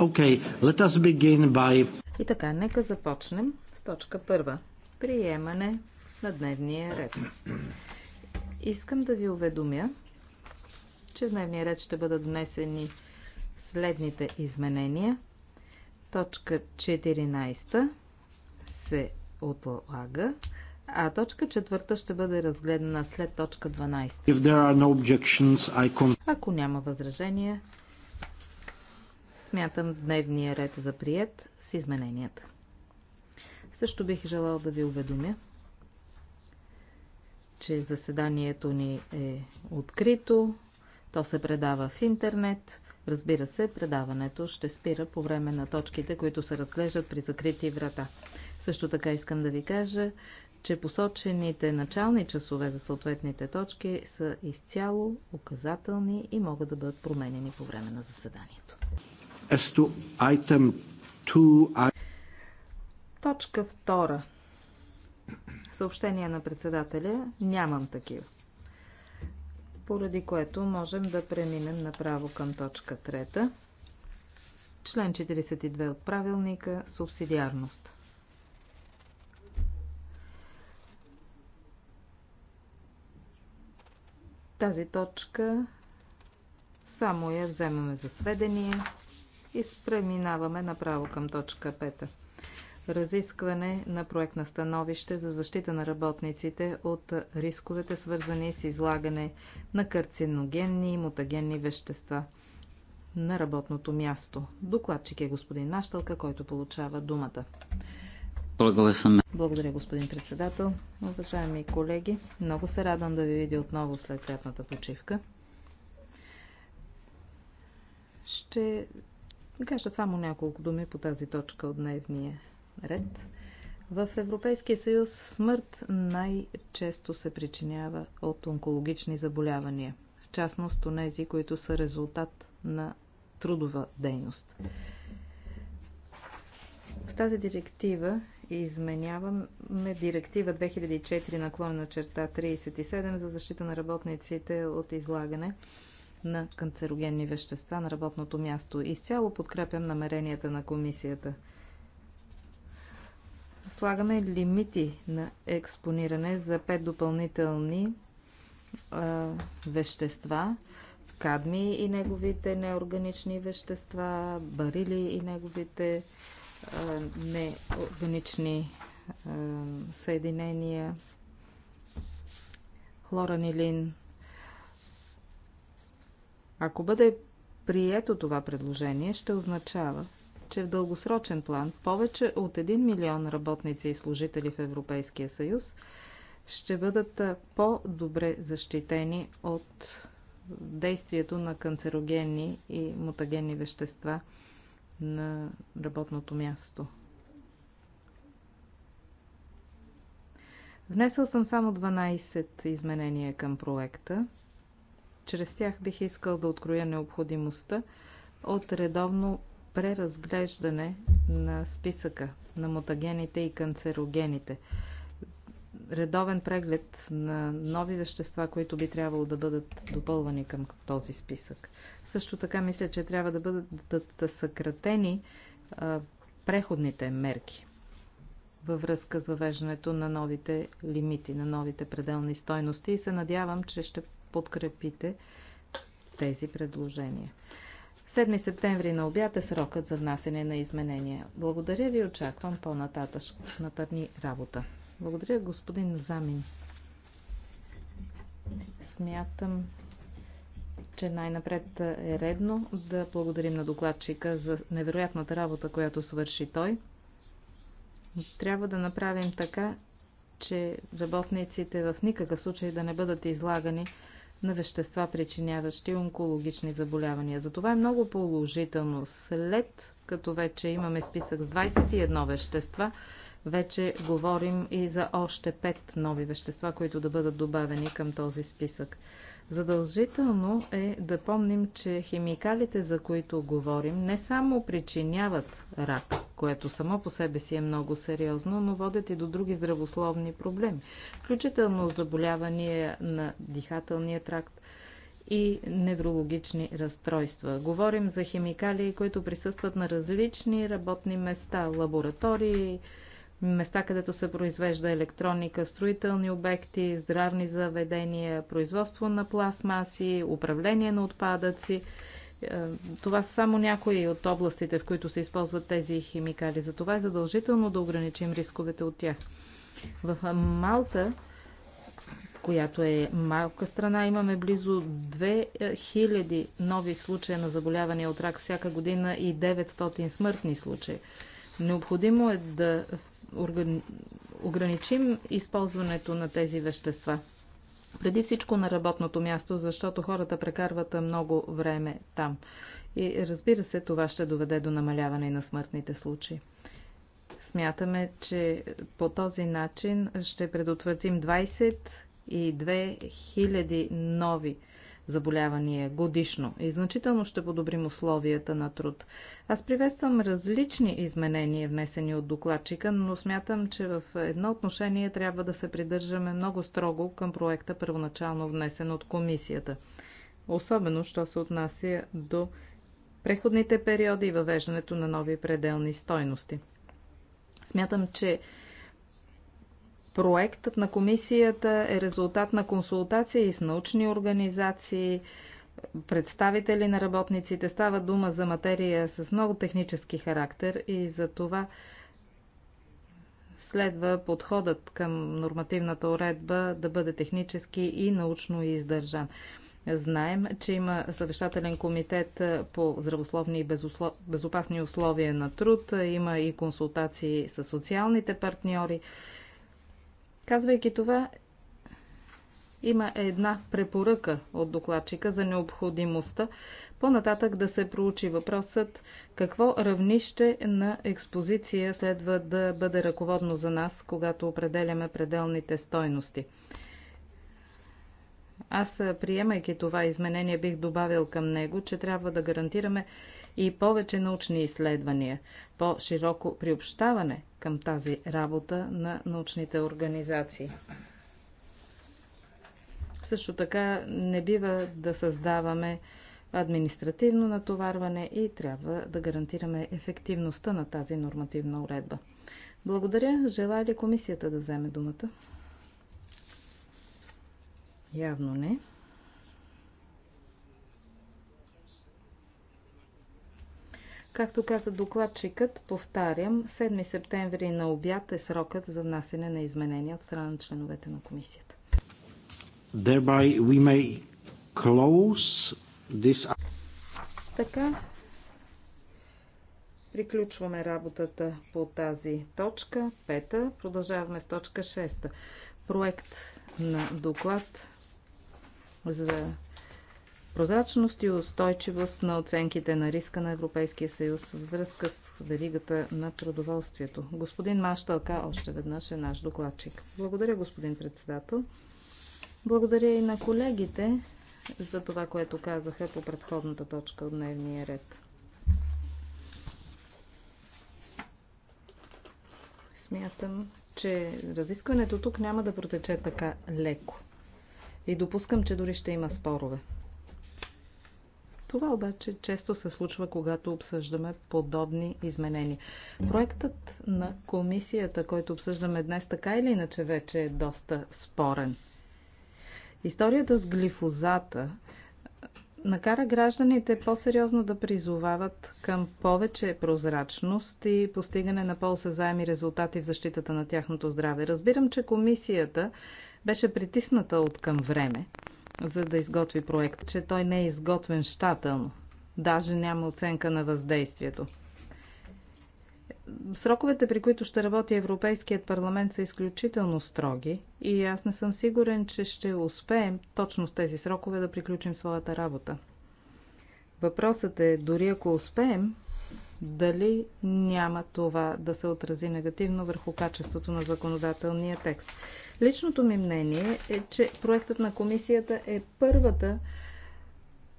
Okay, let us begin by... И така, нека започнем с точка първа. Приемане на дневния ред. Искам да ви уведомя, че в дневния ред ще бъдат внесени следните изменения. Точка 14 се отлага, а точка 4 ще бъде разгледана след точка 12. No can... Ако няма възражения, Смятам дневния ред за прият с измененията. Също бих желал да ви уведомя, че заседанието ни е открито, то се предава в интернет. Разбира се, предаването ще спира по време на точките, които се разглеждат при закрити врата. Също така искам да ви кажа, че посочените начални часове за съответните точки са изцяло указателни и могат да бъдат променени по време на заседанието. As to item two, I... Точка втора. Съобщение на председателя. Нямам такива. Поради което можем да преминем направо към точка трета. Член 42 от правилника. Субсидиарност. Тази точка само я вземаме за сведение. И преминаваме направо към точка 5. Разискване на проект на становище за защита на работниците от рисковете, свързани с излагане на карциногенни и мутагенни вещества на работното място. Докладчик е господин Нашталка, който получава думата. Благодаря, господин председател. Уважаеми колеги, много се радвам да ви видя отново след лятната почивка. Ще кажа само няколко думи по тази точка от дневния ред. В Европейския съюз смърт най-често се причинява от онкологични заболявания, в частност тези, които са резултат на трудова дейност. С тази директива изменяваме директива 2004 наклонена черта 37 за защита на работниците от излагане на канцерогенни вещества на работното място. Изцяло подкрепям намеренията на комисията. Слагаме лимити на експониране за 5 допълнителни а, вещества, кадми и неговите неорганични вещества, барили и неговите а, неорганични а, съединения, хлоранилин, ако бъде прието това предложение, ще означава, че в дългосрочен план повече от 1 милион работници и служители в Европейския съюз ще бъдат по-добре защитени от действието на канцерогенни и мутагенни вещества на работното място. Внесъл съм само 12 изменения към проекта. Чрез тях бих искал да откроя необходимостта от редовно преразглеждане на списъка на мутагените и канцерогените. Редовен преглед на нови вещества, които би трябвало да бъдат допълвани към този списък. Също така мисля, че трябва да бъдат да съкратени а, преходните мерки във връзка с въвеждането на новите лимити, на новите пределни стойности и се надявам, че ще подкрепите тези предложения. 7 септември на обяд е срокът за внасене на изменения. Благодаря ви, очаквам по-нататъчната ни работа. Благодаря, господин Замин. Смятам, че най-напред е редно да благодарим на докладчика за невероятната работа, която свърши той. Трябва да направим така, че работниците в никакъв случай да не бъдат излагани на вещества, причиняващи онкологични заболявания. Затова е много положително. След като вече имаме списък с 21 вещества, вече говорим и за още 5 нови вещества, които да бъдат добавени към този списък. Задължително е да помним, че химикалите, за които говорим, не само причиняват рак, което само по себе си е много сериозно, но водят и до други здравословни проблеми, включително заболявания на дихателния тракт и неврологични разстройства. Говорим за химикали, които присъстват на различни работни места, лаборатории, места, където се произвежда електроника, строителни обекти, здравни заведения, производство на пластмаси, управление на отпадъци. Е, това са само някои от областите, в които се използват тези химикали. Затова е задължително да ограничим рисковете от тях. В Малта, която е малка страна, имаме близо 2000 нови случая на заболявания от рак всяка година и 900 смъртни случаи. Необходимо е да органи... ограничим използването на тези вещества. Преди всичко на работното място, защото хората прекарват много време там. И разбира се, това ще доведе до намаляване на смъртните случаи. Смятаме, че по този начин ще предотвратим 22 000 нови заболявания годишно и значително ще подобрим условията на труд. Аз приветствам различни изменения, внесени от докладчика, но смятам, че в едно отношение трябва да се придържаме много строго към проекта, първоначално внесен от комисията. Особено, що се отнася до преходните периоди и въвеждането на нови пределни стойности. Смятам, че Проектът на комисията е резултат на консултации с научни организации, представители на работниците. Става дума за материя с много технически характер и за това следва подходът към нормативната уредба да бъде технически и научно издържан. Знаем, че има съвещателен комитет по здравословни и безопасни условия на труд, има и консултации с социалните партньори. Казвайки това, има една препоръка от докладчика за необходимостта по-нататък да се проучи въпросът какво равнище на експозиция следва да бъде ръководно за нас, когато определяме пределните стойности. Аз, приемайки това изменение, бих добавил към него, че трябва да гарантираме и повече научни изследвания, по-широко приобщаване към тази работа на научните организации. Също така не бива да създаваме административно натоварване и трябва да гарантираме ефективността на тази нормативна уредба. Благодаря. Желая ли комисията да вземе думата? Явно не. Както каза докладчикът, повтарям, 7 септември на обяд е срокът за внасене на изменения от страна на членовете на комисията. This... Така, приключваме работата по тази точка, пета. Продължаваме с точка 6. Проект на доклад за прозрачност и устойчивост на оценките на риска на Европейския съюз в връзка с веригата на продоволствието. Господин Машталка още веднъж е наш докладчик. Благодаря, господин председател. Благодаря и на колегите за това, което казаха по предходната точка от дневния ред. Смятам, че разискването тук няма да протече така леко. И допускам, че дори ще има спорове. Това обаче често се случва, когато обсъждаме подобни изменения. Проектът на комисията, който обсъждаме днес, така или иначе вече е доста спорен. Историята с глифозата накара гражданите по-сериозно да призовават към повече прозрачност и постигане на по-осезаеми резултати в защитата на тяхното здраве. Разбирам, че комисията беше притисната от към време за да изготви проект, че той не е изготвен щателно. Даже няма оценка на въздействието. Сроковете, при които ще работи Европейският парламент, са изключително строги и аз не съм сигурен, че ще успеем точно в тези срокове да приключим своята работа. Въпросът е, дори ако успеем, дали няма това да се отрази негативно върху качеството на законодателния текст. Личното ми мнение е, че проектът на комисията е първата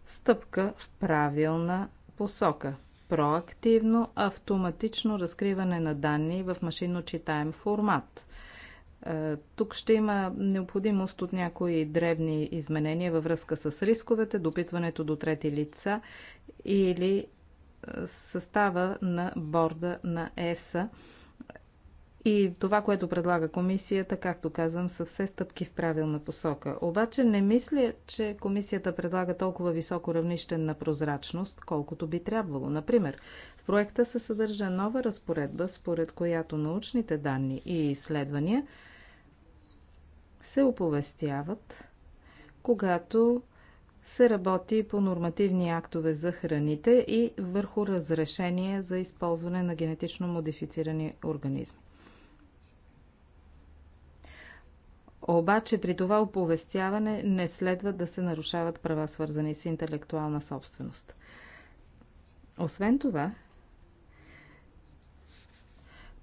стъпка в правилна посока. Проактивно, автоматично разкриване на данни в машинно читаем формат. Е, тук ще има необходимост от някои дребни изменения във връзка с рисковете, допитването до трети лица или състава на борда на ЕСа И това, което предлага комисията, както казвам, са все стъпки в правилна посока. Обаче не мисля, че комисията предлага толкова високо равнище на прозрачност, колкото би трябвало. Например, в проекта се съдържа нова разпоредба, според която научните данни и изследвания се оповестяват, когато се работи по нормативни актове за храните и върху разрешение за използване на генетично модифицирани организми. Обаче при това оповестяване не следва да се нарушават права, свързани с интелектуална собственост. Освен това,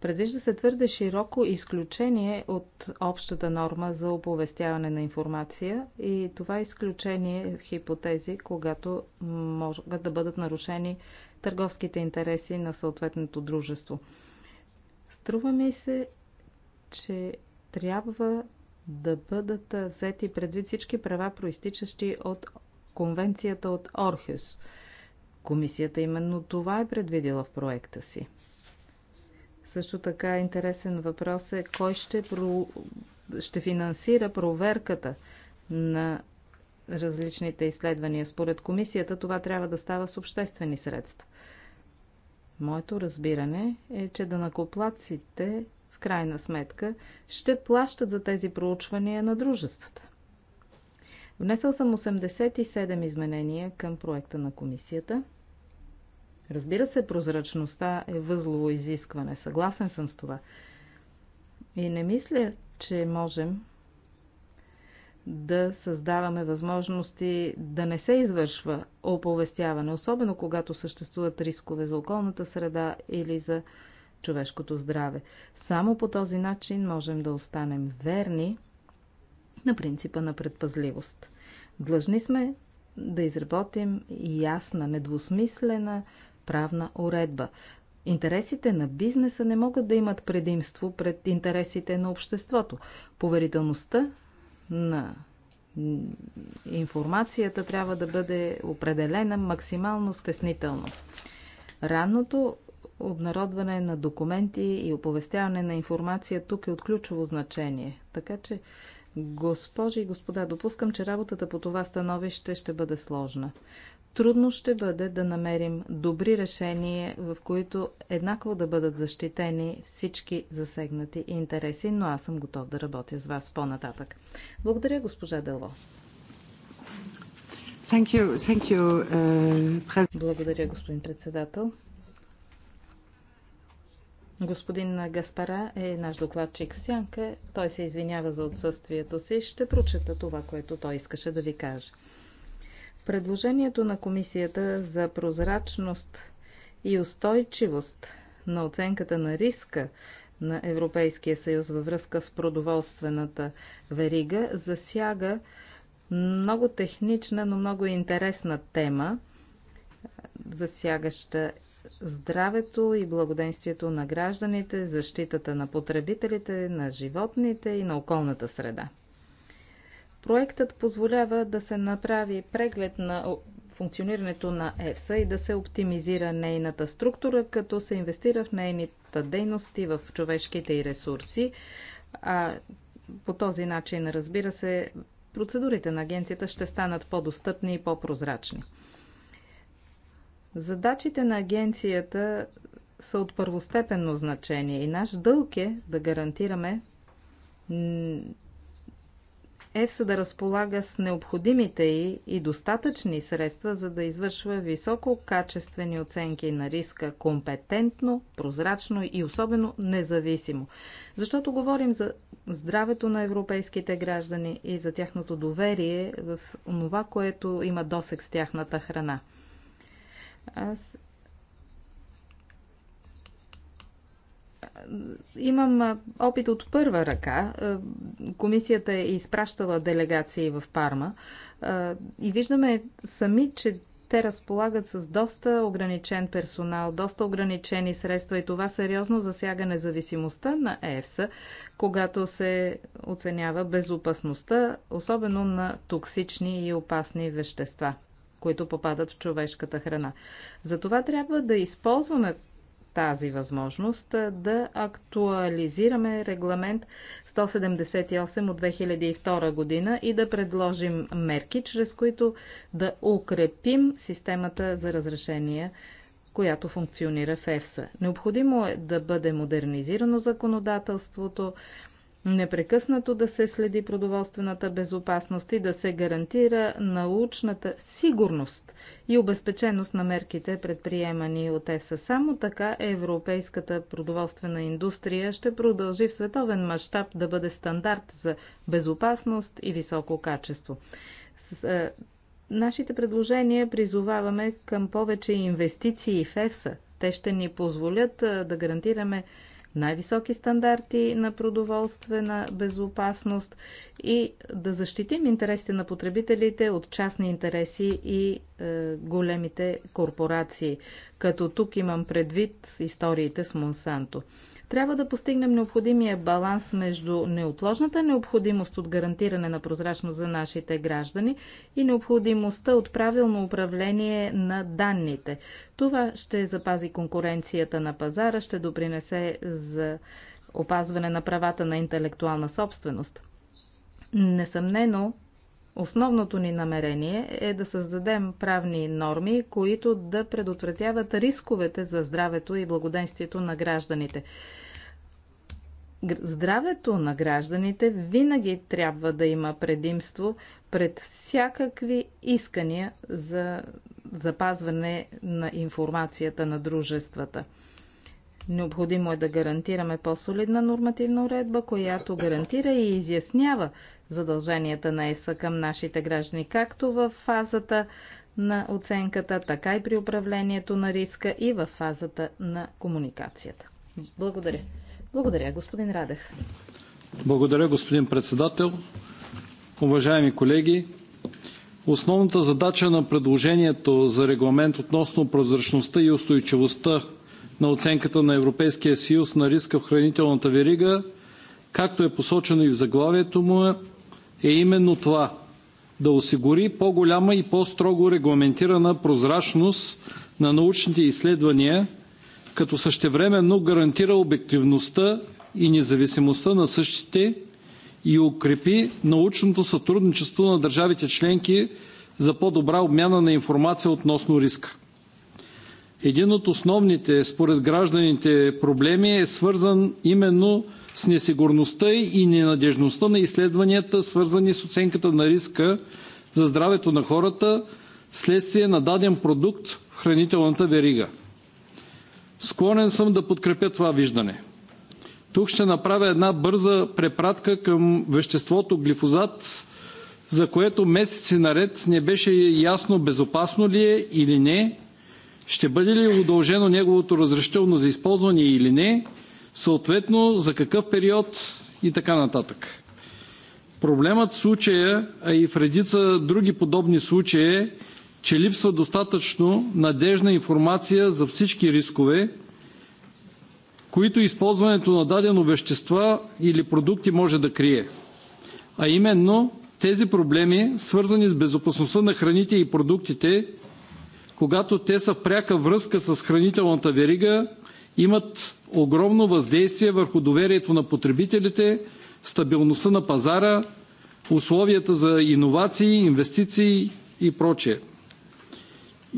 Предвижда се твърде широко изключение от общата норма за оповестяване на информация и това изключение в е хипотези, когато могат да бъдат нарушени търговските интереси на съответното дружество. Струва ми се, че трябва да бъдат взети предвид всички права, проистичащи от конвенцията от Орхюс. Комисията именно това е предвидила в проекта си. Също така интересен въпрос е кой ще, про... ще финансира проверката на различните изследвания. Според комисията това трябва да става с обществени средства. Моето разбиране е, че данакоплаците в крайна сметка ще плащат за тези проучвания на дружествата. Внесъл съм 87 изменения към проекта на комисията – Разбира се, прозрачността е възлово изискване. Съгласен съм с това. И не мисля, че можем да създаваме възможности да не се извършва оповестяване, особено когато съществуват рискове за околната среда или за човешкото здраве. Само по този начин можем да останем верни на принципа на предпазливост. Длъжни сме да изработим ясна, недвусмислена правна уредба. Интересите на бизнеса не могат да имат предимство пред интересите на обществото. Поверителността на информацията трябва да бъде определена максимално стеснително. Ранното обнародване на документи и оповестяване на информация тук е от ключово значение. Така че, госпожи и господа, допускам, че работата по това становище ще бъде сложна. Трудно ще бъде да намерим добри решения, в които еднакво да бъдат защитени всички засегнати интереси, но аз съм готов да работя с вас по-нататък. Благодаря, госпожа Делво. Thank you, thank you, uh, Благодаря, господин председател. Господин Гаспара е наш докладчик в Сянка. Той се извинява за отсъствието си. Ще прочета това, което той искаше да ви каже. Предложението на Комисията за прозрачност и устойчивост на оценката на риска на Европейския съюз във връзка с продоволствената верига засяга много технична, но много интересна тема, засягаща здравето и благоденствието на гражданите, защитата на потребителите, на животните и на околната среда. Проектът позволява да се направи преглед на функционирането на ЕФСА и да се оптимизира нейната структура, като се инвестира в нейните дейности в човешките и ресурси. А по този начин, разбира се, процедурите на агенцията ще станат по-достъпни и по-прозрачни. Задачите на агенцията са от първостепенно значение и наш дълг е да гарантираме ЕФСА да разполага с необходимите и, и достатъчни средства, за да извършва висококачествени оценки на риска компетентно, прозрачно и особено независимо. Защото говорим за здравето на европейските граждани и за тяхното доверие в това, което има досек с тяхната храна. Аз Имам опит от първа ръка. Комисията е изпращала делегации в Парма и виждаме сами, че те разполагат с доста ограничен персонал, доста ограничени средства и това сериозно засяга независимостта на ЕФСА, когато се оценява безопасността, особено на токсични и опасни вещества които попадат в човешката храна. Затова трябва да използваме тази възможност да актуализираме регламент 178 от 2002 година и да предложим мерки, чрез които да укрепим системата за разрешения която функционира в ЕФСА. Необходимо е да бъде модернизирано законодателството, непрекъснато да се следи продоволствената безопасност и да се гарантира научната сигурност и обезпеченост на мерките, предприемани от ЕСА. Само така европейската продоволствена индустрия ще продължи в световен мащаб да бъде стандарт за безопасност и високо качество. С нашите предложения призоваваме към повече инвестиции в ЕСА. Те ще ни позволят да гарантираме най-високи стандарти на продоволствена безопасност и да защитим интересите на потребителите от частни интереси и е, големите корпорации. Като тук имам предвид историите с Монсанто. Трябва да постигнем необходимия баланс между неотложната необходимост от гарантиране на прозрачност за нашите граждани и необходимостта от правилно управление на данните. Това ще запази конкуренцията на пазара, ще допринесе за опазване на правата на интелектуална собственост. Несъмнено, Основното ни намерение е да създадем правни норми, които да предотвратяват рисковете за здравето и благоденствието на гражданите. Здравето на гражданите винаги трябва да има предимство пред всякакви искания за запазване на информацията на дружествата. Необходимо е да гарантираме по-солидна нормативна уредба, която гарантира и изяснява задълженията на ЕСА към нашите граждани, както в фазата на оценката, така и при управлението на риска и в фазата на комуникацията. Благодаря. Благодаря, господин Радев. Благодаря, господин председател. Уважаеми колеги, основната задача на предложението за регламент относно прозрачността и устойчивостта на оценката на Европейския съюз на риска в хранителната верига, както е посочено и в заглавието му, е именно това да осигури по-голяма и по-строго регламентирана прозрачност на научните изследвания, като същевременно гарантира обективността и независимостта на същите и укрепи научното сътрудничество на държавите членки за по-добра обмяна на информация относно риска. Един от основните, според гражданите, проблеми е свързан именно с несигурността и ненадежността на изследванията, свързани с оценката на риска за здравето на хората вследствие на даден продукт в хранителната верига. Склонен съм да подкрепя това виждане. Тук ще направя една бърза препратка към веществото глифозат, за което месеци наред не беше ясно безопасно ли е или не, ще бъде ли удължено неговото разрешително за използване или не съответно за какъв период и така нататък. Проблемът в случая, а и в редица други подобни случаи е, че липсва достатъчно надежна информация за всички рискове, които използването на дадено вещества или продукти може да крие. А именно тези проблеми, свързани с безопасността на храните и продуктите, когато те са в пряка връзка с хранителната верига, имат огромно въздействие върху доверието на потребителите, стабилността на пазара, условията за иновации, инвестиции и прочее.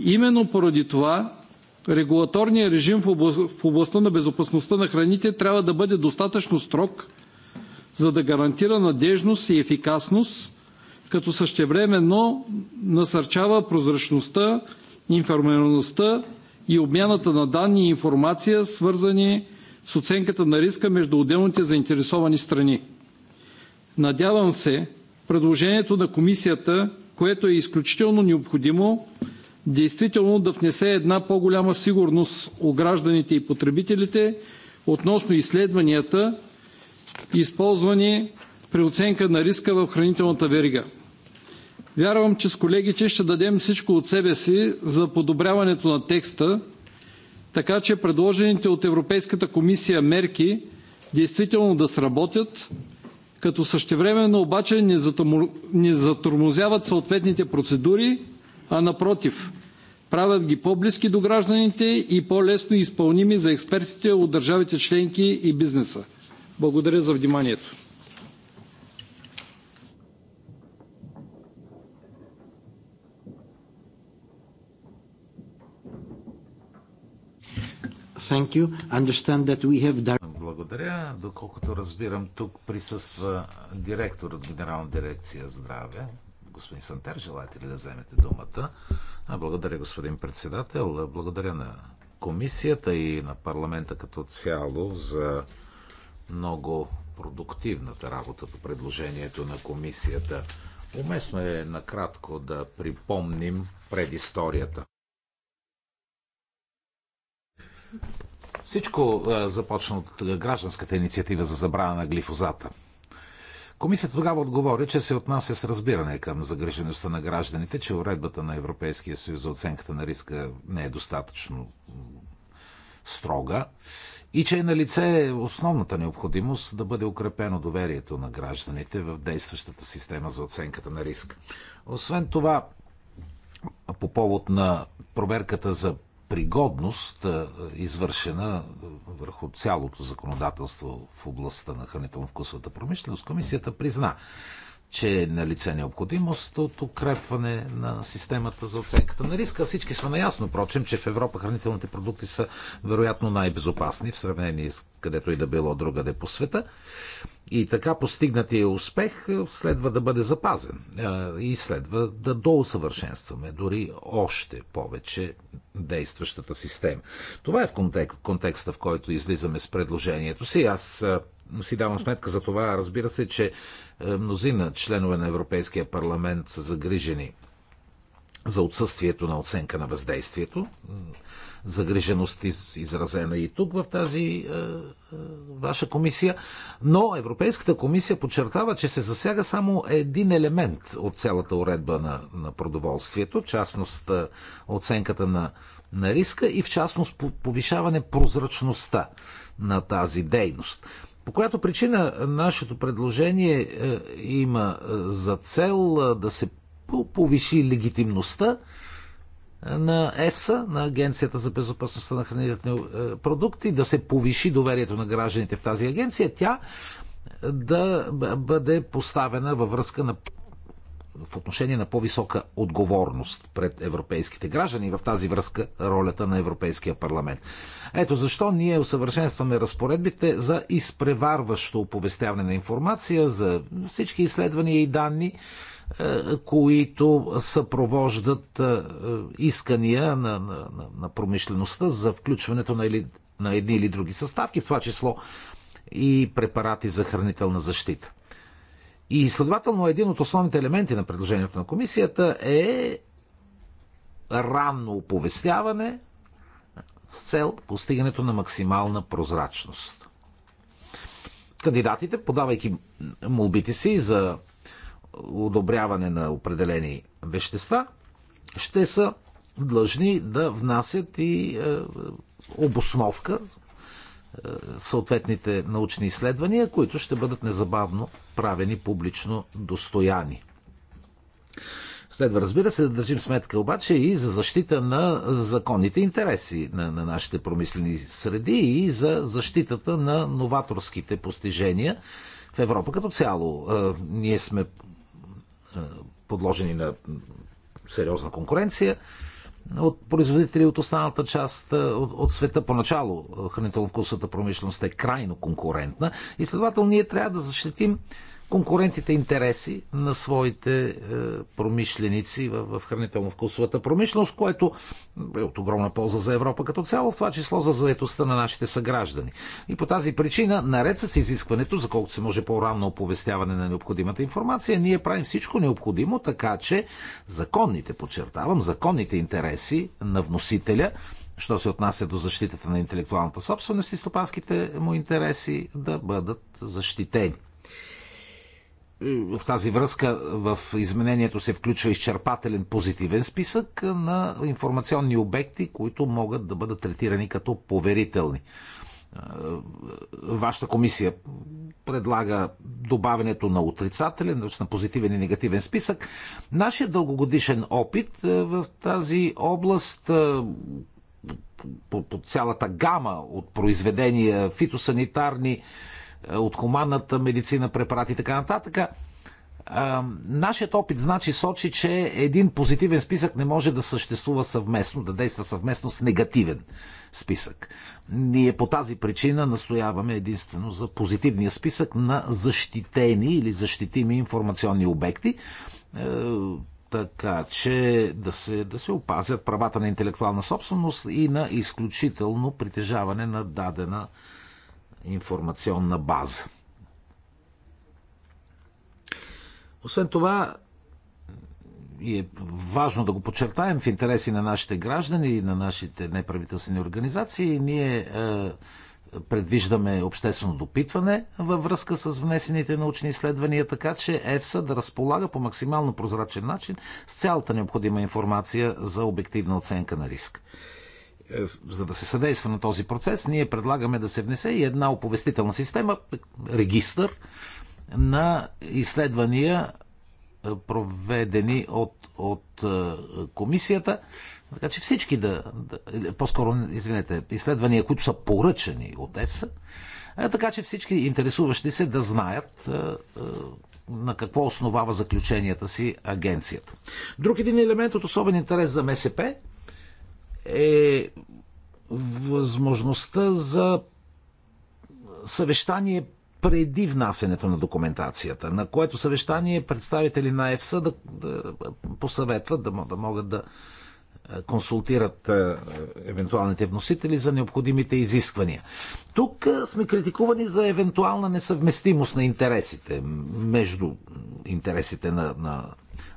Именно поради това регулаторният режим в областта на безопасността на храните трябва да бъде достатъчно строг, за да гарантира надежност и ефикасност, като същевременно насърчава прозрачността, информираността и обмяната на данни и информация, свързани с оценката на риска между отделните заинтересовани страни. Надявам се предложението на Комисията, което е изключително необходимо, действително да внесе една по-голяма сигурност у гражданите и потребителите относно изследванията, използвани при оценка на риска в хранителната верига. Вярвам, че с колегите ще дадем всичко от себе си за подобряването на текста, така че предложените от Европейската комисия мерки действително да сработят, като същевременно обаче не затормозяват съответните процедури, а напротив, правят ги по-близки до гражданите и по-лесно изпълними за експертите от държавите членки и бизнеса. Благодаря за вниманието. Thank you. Understand that we have... Благодаря. Доколкото разбирам, тук присъства директор от Генерална дирекция здраве. Господин Сантер, желаете ли да вземете думата? А, благодаря, господин председател. Благодаря на комисията и на парламента като цяло за много продуктивната работа по предложението на комисията. Уместно е накратко да припомним предисторията. Всичко е, започна от е, гражданската инициатива за забрана на глифозата. Комисията тогава отговори, че се отнася с разбиране към загрежеността на гражданите, че уредбата на Европейския съюз за оценката на риска не е достатъчно строга и че е на лице основната необходимост да бъде укрепено доверието на гражданите в действащата система за оценката на риска. Освен това, по повод на проверката за пригодност, извършена върху цялото законодателство в областта на хранително-вкусовата промишленост, комисията призна, че е на лице необходимост от укрепване на системата за оценката на риска. Всички сме наясно, прочим, че в Европа хранителните продукти са вероятно най-безопасни в сравнение с където и да било другаде по света. И така постигнатия успех е, следва да бъде запазен е, и следва да доусъвършенстваме дори още повече действащата система. Това е в контекст, контекста, в който излизаме с предложението си. Аз е, си давам сметка за това, разбира се, че мнозина членове на Европейския парламент са загрижени за отсъствието на оценка на въздействието загриженост, изразена и тук в тази е, е, ваша комисия. Но Европейската комисия подчертава, че се засяга само един елемент от цялата уредба на, на продоволствието, в частност е, оценката на, на риска и в частност повишаване прозрачността на тази дейност. По която причина нашето предложение е, има е, за цел да се повиши легитимността на ЕФСА, на Агенцията за безопасността на хранителни е, продукти, да се повиши доверието на гражданите в тази агенция, тя да бъде поставена във връзка на в отношение на по-висока отговорност пред европейските граждани в тази връзка ролята на Европейския парламент. Ето защо ние усъвършенстваме разпоредбите за изпреварващо оповестяване на информация, за всички изследвания и данни, е, които съпровождат е, искания на, на, на промишлеността за включването на, или, на едни или други съставки, в това число и препарати за хранителна защита. И следователно един от основните елементи на предложението на комисията е ранно оповестяване с цел постигането на максимална прозрачност. Кандидатите, подавайки молбите си за одобряване на определени вещества, ще са длъжни да внасят и е, обосновка, е, съответните научни изследвания, които ще бъдат незабавно правени публично достояни. Следва, разбира се, да държим сметка обаче и за защита на законните интереси на, на нашите промислени среди и за защитата на новаторските постижения в Европа като цяло. Е, ние сме е, подложени на сериозна конкуренция от производители от останалата част е, от, от света. Поначало е, хранително-вкусната промишленост е крайно конкурентна и следователно ние трябва да защитим конкурентите интереси на своите е, промишленици в хранително-вкусовата промишленост, което е от огромна полза за Европа като цяло, в това число за заедостта на нашите съграждани. И по тази причина, наред с изискването, за колкото се може по рано оповестяване на необходимата информация, ние правим всичко необходимо, така че законните, подчертавам, законните интереси на вносителя що се отнася до защитата на интелектуалната собственост и стопанските му интереси да бъдат защитени в тази връзка в изменението се включва изчерпателен позитивен списък на информационни обекти, които могат да бъдат третирани като поверителни. Вашата комисия предлага добавянето на отрицателен, на позитивен и негативен списък. Нашия дългогодишен опит е, в тази област е, по, по, по цялата гама от произведения фитосанитарни, е, от хуманната медицина препарати и така нататък. Е, нашият опит значи сочи, че един позитивен списък не може да съществува съвместно, да действа съвместно с негативен списък. Ние по тази причина настояваме единствено за позитивния списък на защитени или защитими информационни обекти, е, така че да се, да се опазят правата на интелектуална собственост и на изключително притежаване на дадена информационна база. Освен това, и е важно да го подчертаем в интереси на нашите граждани и на нашите неправителствени организации, ние е, предвиждаме обществено допитване във връзка с внесените научни изследвания, така че ЕФСА да разполага по максимално прозрачен начин с цялата необходима информация за обективна оценка на риск. Е, за да се съдейства на този процес, ние предлагаме да се внесе и една оповестителна система, регистър на изследвания, е, проведени от, от е, комисията. Така че всички да, да по-скоро, извинете, изследвания, които са поръчани от ЕФСА, така че всички интересуващи се да знаят на какво основава заключенията си агенцията. Друг един елемент от особен интерес за МСП е възможността за съвещание преди внасенето на документацията, на което съвещание представители на ЕФСА да, да посъветват, да, да могат да е, консултират е, евентуалните вносители за необходимите изисквания. Тук е, сме критикувани за евентуална несъвместимост на интересите между интересите на, на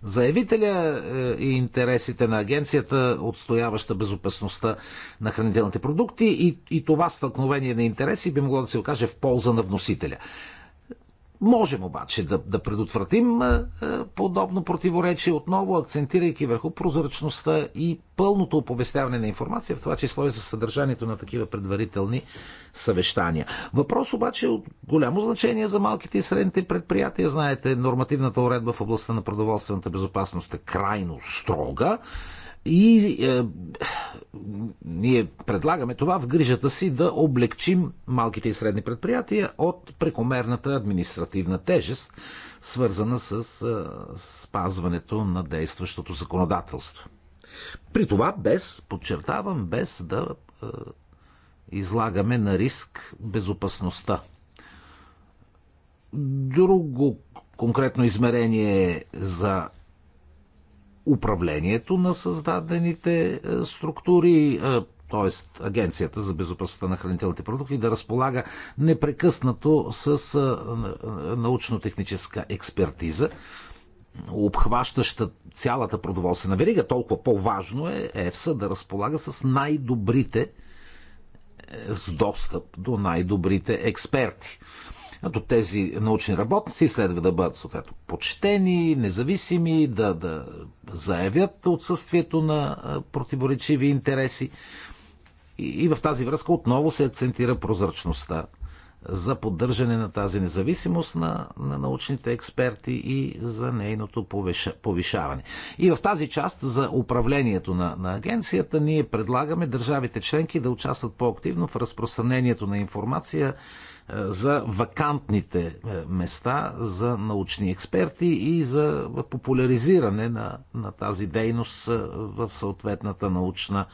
заявителя е, и интересите на агенцията, отстояваща безопасността на хранителните продукти и, и това стълкновение на интереси би могло да се окаже в полза на вносителя. Можем обаче да, да предотвратим подобно противоречие, отново акцентирайки върху прозрачността и пълното оповестяване на информация, в това число и за съдържанието на такива предварителни съвещания. Въпрос обаче от голямо значение за малките и средните предприятия. Знаете, нормативната уредба в областта на продоволствената безопасност е крайно строга. И е, ние предлагаме това в грижата си да облегчим малките и средни предприятия от прекомерната административна тежест, свързана с е, спазването на действащото законодателство. При това без, подчертавам, без да е, излагаме на риск безопасността. Друго конкретно измерение за управлението на създадените е, структури, т.е. Агенцията за безопасността на хранителните продукти, да разполага непрекъснато с е, е, научно-техническа експертиза, обхващаща цялата продоволствена верига. Толкова по-важно е ЕФСА да разполага с най-добрите с достъп до най-добрите експерти. Ето тези научни работници следва да бъдат съответно почтени, независими, да, да заявят отсъствието на противоречиви интереси. И, и в тази връзка отново се акцентира прозрачността за поддържане на тази независимост на, на научните експерти и за нейното повиша, повишаване. И в тази част за управлението на, на агенцията ние предлагаме държавите членки да участват по-активно в разпространението на информация за вакантните е, места за научни експерти и за популяризиране на, на тази дейност е, в съответната научна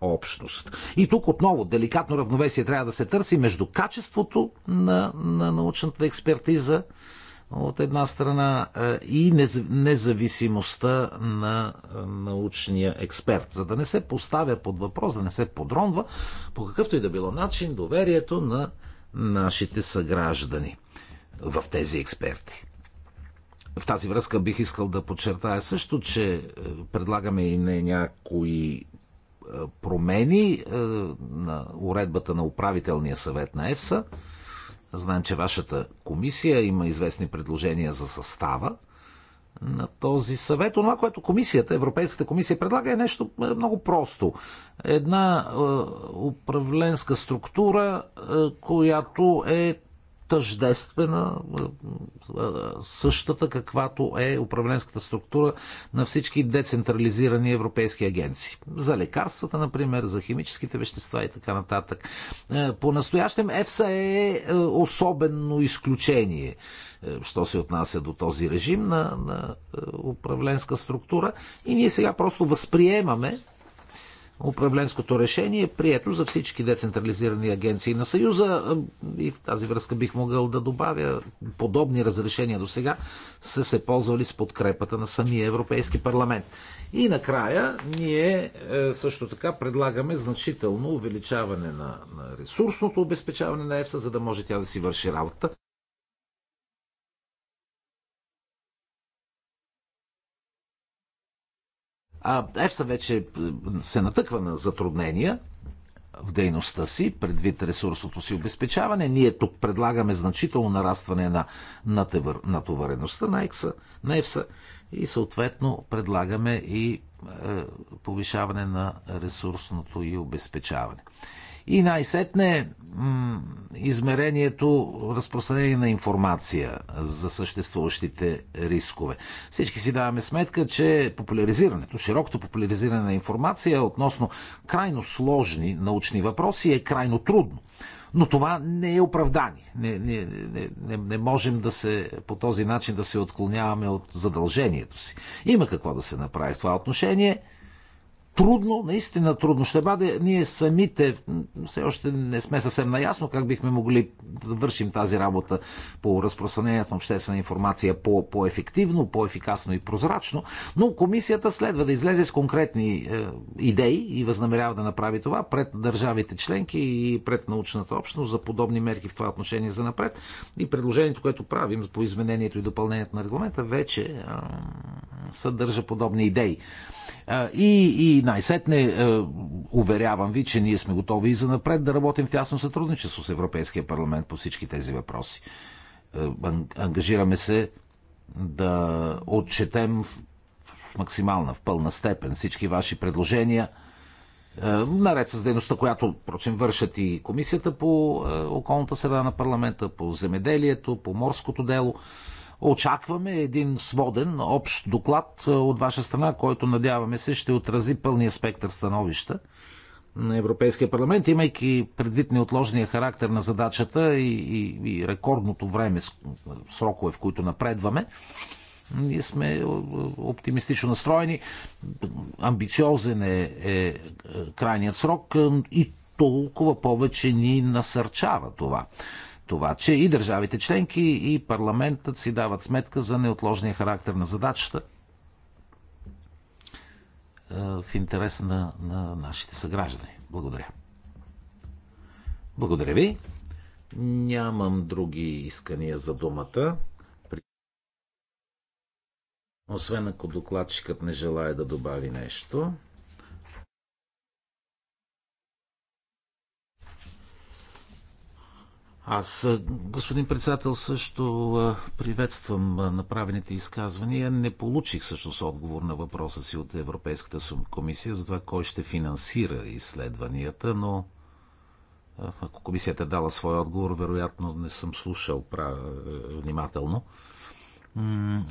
общност. И тук отново деликатно равновесие трябва да се търси между качеството на, на научната експертиза от една страна е, и независимостта на научния експерт, за да не се поставя под въпрос, да не се подронва по какъвто и да било начин доверието на нашите съграждани в тези експерти. В тази връзка бих искал да подчертая също, че е, предлагаме и не някои е, промени е, на уредбата на управителния съвет на ЕФСА. Знаем, че вашата комисия има известни предложения за състава на този съвет. Това, което комисията, Европейската комисия предлага е нещо е, много просто. Една е, управленска структура, е, която е тъждествена, е, е, същата каквато е управленската структура на всички децентрализирани европейски агенции. За лекарствата, например, за химическите вещества и така нататък. По-настоящем ЕФСА е особено изключение. Е, що се отнася до този режим на, на е, управленска структура. И ние сега просто възприемаме управленското решение, прието за всички децентрализирани агенции на Съюза. Е, и в тази връзка бих могъл да добавя, подобни разрешения до сега са се ползвали с подкрепата на самия Европейски парламент. И накрая ние също така предлагаме значително увеличаване на, на ресурсното обезпечаване на ЕФСА, за да може тя да си върши работа. ЕФСА вече е, се натъква на затруднения в дейността си, предвид ресурсното си обезпечаване. Ние тук предлагаме значително нарастване на натовареността на, на, на ЕФСА и съответно предлагаме и е, повишаване на ресурсното и обезпечаване. И най-сетне измерението разпространение на информация за съществуващите рискове. Всички си даваме сметка, че популяризирането, широкото популяризиране на информация относно крайно сложни научни въпроси е крайно трудно. Но това не е оправдание. Не, не, не, не, не можем да се по този начин да се отклоняваме от задължението си. Има какво да се направи в това отношение трудно, наистина трудно ще бъде. Ние самите все още не сме съвсем наясно как бихме могли да вършим тази работа по разпространението на обществена информация по, ефективно по-ефикасно и прозрачно, но комисията следва да излезе с конкретни е, идеи и възнамерява да направи това пред държавите членки и пред научната общност за подобни мерки в това отношение за напред. И предложението, което правим по изменението и допълнението на регламента, вече е, съдържа подобни идеи. Е, и, и най-сетне, е, уверявам ви, че ние сме готови и за напред да работим в тясно сътрудничество с Европейския парламент по всички тези въпроси. Е, ангажираме се да отчетем в максимална, в пълна степен всички ваши предложения е, – наред с дейността, която, впрочем, вършат и Комисията по околната среда на парламента, по земеделието, по морското дело. Очакваме един своден общ доклад от ваша страна, който надяваме се ще отрази пълния спектър становища на Европейския парламент, имайки предвид неотложния характер на задачата и, и, и рекордното време, срокове, в които напредваме ние сме оптимистично настроени. Амбициозен е, е, е крайният срок и толкова повече ни насърчава това това, че и държавите членки, и парламентът си дават сметка за неотложния характер на задачата е, в интерес на, на нашите съграждани. Благодаря. Благодаря ви. Нямам други искания за думата. Освен ако докладчикът не желая да добави нещо. Аз, господин председател, също приветствам направените изказвания. Не получих всъщност отговор на въпроса си от Европейската комисия за това кой ще финансира изследванията, но ако комисията е дала своя отговор, вероятно не съм слушал внимателно.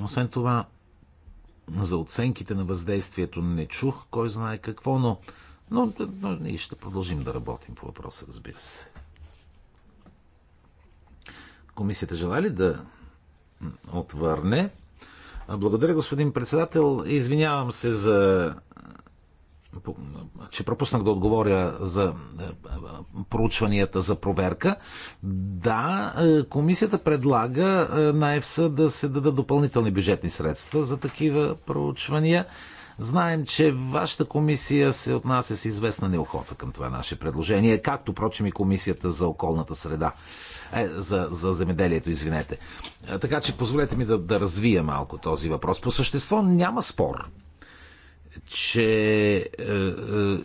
Освен това, за оценките на въздействието не чух кой знае какво, но, но, но ние ще продължим да работим по въпроса, разбира се. Комисията желая ли да отвърне? Благодаря, господин председател. Извинявам се за че пропуснах да отговоря за е, проучванията за проверка. Да, е, комисията предлага е, на ЕФСА да се дадат допълнителни бюджетни средства за такива проучвания. Знаем, че вашата комисия се отнася с известна неохота към това наше предложение, както прочим и комисията за околната среда е, за, за земеделието, извинете. Е, така че позволете ми да, да развия малко този въпрос. По същество няма спор, че е, е,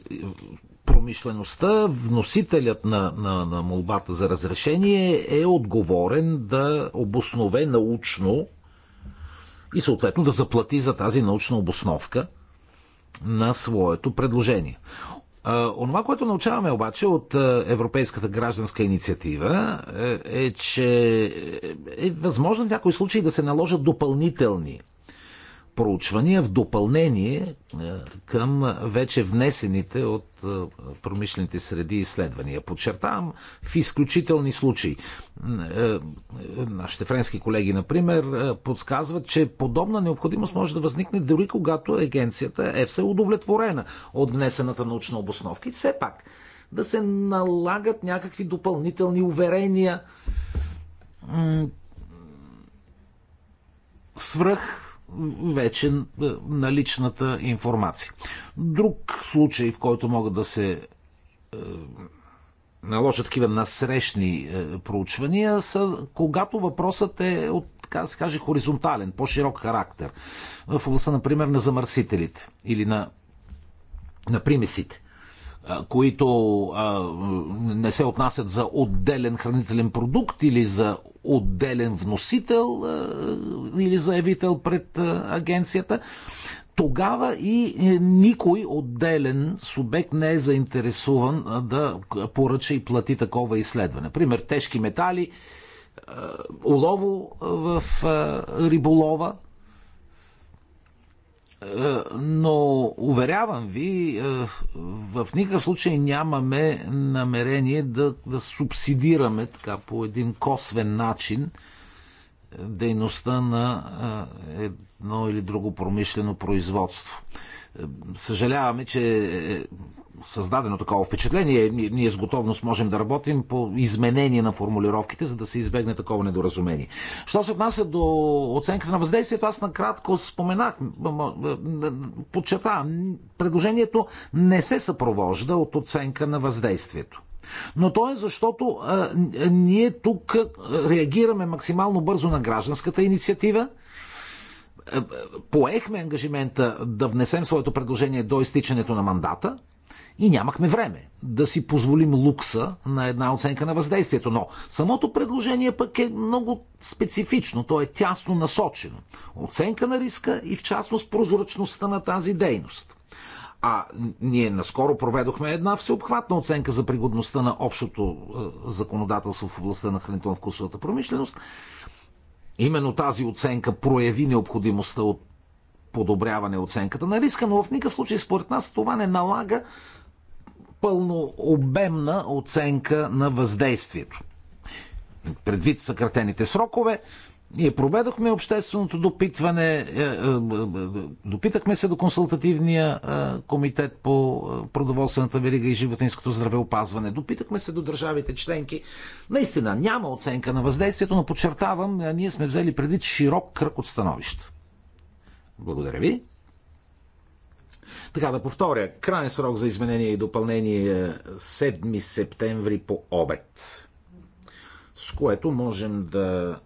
промишлеността, вносителят на, на, на молбата за разрешение е отговорен да обоснове научно и съответно да заплати за тази научна обосновка на своето предложение. Онова, което научаваме обаче от Европейската гражданска инициатива е, е че е, е възможно в някои случаи да се наложат допълнителни проучвания в допълнение е, към вече внесените от е, промишлените среди изследвания. Подчертавам, в изключителни случаи. Е, нашите френски колеги, например, подсказват, че подобна необходимост може да възникне дори когато агенцията е все удовлетворена от внесената научна обосновка. И все пак да се налагат някакви допълнителни уверения свръх вече е, наличната информация. Друг случай, в който могат да се е, наложат такива насрещни е, проучвания, са когато въпросът е от така да се каже, хоризонтален, по-широк характер. В областта, например, на замърсителите или на, на примесите които не се отнасят за отделен хранителен продукт или за отделен вносител или заявител пред агенцията, тогава и е, никой отделен субект не е заинтересуван да поръча и плати такова изследване. Пример, тежки метали, улово в риболова, но уверявам ви, е, в никакъв случай нямаме намерение да, да субсидираме така по един косвен начин е, дейността на е, едно или друго промишлено производство. Съжаляваме, че създадено такова впечатление, ние с готовност можем да работим по изменение на формулировките, за да се избегне такова недоразумение. Що се отнася до оценката на въздействието, аз накратко споменах, подчертавам, предложението не се съпровожда от оценка на въздействието. Но то е защото а, ние тук реагираме максимално бързо на гражданската инициатива, поехме ангажимента да внесем своето предложение до изтичането на мандата, и нямахме време да си позволим лукса на една оценка на въздействието. Но самото предложение пък е много специфично, то е тясно насочено. Оценка на риска и в частност прозрачността на тази дейност. А ние наскоро проведохме една всеобхватна оценка за пригодността на общото е, законодателство в областта на хранително-вкусовата промишленост. Именно тази оценка прояви необходимостта от подобряване оценката на риска, но в никакъв случай според нас това не налага пълнообемна оценка на въздействието. Предвид съкратените срокове, ние проведохме общественото допитване, е, е, е, допитахме се до консултативния комитет по продоволствената верига и животинското здравеопазване, допитахме се до държавите членки. Наистина, няма оценка на въздействието, но подчертавам, ние сме взели предвид широк кръг от становища. Благодаря ви. Така да повторя. Крайен срок за изменение и допълнение 7 е септември по обед. С което можем да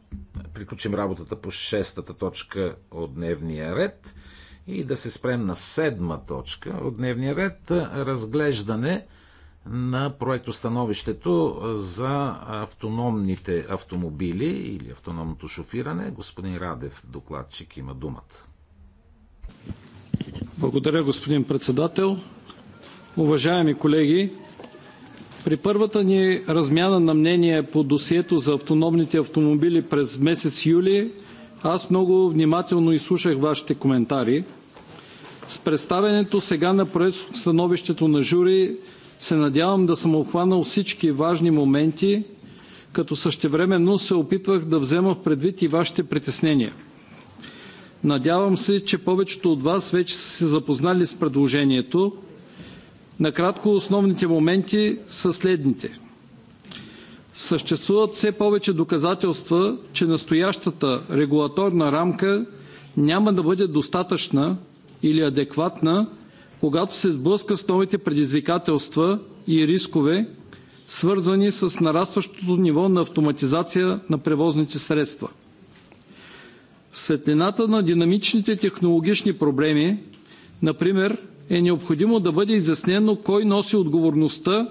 приключим работата по шестата точка от дневния ред и да се спрем на седма точка от дневния ред разглеждане на проектостановището за автономните автомобили или автономното шофиране. Господин Радев, докладчик, има думата. Благодаря, господин Председател. Уважаеми колеги, при първата ни размяна на мнение по досието за автономните автомобили през месец юли аз много внимателно изслушах Вашите коментари. С представенето сега на проект становището на жури се надявам да съм обхванал всички важни моменти, като същевременно се опитвах да взема предвид и Вашите притеснения – Надявам се, че повечето от Вас вече са се запознали с предложението. Накратко основните моменти са следните. Съществуват все повече доказателства, че настоящата регулаторна рамка няма да бъде достатъчна или адекватна, когато се сблъска с новите предизвикателства и рискове, свързани с нарастващото ниво на автоматизация на превозните средства светлината на динамичните технологични проблеми, например, е необходимо да бъде изяснено кой носи отговорността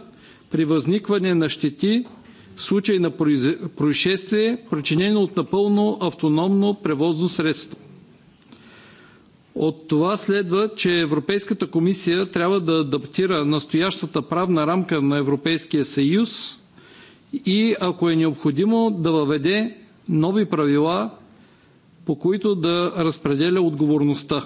при възникване на щети в случай на происшествие, причинено от напълно автономно превозно средство. От това следва, че Европейската комисия трябва да адаптира настоящата правна рамка на Европейския съюз и, ако е необходимо, да въведе нови правила по които да разпределя отговорността.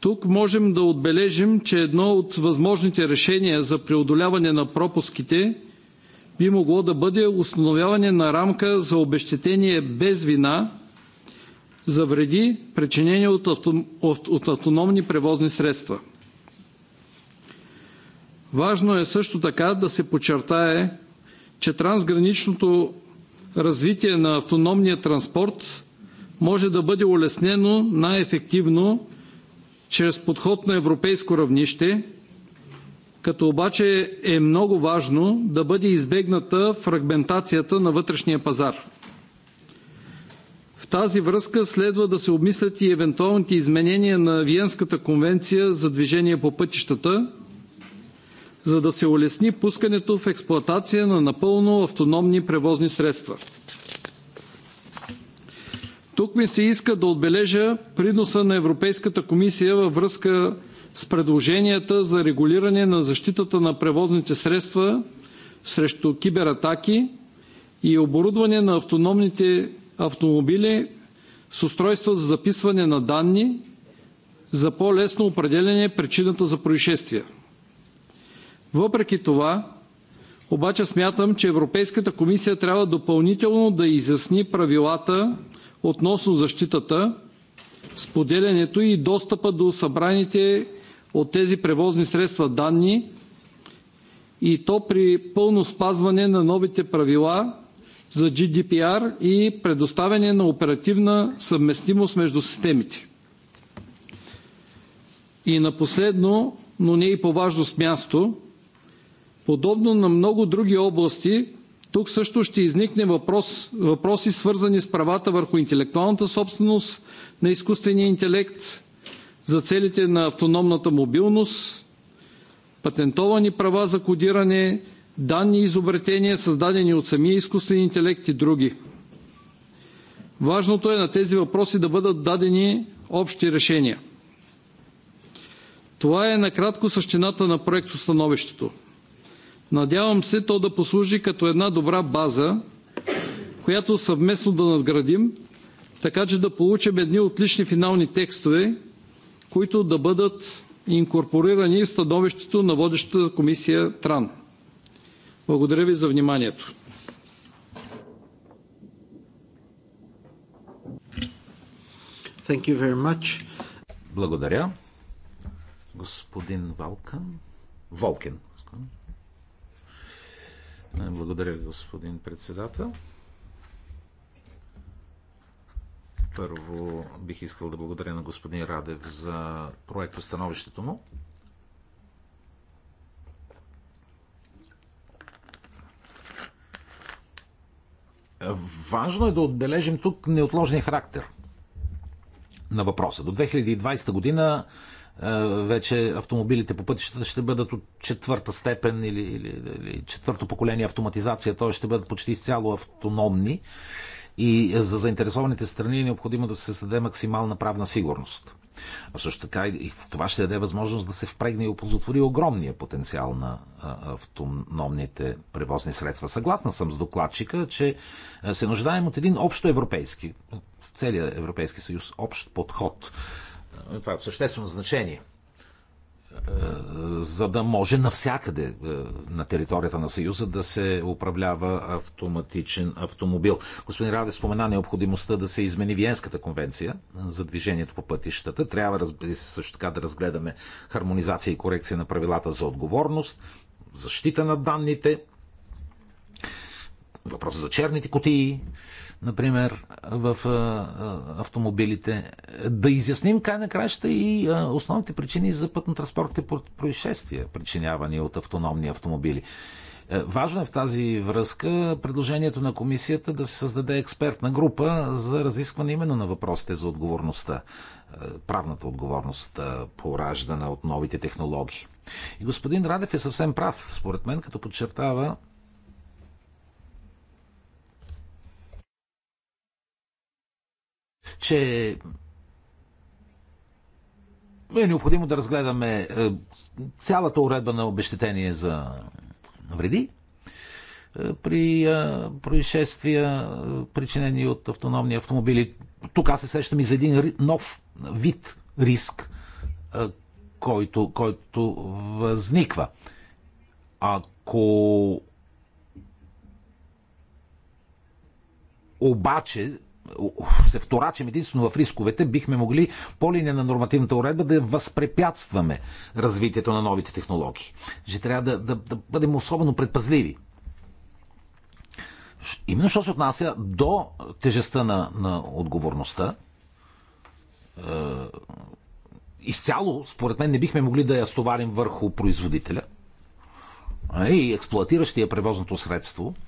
Тук можем да отбележим, че едно от възможните решения за преодоляване на пропуските би могло да бъде установяване на рамка за обещетение без вина за вреди, причинени от, авто, от, от автономни превозни средства. Важно е също така да се подчертае, че трансграничното развитие на автономния транспорт може да бъде улеснено най-ефективно чрез подход на европейско равнище, като обаче е много важно да бъде избегната фрагментацията на вътрешния пазар. В тази връзка следва да се обмислят и евентуалните изменения на Виенската конвенция за движение по пътищата, за да се улесни пускането в експлоатация на напълно автономни превозни средства. Тук ми се иска да отбележа приноса на Европейската комисия във връзка с предложенията за регулиране на защитата на превозните средства срещу кибератаки и оборудване на автономните автомобили с устройства за записване на данни за по-лесно определяне причината за происшествия. Въпреки това, обаче смятам, че Европейската комисия трябва допълнително да изясни правилата относно защитата, споделянето и достъпа до събраните от тези превозни средства данни и то при пълно спазване на новите правила за GDPR и предоставяне на оперативна съвместимост между системите. И на последно, но не и по важност място, Подобно на много други области, тук също ще изникне въпрос, въпроси, свързани с правата върху интелектуалната собственост на изкуствения интелект за целите на автономната мобилност, патентовани права за кодиране, данни и изобретения, създадени от самия изкуствен интелект и други. Важното е на тези въпроси да бъдат дадени общи решения. Това е накратко същината на проект установището. Надявам се то да послужи като една добра база, която съвместно да надградим, така че да получим едни отлични финални текстове, които да бъдат инкорпорирани в становището на водещата комисия ТРАН. Благодаря ви за вниманието. Thank you very much. Благодаря. Господин Валкан. Волкин. Е, благодаря, господин председател. Първо бих искал да благодаря на господин Радев за проекто становището му. Важно е да отбележим тук неотложния характер на въпроса. До 2020 година е, вече автомобилите по пътищата ще бъдат от четвърта степен или, или, или четвърто поколение автоматизация, т.е. ще бъдат почти изцяло автономни. И за заинтересованите страни е необходимо да се създаде максимална правна сигурност. А също така и това ще даде възможност да се впрегне и опозотвори огромния потенциал на автономните превозни средства. Съгласна съм с докладчика, че се нуждаем от един общо европейски, целият Европейски съюз, общ подход е, това е съществено значение е, за да може навсякъде е, на територията на Съюза да се управлява автоматичен автомобил. Господин Раде спомена необходимостта да се измени Виенската конвенция за движението по пътищата. Трябва също така да разгледаме хармонизация и корекция на правилата за отговорност, защита на данните, въпроса за черните котии, например, в автомобилите. Да изясним край на краща и основните причини за пътно-транспортните происшествия, причинявани от автономни автомобили. Е, важно е в тази връзка предложението на комисията да се създаде експертна група за разискване именно на въпросите за отговорността, е, правната отговорност, е, пораждана от новите технологии. И господин Радев е съвсем прав, според мен, като подчертава че е необходимо да разгледаме е, цялата уредба на обещетение за вреди е, при е, происшествия, причинени от автономни автомобили. Тук аз се сещам и за един нов вид риск, който, който възниква. Ако обаче се вторачим единствено в рисковете, бихме могли по линия на нормативната уредба да възпрепятстваме развитието на новите технологии. Ще трябва да, да, да бъдем особено предпазливи. Именно що се отнася до тежестта на, на отговорността, е, изцяло, според мен, не бихме могли да я стоварим върху производителя и експлуатиращия превозното средство –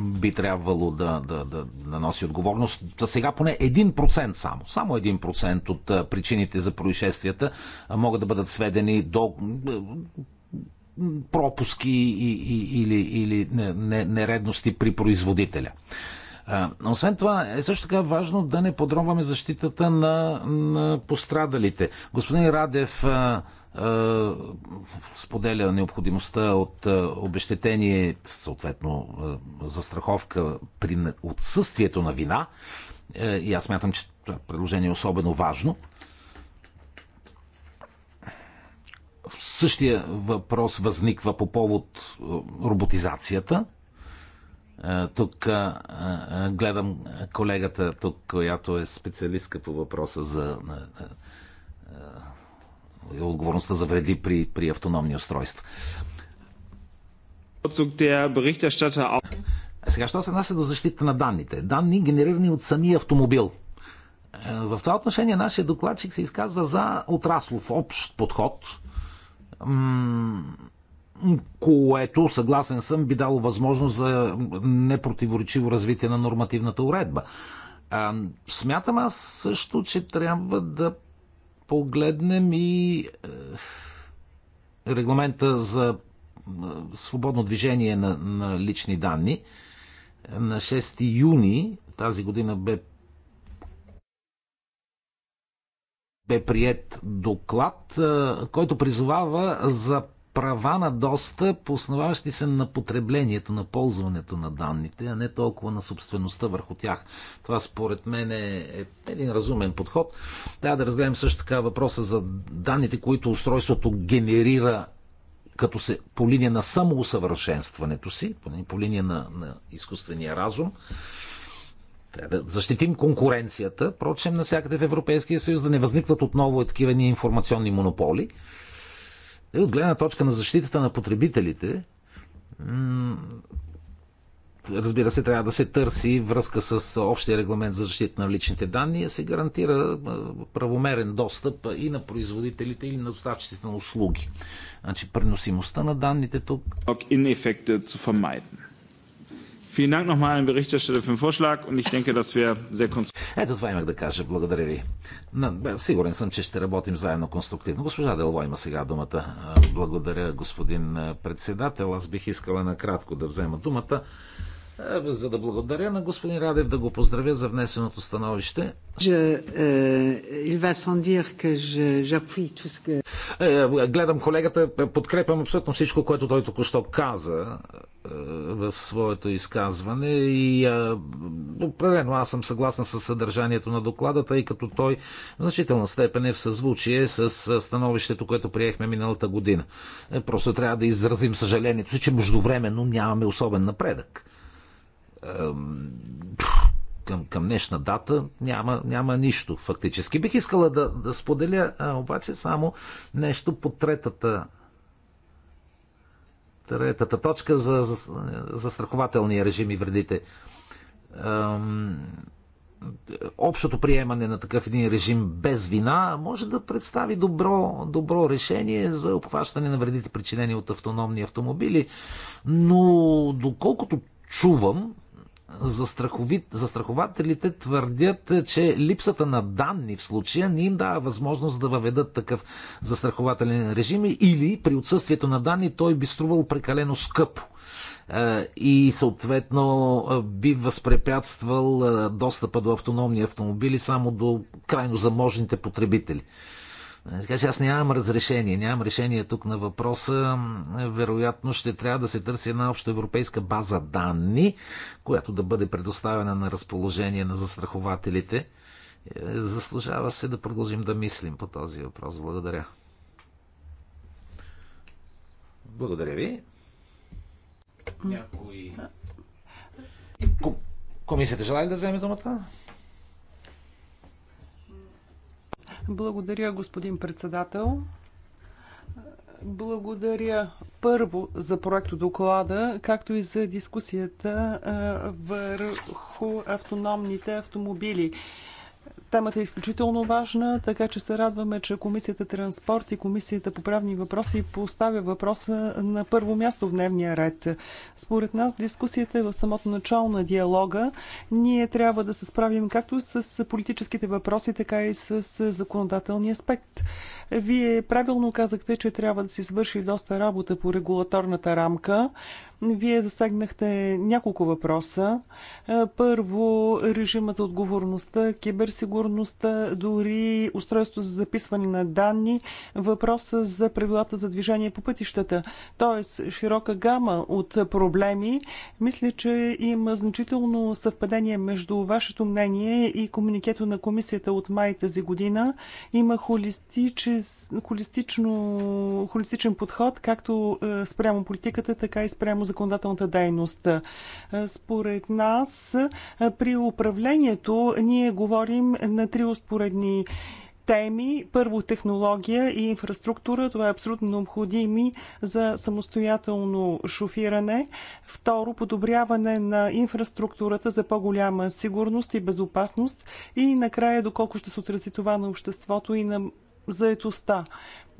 би трябвало да, да, да, да носи отговорност. За сега поне 1% само. Само 1% от причините за происшествията могат да бъдат сведени до пропуски и, и, или, или нередности при производителя. Освен това, е също така важно да не подробваме защитата на, на пострадалите. Господин Радев е, споделя необходимостта от е, обещетение, съответно е, застраховка при отсъствието на вина. И аз мятам, че това предложение е особено важно. Същия въпрос възниква по повод роботизацията. Тук гледам колегата, тук, която е специалистка по въпроса за отговорността за вреди при, при автономни устройства. А сега, що се нася до защита на данните? Данни, генерирани от самия автомобил. Е, в това отношение нашия докладчик се изказва за отраслов общ подход, което, съгласен съм, би дало възможност за непротиворечиво развитие на нормативната уредба. Смятам аз също, че трябва да погледнем и е, регламента за е, свободно движение на, на лични данни, на 6 юни тази година бе бе прият доклад, е, който призовава за права на достъп, основаващи се на потреблението, на ползването на данните, а не толкова на собствеността върху тях. Това според мен е, е един разумен подход. Трябва да разгледам също така въпроса за данните, които устройството генерира като се, по линия на самоусъвършенстването си, по линия на, на изкуствения разум. Трябва да защитим конкуренцията, прочем, навсякъде в Европейския съюз да не възникват отново такива ни информационни монополи. И от гледна точка на защитата на потребителите, разбира се, трябва да се търси връзка с общия регламент за защита на личните данни, се гарантира правомерен достъп и на производителите или на доставчиците на услуги. Значи преносимостта на данните тук. In effekte Vielen Dank nochmal an den Berichterstatter für den Vorschlag und ich denke, dass wir sehr Ето това имах да кажа. Благодаря ви. Сигурен съм, че ще работим заедно конструктивно. Госпожа Делво има сега думата. Благодаря, господин председател. Аз бих искала накратко да взема думата, за да благодаря на господин Радев, да го поздравя за внесеното становище. Гледам колегата, е, подкрепям абсолютно всичко, което той току-що каза е, в своето изказване и е, определено аз съм съгласен с съдържанието на доклада, тъй като той в значителна степен е в съзвучие с е, становището, което приехме миналата година. Просто трябва да изразим съжалението си, че междувременно нямаме особен напредък. Към, към днешна дата няма, няма нищо фактически. Бих искала да, да споделя а, обаче само нещо по третата Третата точка за застрахователния за режим и вредите. Общото приемане на такъв един режим без вина може да представи добро, добро решение за обхващане на вредите, причинени от автономни автомобили, но доколкото чувам, застрахователите твърдят, е, че липсата на данни в случая не им дава възможност да въведат такъв застрахователен режим или при отсъствието на данни той би струвал прекалено скъпо е, и съответно е, би възпрепятствал достъпа до автономни автомобили само до крайно заможните потребители. Така че аз нямам разрешение, нямам решение тук на въпроса. Вероятно ще трябва да се търси една общоевропейска база данни, която да бъде предоставена на разположение на застрахователите. Е, заслужава се да продължим да мислим по този въпрос. Благодаря. Благодаря ви. Някой. Комисията желая ли да вземе думата? Благодаря, господин председател. Благодаря първо за проекто доклада, както и за дискусията върху автономните автомобили. Темата е изключително важна, така че се радваме, че Комисията Транспорт и Комисията по правни въпроси поставя въпроса на първо място в дневния ред. Според нас дискусията е в самото начало на диалога. Ние трябва да се справим както с политическите въпроси, така и с законодателния аспект. Вие правилно казахте, че трябва да се свърши доста работа по регулаторната рамка. Вие засегнахте няколко въпроса. Е, първо, режима за отговорността, киберсигурността, дори устройство за записване на данни, въпроса за правилата за движение по пътищата. Тоест, широка гама от проблеми. Мисля, че има значително съвпадение между вашето мнение и комуникето на комисията от май тази година. Има холистичен подход, както е, спрямо политиката, така и спрямо законодателната дейност. Е, според нас е, при управлението ние говорим на три успоредни теми. Първо технология и инфраструктура. Това е абсолютно необходими за самостоятелно шофиране. Второ подобряване на инфраструктурата за по-голяма сигурност и безопасност. И накрая доколко ще се отрази това на обществото и на заетостта.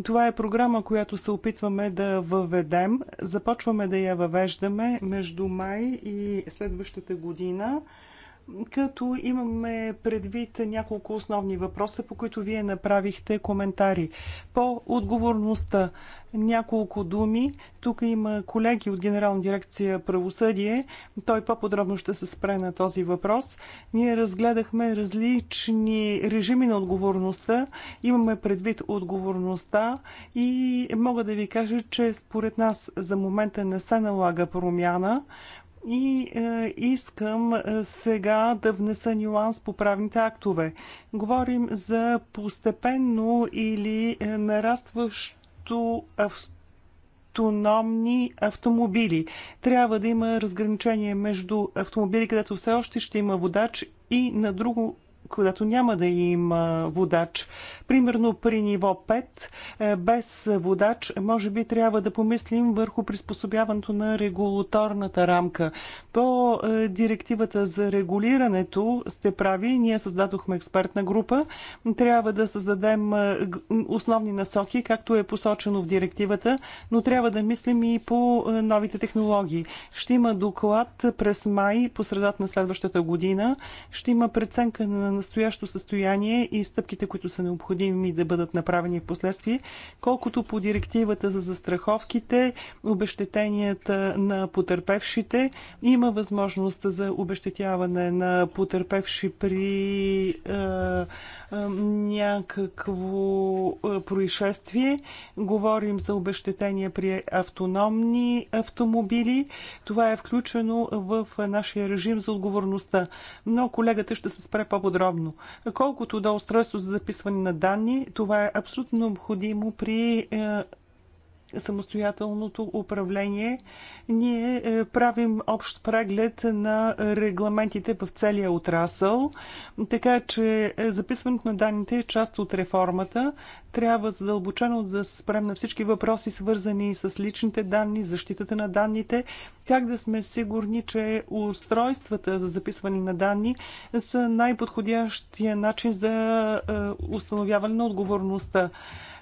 Това е програма, която се опитваме да въведем. Започваме да я въвеждаме между май и следващата година като имаме предвид няколко основни въпроса, по които вие направихте коментари. По отговорността няколко думи. Тук има колеги от Генерална дирекция правосъдие. Той по-подробно ще се спре на този въпрос. Ние разгледахме различни режими на отговорността. Имаме предвид отговорността и мога да ви кажа, че според нас за момента не се налага промяна. И е, искам е, сега да внеса нюанс по правните актове. Говорим за постепенно или е, нарастващо автономни автомобили. Трябва да има разграничение между автомобили, където все още ще има водач и на друго когато няма да има водач. Примерно при ниво 5, е, без водач, може би трябва да помислим върху приспособяването на регулаторната рамка. По е, директивата за регулирането сте прави, ние създадохме експертна група. Трябва да създадем е, основни насоки, както е посочено в директивата, но трябва да мислим и по новите технологии. Ще има доклад през май, по средата на следващата година. Ще има преценка на настоящо състояние и стъпките, които са необходими да бъдат направени в последствие, колкото по директивата за застраховките, обещетенията на потерпевшите, има възможност за обещетяване на потерпевши при е, е, някакво е, происшествие. Говорим за обещетения при автономни автомобили. Това е включено в нашия режим за отговорността. Но колегата ще се спре по-подробно подробно. Колкото до устройство за записване на данни, това е абсолютно необходимо при е, самостоятелното управление. Ние е, правим общ преглед на регламентите в целия отрасъл, така че е, записването на данните е част от реформата. Трябва задълбочено да се спрем на всички въпроси, свързани с личните данни, защитата на данните, как да сме сигурни, че устройствата за записване на данни са най-подходящия начин за е, установяване на отговорността.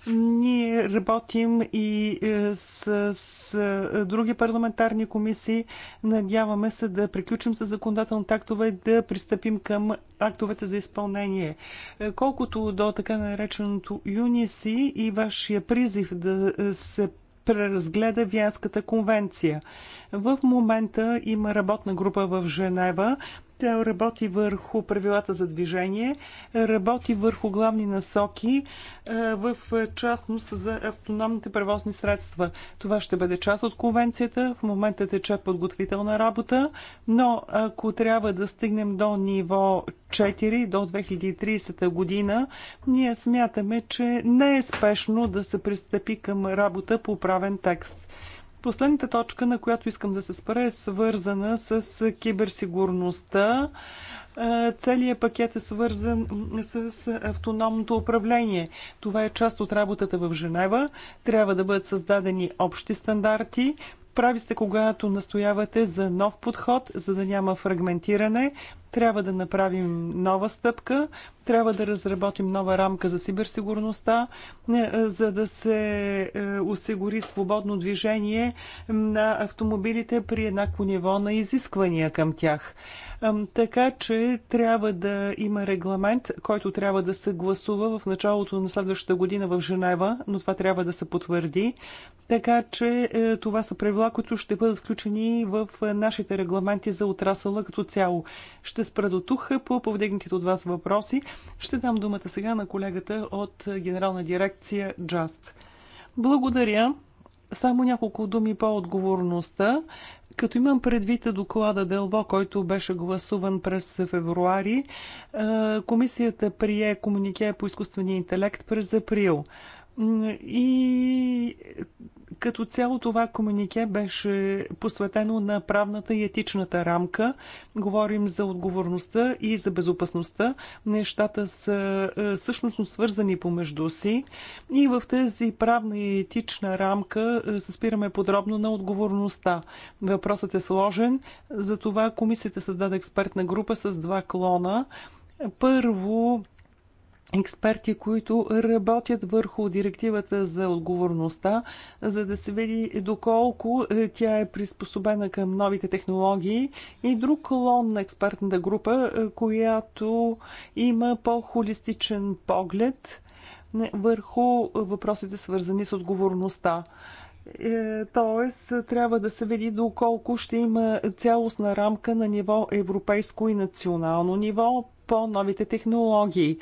Ние работим и е, с, с е, други парламентарни комисии. Надяваме се да приключим с законодателните актове и да пристъпим към актовете за изпълнение. Е, колкото до така нареченото ЮНИСИ и вашия призив да се преразгледа Вянската конвенция. В момента има работна група в Женева, тя работи върху правилата за движение, работи върху главни насоки, е, в частност за автономните превозни средства. Това ще бъде част от конвенцията. В момента тече подготвителна работа, но ако трябва да стигнем до ниво 4 до 2030 година, ние смятаме, че не е спешно да се пристъпи към работа по правен текст. Последната точка, на която искам да се спра, е свързана с киберсигурността. Е, целият пакет е свързан с автономното управление. Това е част от работата в Женева. Трябва да бъдат създадени общи стандарти, прави сте, когато настоявате за нов подход, за да няма фрагментиране. Трябва да направим нова стъпка, трябва да разработим нова рамка за сиберсигурността, е, за да се е, осигури свободно движение на автомобилите при еднакво ниво на изисквания към тях. Така че трябва да има регламент, който трябва да се гласува в началото на следващата година в Женева, но това трябва да се потвърди. Така че е, това са правила, които ще бъдат включени в е, нашите регламенти за отрасъла като цяло. Ще спра до тук по повдигнатите от вас въпроси. Ще дам думата сега на колегата от Генерална дирекция Джаст. Благодаря. Само няколко думи по отговорността. Като имам предвид доклада Дълво, който беше гласуван през февруари, е, комисията прие комунике по изкуствения интелект през април. И като цяло това комунике беше посветено на правната и етичната рамка. Говорим за отговорността и за безопасността. Нещата са всъщност е, свързани помежду си. И в тази правна и етична рамка е, се спираме подробно на отговорността. Въпросът е сложен. Затова комисията създаде експертна група с два клона. Първо, експерти, които работят върху директивата за отговорността, за да се види доколко е, тя е приспособена към новите технологии и друг клон на експертната група, е, която има по-холистичен поглед е, върху въпросите свързани с отговорността. Тоест, трябва да се види доколко ще има цялостна рамка на ниво европейско и национално ниво по новите технологии.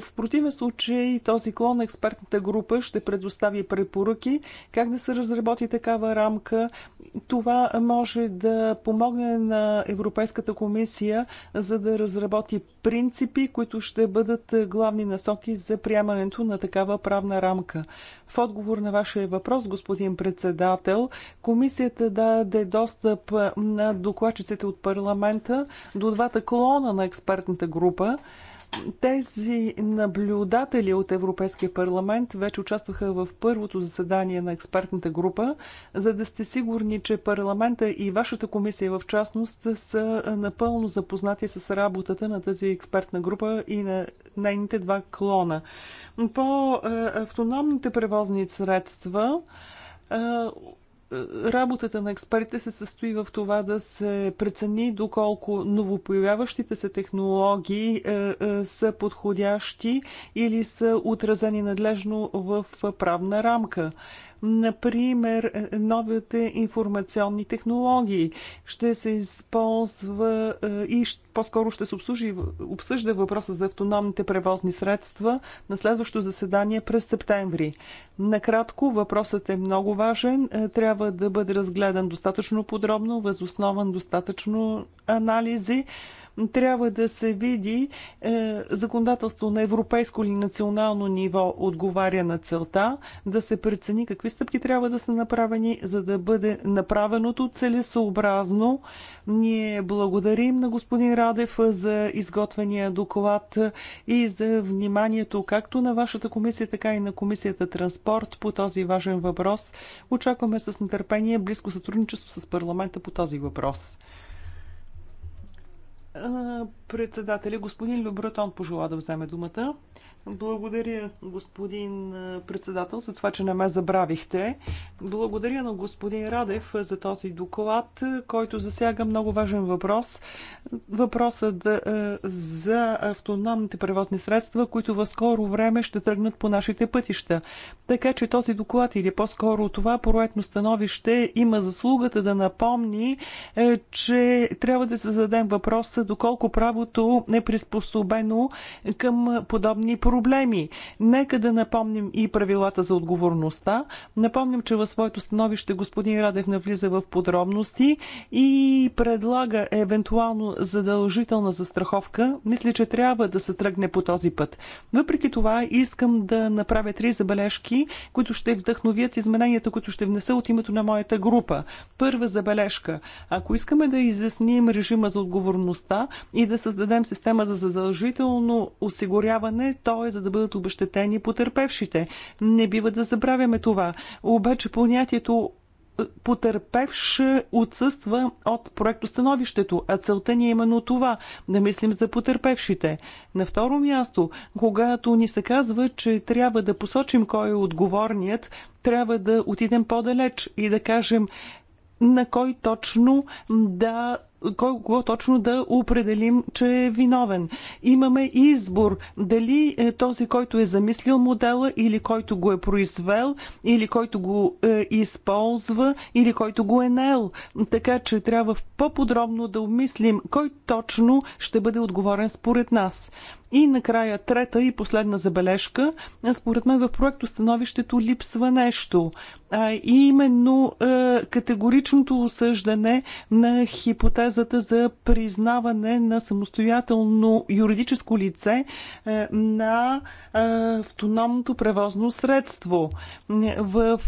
В противен случай този клон на експертната група ще предостави препоръки как да се разработи такава рамка. Това може да помогне на Европейската комисия за да разработи принципи, които ще бъдат главни насоки за приемането на такава правна рамка. В отговор на вашия въпрос, господин председател, комисията даде достъп на докладчиците от парламента до двата клона на експертната група. Тези наблюдатели от Европейския парламент вече участваха в първото заседание на експертната група, за да сте сигурни, че парламента и вашата комисия в частност са напълно запознати с работата на тази експертна група и на нейните два клона. По е, автономните превозни средства е, работата на експертите се състои в това да се прецени доколко новопоявяващите се технологии е, е, са подходящи или са отразени надлежно в правна рамка. Например, е, новите информационни технологии. Ще се използва е, и по-скоро ще се обсъжи, обсъжда въпроса за автономните превозни средства на следващото заседание през септември. Накратко, въпросът е много важен. Е, трябва да бъде разгледан достатъчно подробно, възоснован достатъчно анализи трябва да се види е, законодателство на европейско или национално ниво отговаря на целта, да се прецени какви стъпки трябва да са направени, за да бъде направеното целесообразно. Ние благодарим на господин Радев за изготвения доклад и за вниманието както на вашата комисия, така и на комисията Транспорт по този важен въпрос. Очакваме с нетърпение близко сътрудничество с парламента по този въпрос. Председателя господин Любратон пожела да вземе думата. Благодаря, господин председател, за това, че не ме забравихте. Благодаря на господин Радев за този доклад, който засяга много важен въпрос. Въпросът за автономните превозни средства, които в скоро време ще тръгнат по нашите пътища. Така че този доклад или по-скоро това проектно становище има заслугата да напомни, че трябва да се зададем въпроса доколко правото е приспособено към подобни проекти проблеми. Нека да напомним и правилата за отговорността. Напомням, че във своето становище господин Радев навлиза в подробности и предлага евентуално задължителна застраховка. Мисля, че трябва да се тръгне по този път. Въпреки това, искам да направя три забележки, които ще вдъхновят измененията, които ще внеса от името на моята група. Първа забележка. Ако искаме да изясним режима за отговорността и да създадем система за задължително осигуряване, то е за да бъдат обещетени потерпевшите. Не бива да забравяме това. Обаче понятието е, потерпевш е, отсъства от проектостановището, а целта ни е именно това – да мислим за потерпевшите. На второ място, когато ни се казва, че трябва да посочим кой е отговорният, трябва да отидем по-далеч и да кажем на кой точно да кого точно да определим, че е виновен. Имаме избор дали е този, който е замислил модела или който го е произвел, или който го е, използва, или който го е наел. Така че трябва по-подробно да обмислим кой точно ще бъде отговорен според нас. И накрая трета и последна забележка. Според мен в проекто становището липсва нещо. А именно е, категоричното осъждане на хипотезата за признаване на самостоятелно юридическо лице е, на е, автономното превозно средство. В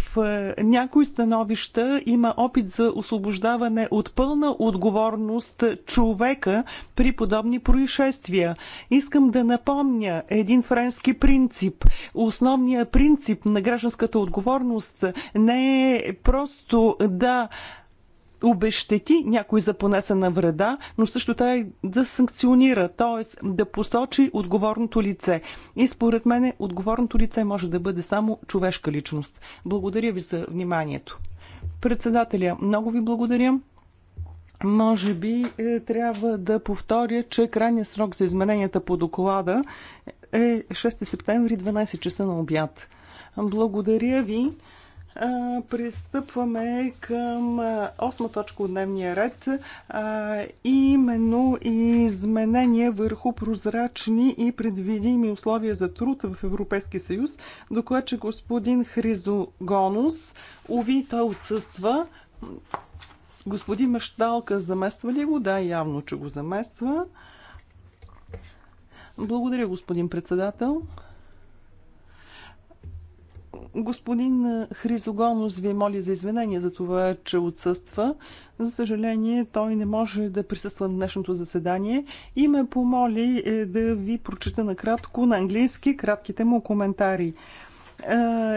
някои становища има опит за освобождаване от пълна отговорност човека при подобни происшествия. Искам да да напомня един френски принцип. Основният принцип на гражданската отговорност не е просто да обещети някой за понесена вреда, но също така и да санкционира, т.е. да посочи отговорното лице. И според мен отговорното лице може да бъде само човешка личност. Благодаря ви за вниманието. Председателя, много ви благодаря може би е, трябва да повторя, че крайният срок за измененията по доклада е 6 септември 12 часа на обяд. Благодаря ви. Е, пристъпваме към 8 е, точка от дневния ред, именно изменения върху прозрачни и предвидими условия за труд в Европейския съюз, до което господин Хризогонус, уви, той отсъства, Господин Мащалка замества ли го? Да, явно, че го замества. Благодаря, господин председател. Господин Хризогонос ви моли за извинение за това, че отсъства. За съжаление, той не може да присъства на днешното заседание и ме помоли е, да ви прочита накратко на английски кратките му коментари. Е,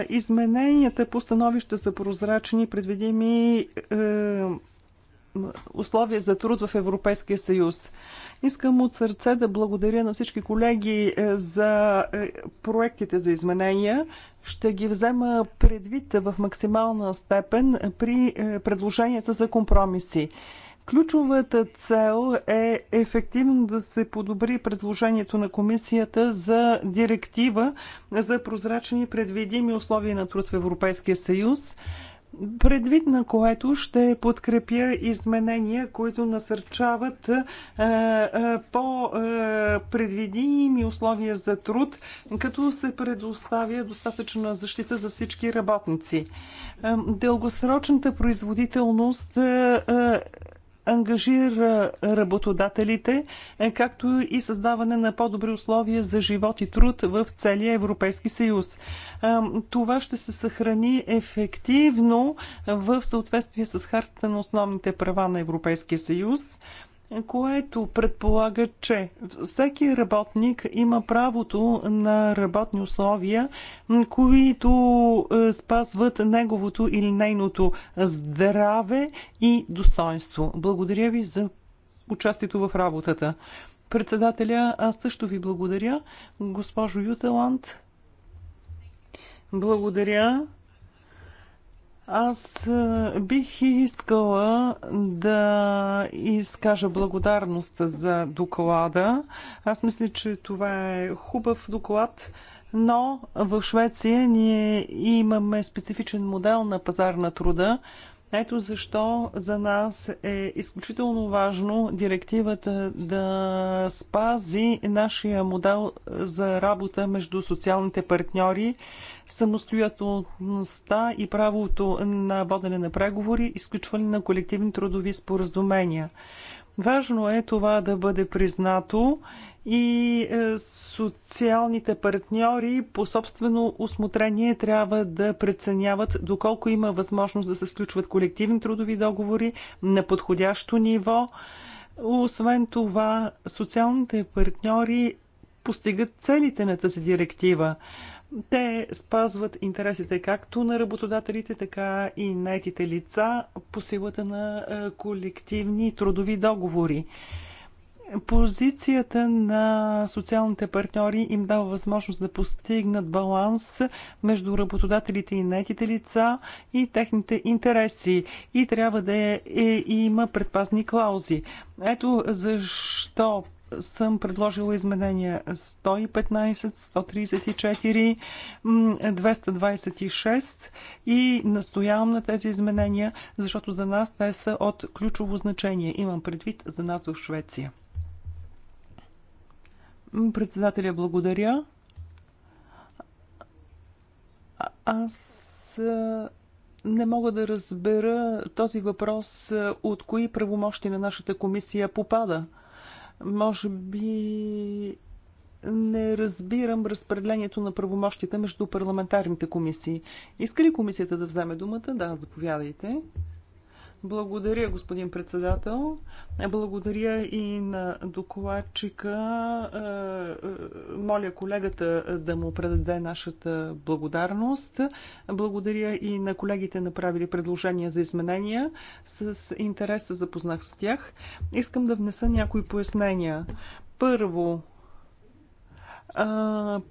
измененията по становища са прозрачни, предвидими е, условия за труд в Европейския съюз. Искам от сърце да благодаря на всички колеги е, за е, проектите за изменения. Ще ги взема предвид в максимална степен при е, предложенията за компромиси. Ключовата цел е ефективно да се подобри предложението на комисията за директива за прозрачни и предвидими условия на труд в Европейския съюз предвид на което ще подкрепя изменения, които насърчават е, е, по-предвидими условия за труд, като се предоставя достатъчна защита за всички работници. Е, дългосрочната производителност ангажира работодателите, е, както и създаване на по-добри условия за живот и труд в целия Европейски съюз. Е, това ще се съхрани ефективно в съответствие с хартата на основните права на Европейския съюз което предполага, че всеки работник има правото на работни условия, които е, спазват неговото или нейното здраве и достоинство. Благодаря ви за участието в работата. Председателя, аз също ви благодаря. Госпожо Юталант, благодаря. Аз е, бих искала да изкажа благодарност за доклада. Аз мисля, че това е хубав доклад, но в Швеция ние имаме специфичен модел на пазар на труда, ето защо за нас е изключително важно директивата да спази нашия модел за работа между социалните партньори, самостоятелността и правото на водене на преговори, изключване на колективни трудови споразумения. Важно е това да бъде признато и е, социалните партньори по собствено усмотрение трябва да преценяват доколко има възможност да се сключват колективни трудови договори на подходящо ниво. Освен това, социалните партньори постигат целите на тази директива. Те спазват интересите както на работодателите, така и етите лица по силата на е, колективни трудови договори. Позицията на социалните партньори им дава възможност да постигнат баланс между работодателите и наетите лица и техните интереси и трябва да е, е, има предпазни клаузи. Ето защо съм предложила изменения 115, 134, 226 и настоявам на тези изменения, защото за нас те са от ключово значение. Имам предвид за нас в Швеция. Председателя, благодаря. Аз не мога да разбера този въпрос от кои правомощи на нашата комисия попада. Може би не разбирам разпределението на правомощите между парламентарните комисии. Иска ли комисията да вземе думата? Да, заповядайте. Благодаря, господин председател. Благодаря и на докладчика. Е, е, моля колегата е, да му предаде нашата благодарност. Благодаря и на колегите, направили предложения за изменения. С интерес се запознах с тях. Искам да внеса някои пояснения. Първо,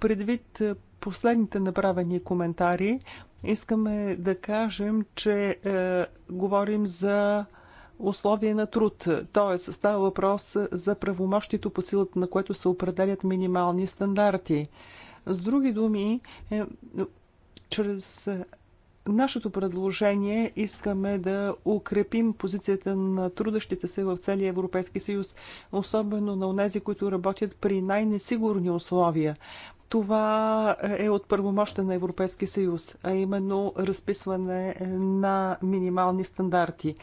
предвид последните направени коментари, Искаме да кажем, че е, говорим за условия на труд. Тоест, става въпрос за правомощието по силата на което се определят минимални стандарти. С други думи, е, чрез нашето предложение искаме да укрепим позицията на трудащите се в целия Европейски съюз, особено на онези, които работят при най-несигурни условия. Това е от първомощта на Европейския съюз, а именно разписване на минимални стандарти.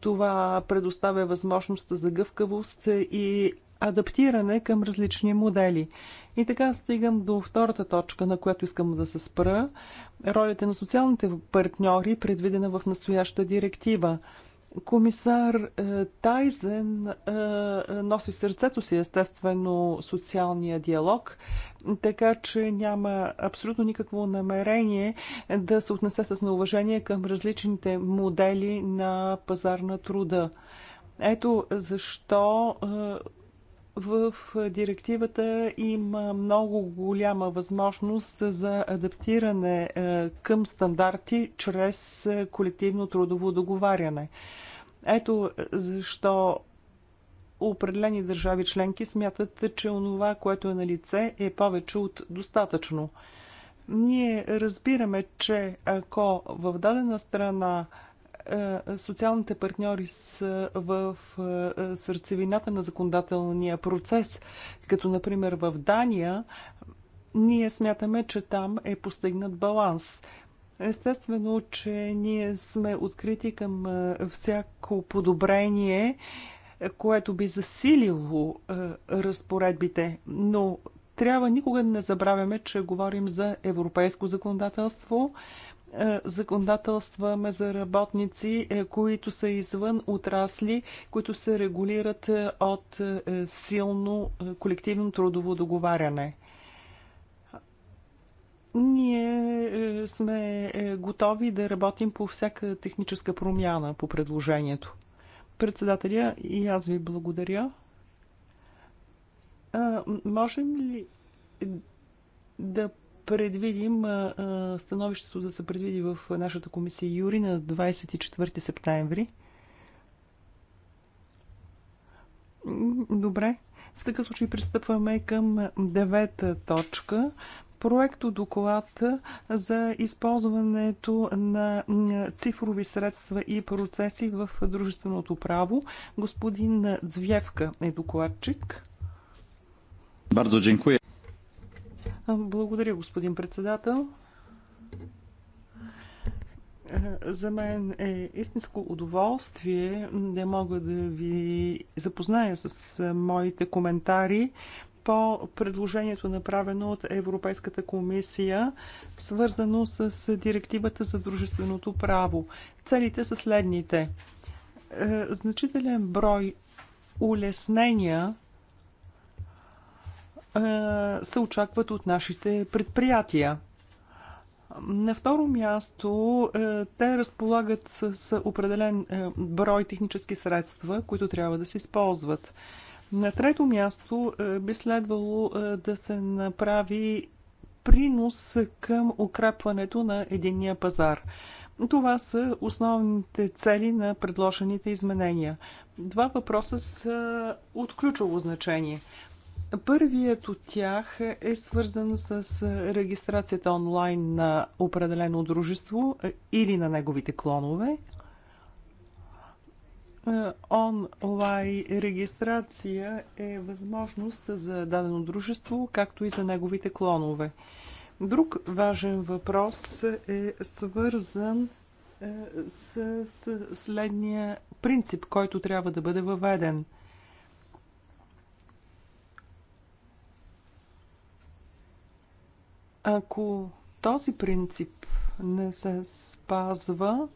Това предоставя възможност за гъвкавост и адаптиране към различни модели. И така стигам до втората точка, на която искам да се спра. Ролята на социалните партньори, предвидена в настояща директива – Комисар е, Тайзен е, носи в сърцето си естествено социалния диалог, така че няма абсолютно никакво намерение да се отнесе с неуважение към различните модели на пазар на труда. Ето защо е, в директивата има много голяма възможност за адаптиране е, към стандарти чрез е, колективно трудово договаряне. Ето е, защо определени държави членки смятат, че онова, което е на лице, е повече от достатъчно. Ние разбираме, че ако в дадена страна е, социалните партньори са в е, сърцевината на законодателния процес, като например в Дания, ние смятаме, че там е постигнат баланс. Естествено, че ние сме открити към е, всяко подобрение, което би засилило разпоредбите, но трябва никога да не забравяме, че говорим за европейско законодателство, е, законодателстваме за работници, е, които са извън отрасли, които се регулират е, от силно колективно трудово договаряне. Ние сме готови да работим по всяка техническа промяна по предложението. Председателя, и аз ви благодаря. А, можем ли да предвидим становището да се предвиди в нашата комисия Юри на 24 септември. Добре. В такъв случай пристъпваме към девета точка. Проекто доклад за използването на цифрови средства и процеси в дружественото право. Господин Дзвевка е докладчик. Бързо дзинкуя. Благодаря, господин председател. За мен е истинско удоволствие да мога да ви запозная с моите коментари по предложението направено от Европейската комисия, свързано с директивата за дружественото право. Целите са следните. Е, значителен брой улеснения се очакват от нашите предприятия. На второ място, те разполагат с определен брой технически средства, които трябва да се използват. На трето място би следвало да се направи принос към укрепването на единния пазар. Това са основните цели на предложените изменения. Два въпроса са от ключово значение. Първият от тях е свързан с регистрацията онлайн на определено дружество или на неговите клонове. Онлайн регистрация е възможност за дадено дружество, както и за неговите клонове. Друг важен въпрос е свързан с следния принцип, който трябва да бъде въведен – Ако този принцип не се спазва,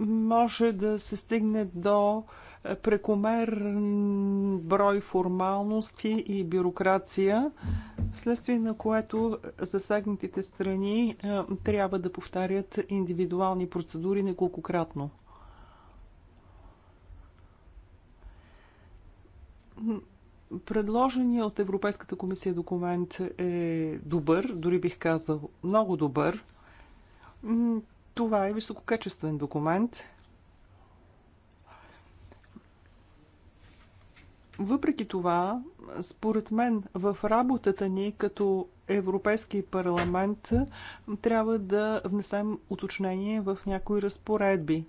може да се стигне до прекомерен брой формалности и бюрокрация, вследствие на което засегнатите страни е, трябва да повтарят индивидуални процедури неколкократно. Предложения от Европейската комисия документ е добър, дори бих казал много добър. Това е висококачествен документ. Въпреки това, според мен, в работата ни като Европейски парламент трябва да внесем уточнение в някои разпоредби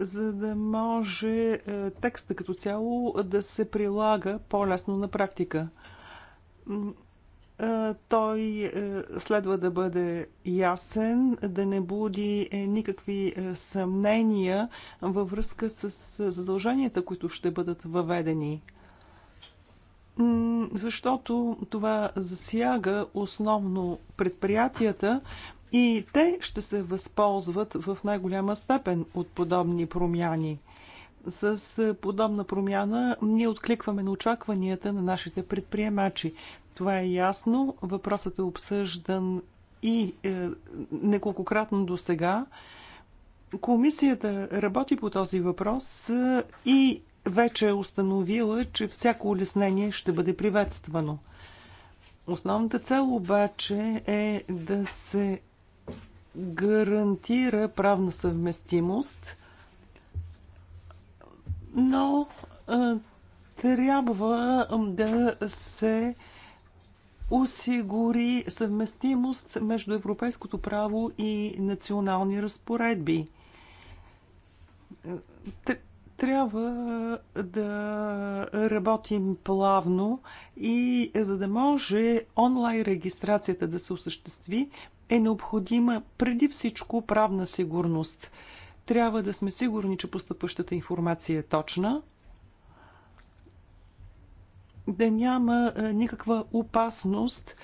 за да може е, текста като цяло да се прилага по-лесно на практика. Е, той е, следва да бъде ясен, да не буди никакви съмнения във връзка с задълженията, които ще бъдат въведени защото това засяга основно предприятията, и те ще се възползват в най-голяма степен от подобни промяни. С подобна промяна ние откликваме на очакванията на нашите предприемачи. Това е ясно. Въпросът е обсъждан и е, неколкократно до сега. Комисията работи по този въпрос е, и вече е установила, че всяко улеснение ще бъде приветствано. Основната цел обаче е да се гарантира правна съвместимост, но трябва да се осигури съвместимост между европейското право и национални разпоредби. Трябва да работим плавно и за да може онлайн регистрацията да се осъществи, е необходима преди всичко правна сигурност. Трябва да сме сигурни, че постъпващата информация е точна, да няма е, никаква опасност,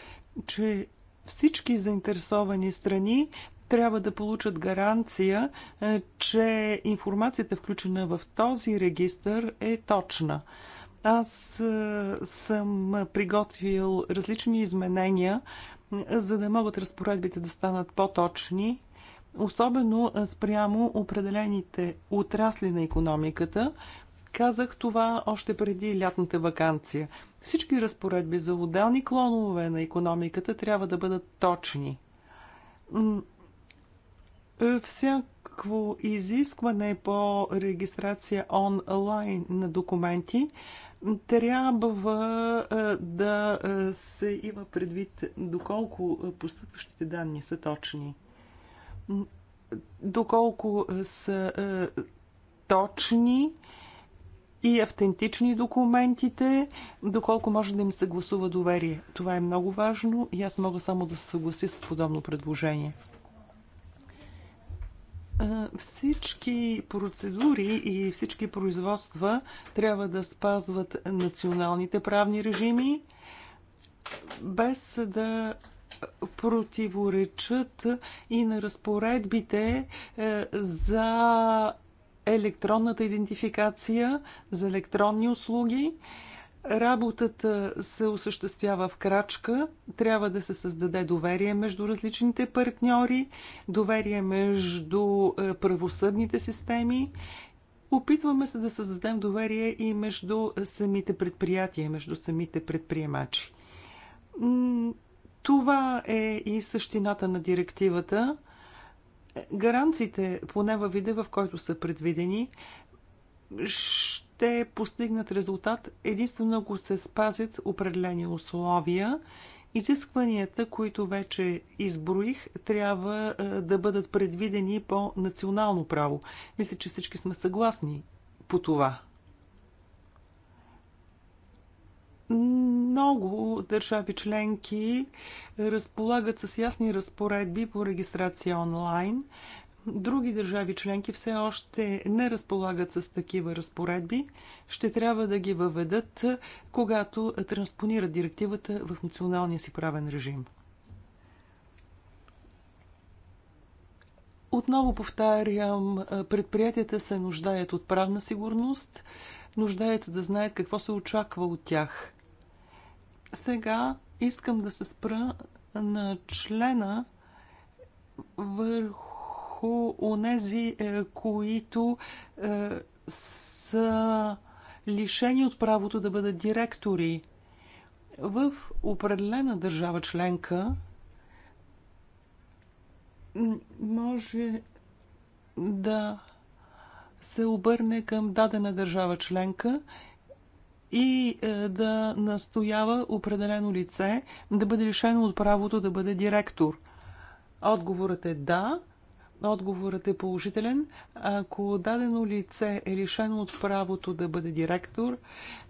че всички заинтересовани страни трябва да получат гаранция, е, че информацията, включена в този регистър, е точна. Аз е, съм приготвил различни изменения, за да могат разпоредбите да станат по-точни, особено спрямо определените отрасли на економиката. Казах това още преди лятната вакансия. Всички разпоредби за отделни клонове на економиката трябва да бъдат точни. Всяко изискване по регистрация онлайн на документи трябва е, да е, се има предвид доколко е, постъпващите данни са точни, доколко са точни и автентични документите, доколко може да им се гласува доверие. Това е много важно и аз мога само да се съглася с подобно предложение. Всички процедури и всички производства трябва да спазват националните правни режими, без да противоречат и на разпоредбите е, за електронната идентификация, за електронни услуги Работата се осъществява в крачка. Трябва да се създаде доверие между различните партньори, доверие между е, правосъдните системи. Опитваме се да създадем доверие и между самите предприятия, между самите предприемачи. Това е и същината на директивата. Гаранциите, поне във вида, в който са предвидени, ще постигнат резултат единствено ако се спазят определени условия. Изискванията, които вече изброих, трябва е, да бъдат предвидени по национално право. Мисля, че всички сме съгласни по това. Много държави членки разполагат с ясни разпоредби по регистрация онлайн – Други държави членки все още не разполагат с такива разпоредби. Ще трябва да ги въведат, когато транспонират директивата в националния си правен режим. Отново повтарям, предприятията се нуждаят от правна сигурност, нуждаят се да знаят какво се очаква от тях. Сега искам да се спра на члена върху върху онези, е, които е, са лишени от правото да бъдат директори. В определена държава членка може да се обърне към дадена държава членка и е, да настоява определено лице да бъде лишено от правото да бъде директор. Отговорът е да, отговорът е положителен. Ако дадено лице е лишено от правото да бъде директор,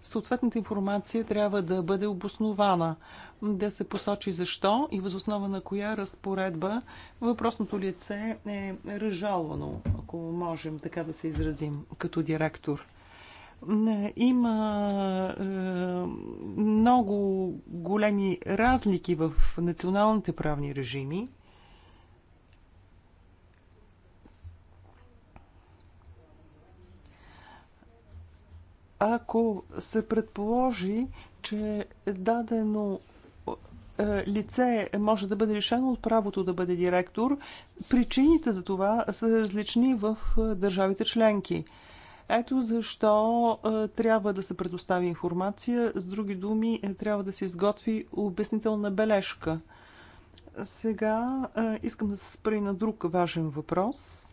съответната информация трябва да бъде обоснована, да се посочи защо и възоснова на коя разпоредба въпросното лице е разжалвано, ако можем така да се изразим, като директор. Има е, много големи разлики в националните правни режими ако се предположи, че дадено е, лице може да бъде лишено от правото да бъде директор, причините за това са различни в е, държавите членки. Ето защо е, трябва да се предостави информация, с други думи, трябва да се изготви обяснителна бележка. Сега искам да се спра и на друг важен въпрос.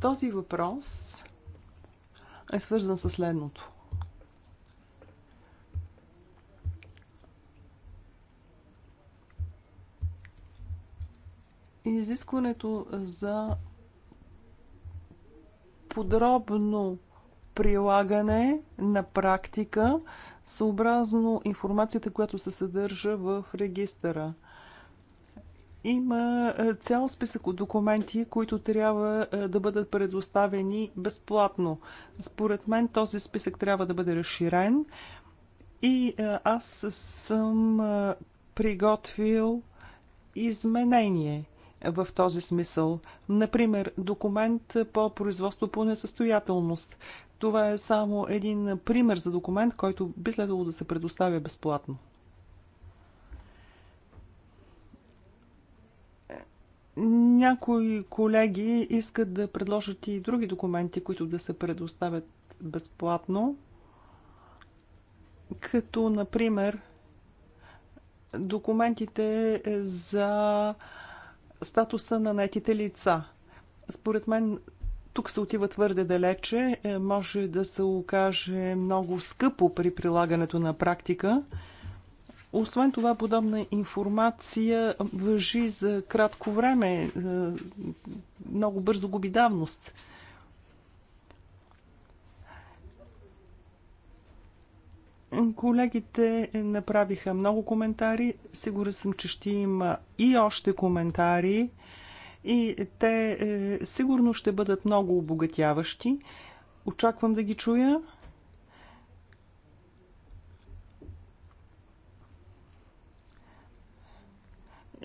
Този въпрос е свързан с следното. Изискването за подробно прилагане на практика съобразно информацията, която се съдържа в регистъра – има е, цял списък от документи, които трябва е, да бъдат предоставени безплатно. Според мен този списък трябва да бъде разширен и е, аз съм приготвил изменение в този смисъл. Например, документ по производство по несъстоятелност. Това е само един пример за документ, който би следвало да се предоставя безплатно. Някои колеги искат да предложат и други документи, които да се предоставят безплатно, като например документите за статуса на наетите лица. Според мен тук се отива твърде далече, е, може да се окаже много скъпо при прилагането на практика. Освен това, подобна информация въжи за кратко време, е, много бързо губи давност. Колегите направиха много коментари. Сигурен съм, че ще има и още коментари. И те е, сигурно ще бъдат много обогатяващи. Очаквам да ги чуя.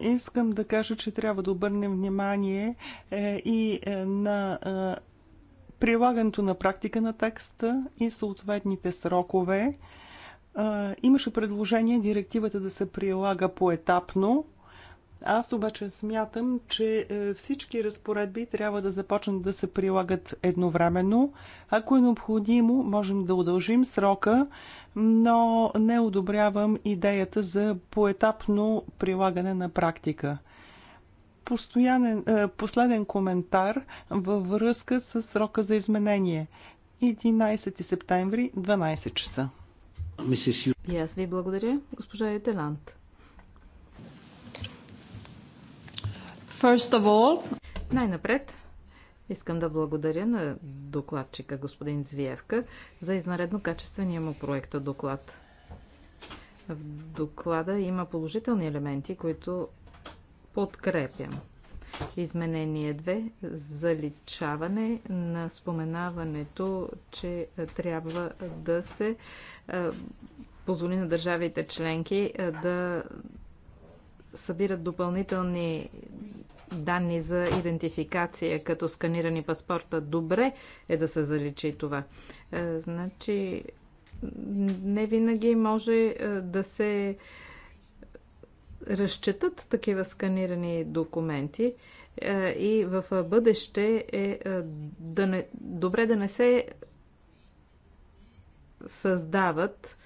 Искам да кажа, че трябва да обърнем внимание е, и е, на е, прилагането на практика на текста и съответните срокове. Имаше предложение директивата да се прилага поетапно. Аз обаче смятам, че е, всички разпоредби трябва да започнат да се прилагат едновременно. Ако е необходимо, можем да удължим срока, но не одобрявам идеята за поетапно прилагане на практика постоянен, е, последен коментар във връзка с срока за изменение. 11 септември, 12 часа. И аз ви благодаря, госпожа Етелант. all... Най-напред искам да благодаря на докладчика господин Звиевка за изнаредно качествения му проекта доклад. В доклада има положителни елементи, които подкрепям. Изменение 2 заличаване на споменаването, че трябва да се позволи на държавите членки да събират допълнителни данни за идентификация, като сканирани паспорта, добре е да се заличи това. Е, значи, не винаги може е, да се разчетат такива сканирани документи е, и в бъдеще е да не, добре да не се създават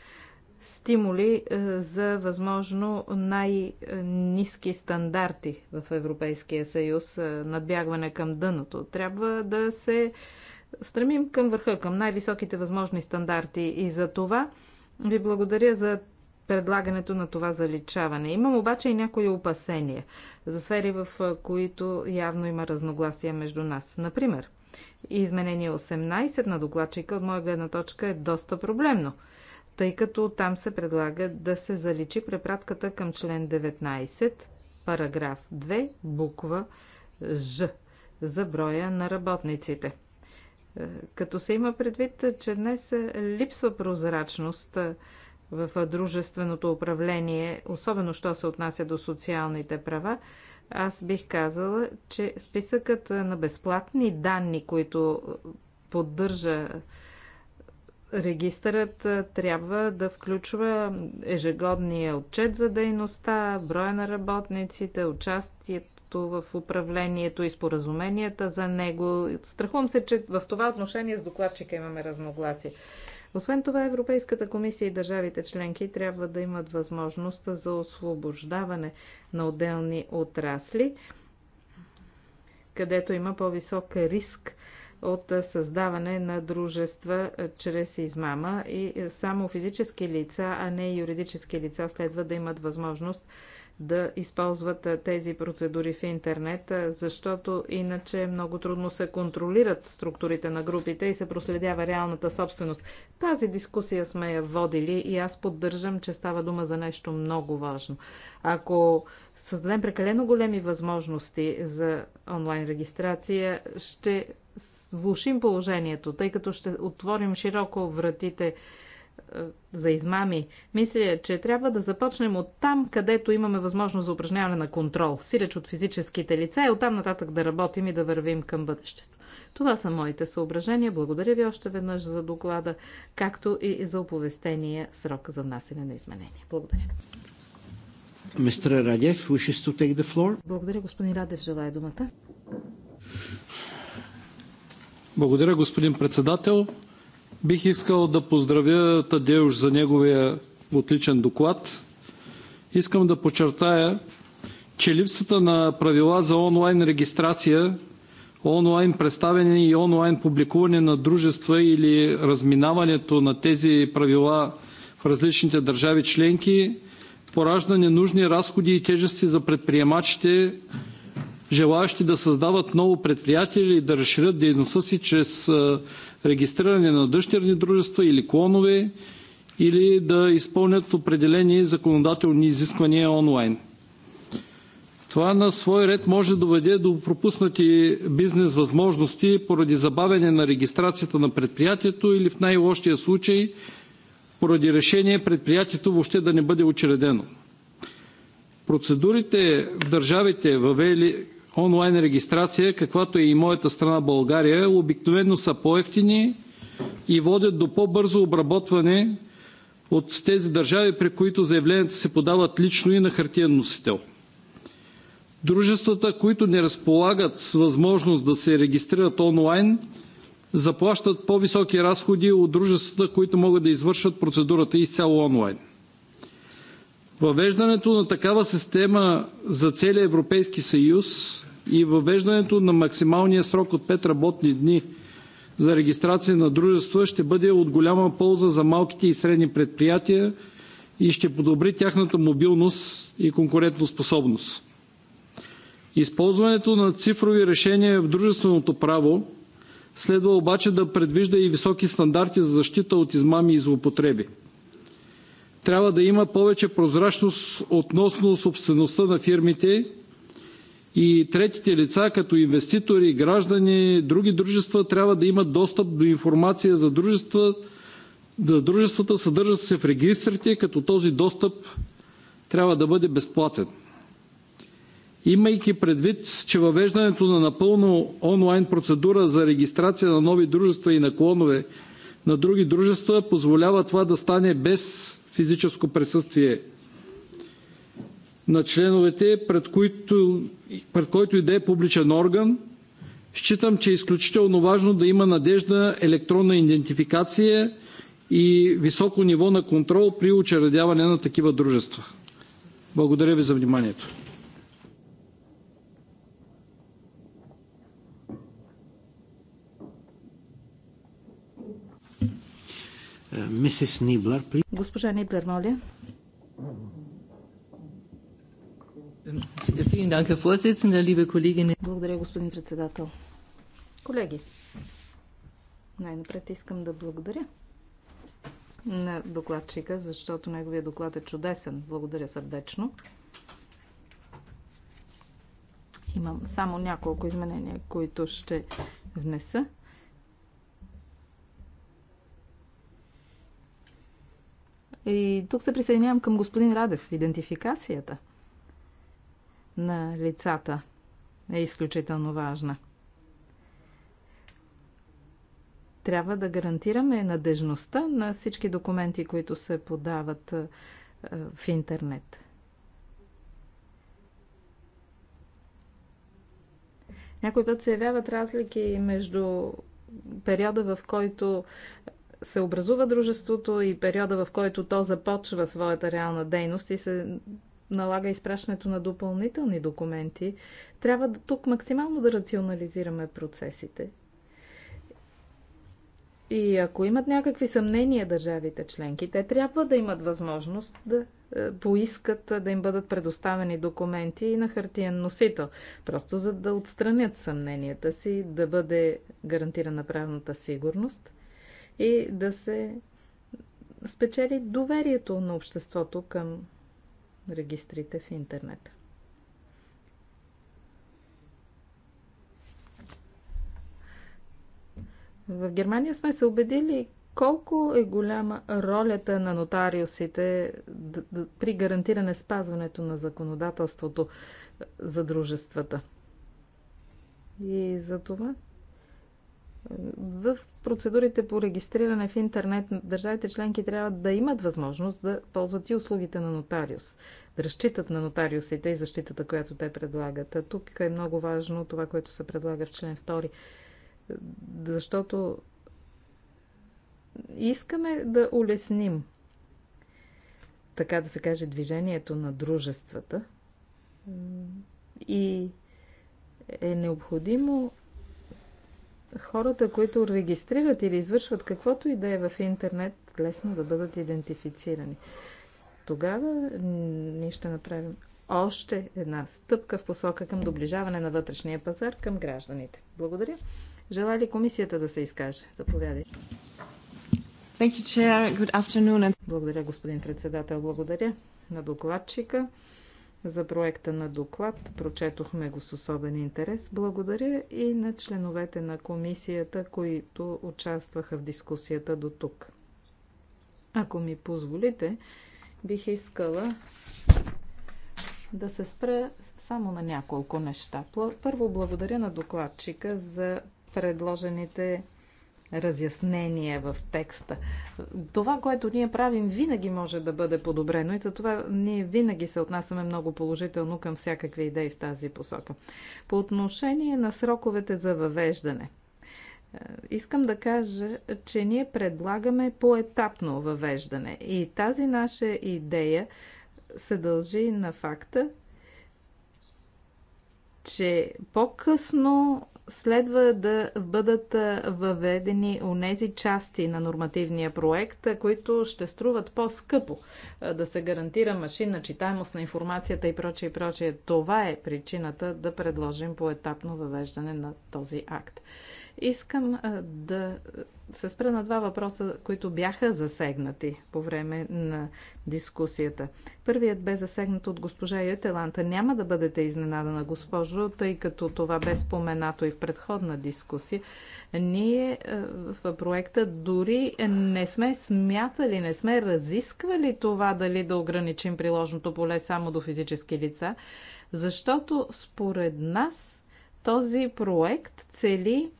стимули е, за възможно най-низки стандарти в Европейския съюз, е, надбягване към дъното. Трябва да се стремим към върха, към най-високите възможни стандарти и за това ви благодаря за предлагането на това заличаване. Имам обаче и някои опасения за сфери, в е, които явно има разногласия между нас. Например, изменение 18 на докладчика от моя гледна точка е доста проблемно – тъй като там се предлага да се заличи препратката към член 19, параграф 2, буква Ж за броя на работниците. Е, като се има предвид, че днес липсва прозрачност е, в дружественото управление, особено що се отнася до социалните права, аз бих казала, че списъкът на безплатни данни, които поддържа Регистърът трябва да включва ежегодния отчет за дейността, броя на работниците, участието в управлението и споразуменията за него. Страхувам се, че в това отношение с докладчика имаме разногласие. Освен това, Европейската комисия и държавите членки трябва да имат възможност за освобождаване на отделни отрасли, където има по-висок риск от създаване на дружества е, чрез измама и е, само физически лица, а не юридически лица следва да имат възможност да използват е, тези процедури в интернет, защото иначе много трудно се контролират структурите на групите и се проследява реалната собственост. Тази дискусия сме я водили и аз поддържам, че става дума за нещо много важно. Ако създадем прекалено големи възможности за онлайн регистрация, ще влушим положението, тъй като ще отворим широко вратите е, за измами. Мисля, че трябва да започнем от там, където имаме възможност за упражняване на контрол, сиреч от физическите лица и оттам нататък да работим и да вървим към бъдещето. Това са моите съображения. Благодаря ви още веднъж за доклада, както и за оповестения срок за внасене на изменения. Благодаря. Мистер Радев, wishes to take the floor. Благодаря, господин Радев, желая думата. Благодаря, господин председател. Бих искал да поздравя Тадеуш за неговия отличен доклад. Искам да подчертая, че липсата на правила за онлайн регистрация, онлайн представяне и онлайн публикуване на дружества или разминаването на тези правила в различните държави членки поражда ненужни разходи и тежести за предприемачите желаещи да създават ново предприятие или да разширят дейността си чрез регистриране на дъщерни дружества или клонове, или да изпълнят определени законодателни изисквания онлайн. Това на свой ред може да доведе до пропуснати бизнес възможности поради забавяне на регистрацията на предприятието или в най-лошия случай поради решение предприятието въобще да не бъде учредено. Процедурите в държавите, въвели онлайн регистрация, каквато е и моята страна България, обикновено са по-ефтини и водят до по-бързо обработване от тези държави, при които заявленията се подават лично и на хартиен носител. Дружествата, които не разполагат с възможност да се регистрират онлайн, заплащат по-високи разходи от дружествата, които могат да извършват процедурата изцяло онлайн. Въвеждането на такава система за целия Европейски съюз и въвеждането на максималния срок от 5 работни дни за регистрация на дружества ще бъде от голяма полза за малките и средни предприятия и ще подобри тяхната мобилност и конкурентоспособност. Използването на цифрови решения в дружественото право следва обаче да предвижда и високи стандарти за защита от измами и злоупотреби. Трябва да има повече прозрачност относно собствеността на фирмите и третите лица, като инвеститори, граждани, други дружества, трябва да имат достъп до информация за дружества, да дружествата, съдържат се в регистрите, като този достъп трябва да бъде безплатен. Имайки предвид, че въвеждането на напълно онлайн процедура за регистрация на нови дружества и на клонове на други дружества позволява това да стане без физическо присъствие на членовете, пред, които, пред който и да е публичен орган, считам, че е изключително важно да има надежда електронна идентификация и високо ниво на контрол при учредяване на такива дружества. Благодаря ви за вниманието. Мисис Ниблер, Госпожа Ниблер, моля. Благодаря, господин председател. Колеги, най-напред искам да благодаря на докладчика, защото неговия доклад е чудесен. Благодаря сърдечно. Имам само няколко изменения, които ще внеса. И тук се присъединявам към господин Радев. Идентификацията на лицата е изключително важна. Трябва да гарантираме надежността на всички документи, които се подават е, в интернет. Някой път се явяват разлики между периода, в който е, се образува дружеството и периода, в който то започва своята реална дейност и се налага изпращането на допълнителни документи, трябва да, тук максимално да рационализираме процесите. И ако имат някакви съмнения държавите членки, те трябва да имат възможност да е, поискат е, да им бъдат предоставени документи и на хартиен носител, просто за да отстранят съмненията си, да бъде гарантирана правната сигурност – и да се спечели доверието на обществото към регистрите в интернет. В Германия сме се убедили колко е голяма ролята на нотариусите при гарантиране спазването на законодателството за дружествата. И за това в процедурите по регистриране в интернет държавите членки трябва да имат възможност да ползват и услугите на нотариус, да разчитат на нотариусите и защитата, която те предлагат. А тук е много важно това, което се предлага в член 2, защото искаме да улесним, така да се каже, движението на дружествата и е необходимо хората, които регистрират или извършват каквото и да е в интернет, лесно да бъдат идентифицирани. Тогава ние ще направим още една стъпка в посока към доближаване на вътрешния пазар към гражданите. Благодаря. Желая ли комисията да се изкаже? Заповядай. Thank you, Chair. Good afternoon. Благодаря, господин председател. Благодаря на докладчика за проекта на доклад. Прочетохме го с особен интерес. Благодаря и на членовете на комисията, които участваха в дискусията до тук. Ако ми позволите, бих искала да се спра само на няколко неща. Първо благодаря на докладчика за предложените разяснение в текста. Това, което ние правим, винаги може да бъде подобрено и затова ние винаги се отнасяме много положително към всякакви идеи в тази посока. По отношение на сроковете за въвеждане. Е, искам да кажа, че ние предлагаме поетапно въвеждане и тази наша идея се дължи на факта, че по-късно следва да бъдат въведени нези части на нормативния проект, които ще струват по-скъпо да се гарантира машинна читаемост на информацията и прочее, и прочее. Това е причината да предложим поетапно въвеждане на този акт. Искам да се спра на два въпроса, които бяха засегнати по време на дискусията. Първият бе засегнат от госпожа Ютеланта. Няма да бъдете изненадана, госпожо, тъй като това бе споменато и в предходна дискусия. Ние в проекта дори не сме смятали, не сме разисквали това дали да ограничим приложното поле само до физически лица, защото според нас този проект цели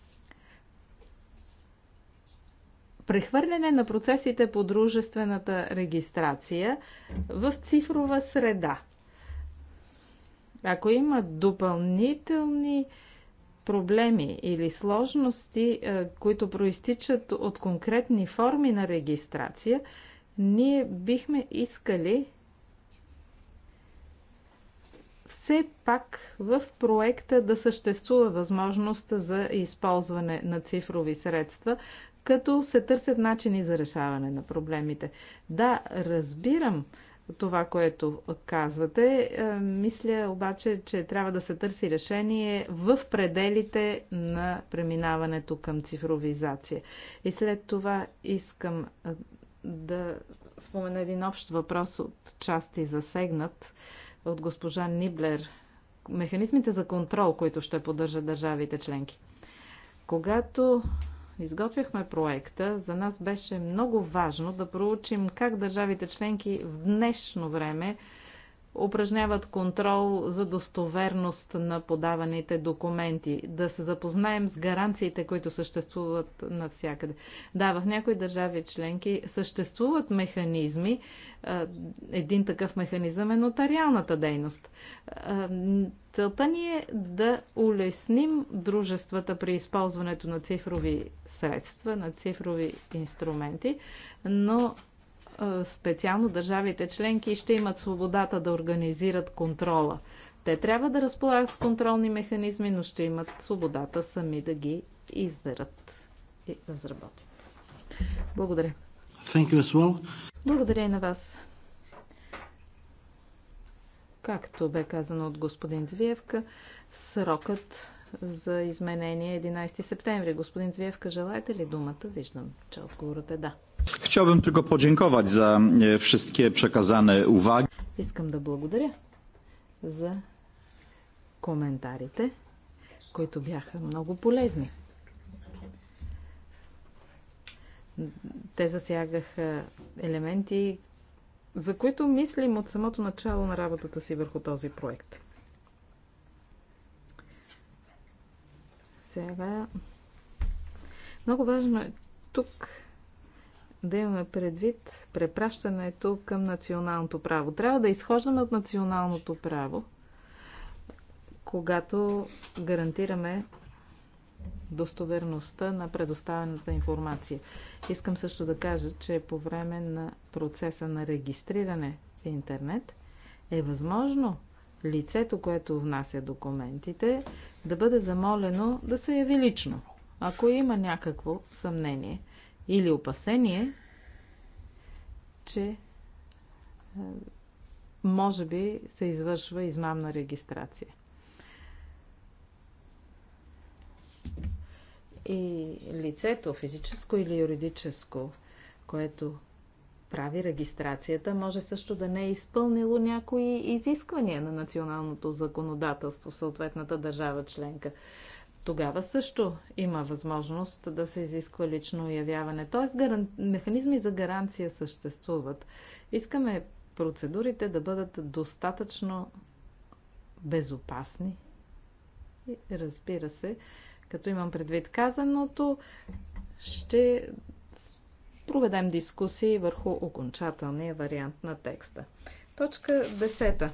прехвърляне на процесите по дружествената регистрация в цифрова среда. Ако има допълнителни проблеми или сложности, е, които проистичат от конкретни форми на регистрация, ние бихме искали все пак в проекта да съществува възможност за използване на цифрови средства като се търсят начини за решаване на проблемите. Да, разбирам това, което казвате. Е, мисля обаче, че трябва да се търси решение в пределите на преминаването към цифровизация. И след това искам е, да спомена един общ въпрос от части засегнат от госпожа Ниблер. Механизмите за контрол, които ще поддържат държавите членки. Когато изготвяхме проекта, за нас беше много важно да проучим как държавите членки в днешно време упражняват контрол за достоверност на подаваните документи, да се запознаем с гаранциите, които съществуват навсякъде. Да, в някои държави членки съществуват механизми. Един такъв механизъм е нотариалната дейност. Целта ни е да улесним дружествата при използването на цифрови средства, на цифрови инструменти, но специално държавите членки ще имат свободата да организират контрола. Те трябва да разполагат с контролни механизми, но ще имат свободата сами да ги изберат и разработят. Благодаря. Thank you as well. Благодаря и на вас. Както бе казано от господин Звиевка, срокът за изменение е 11 септември. Господин Звиевка, желаете ли думата? Виждам, че отговорът е да. Chciałbym tylko podziękować za e, wszystkie przekazane uwagi. Искам да благодаря за коментарите, които бяха много полезни. Те засягаха елементи, за които мислим от самото начало на работата си върху този проект. Сега. Много важно е тук да имаме предвид препращането към националното право. Трябва да изхождаме от националното право, когато гарантираме достоверността на предоставената информация. Искам също да кажа, че по време на процеса на регистриране в интернет е възможно лицето, което внася документите, да бъде замолено да се яви лично, ако има някакво съмнение – или опасение, че е, може би се извършва измамна регистрация. И лицето, физическо или юридическо, което прави регистрацията, може също да не е изпълнило някои изисквания на националното законодателство в съответната държава членка тогава също има възможност да се изисква лично явяване. Тоест гаран... механизми за гаранция съществуват. Искаме процедурите да бъдат достатъчно безопасни. И разбира се, като имам предвид казаното, ще проведем дискусии върху окончателния вариант на текста. Точка 10.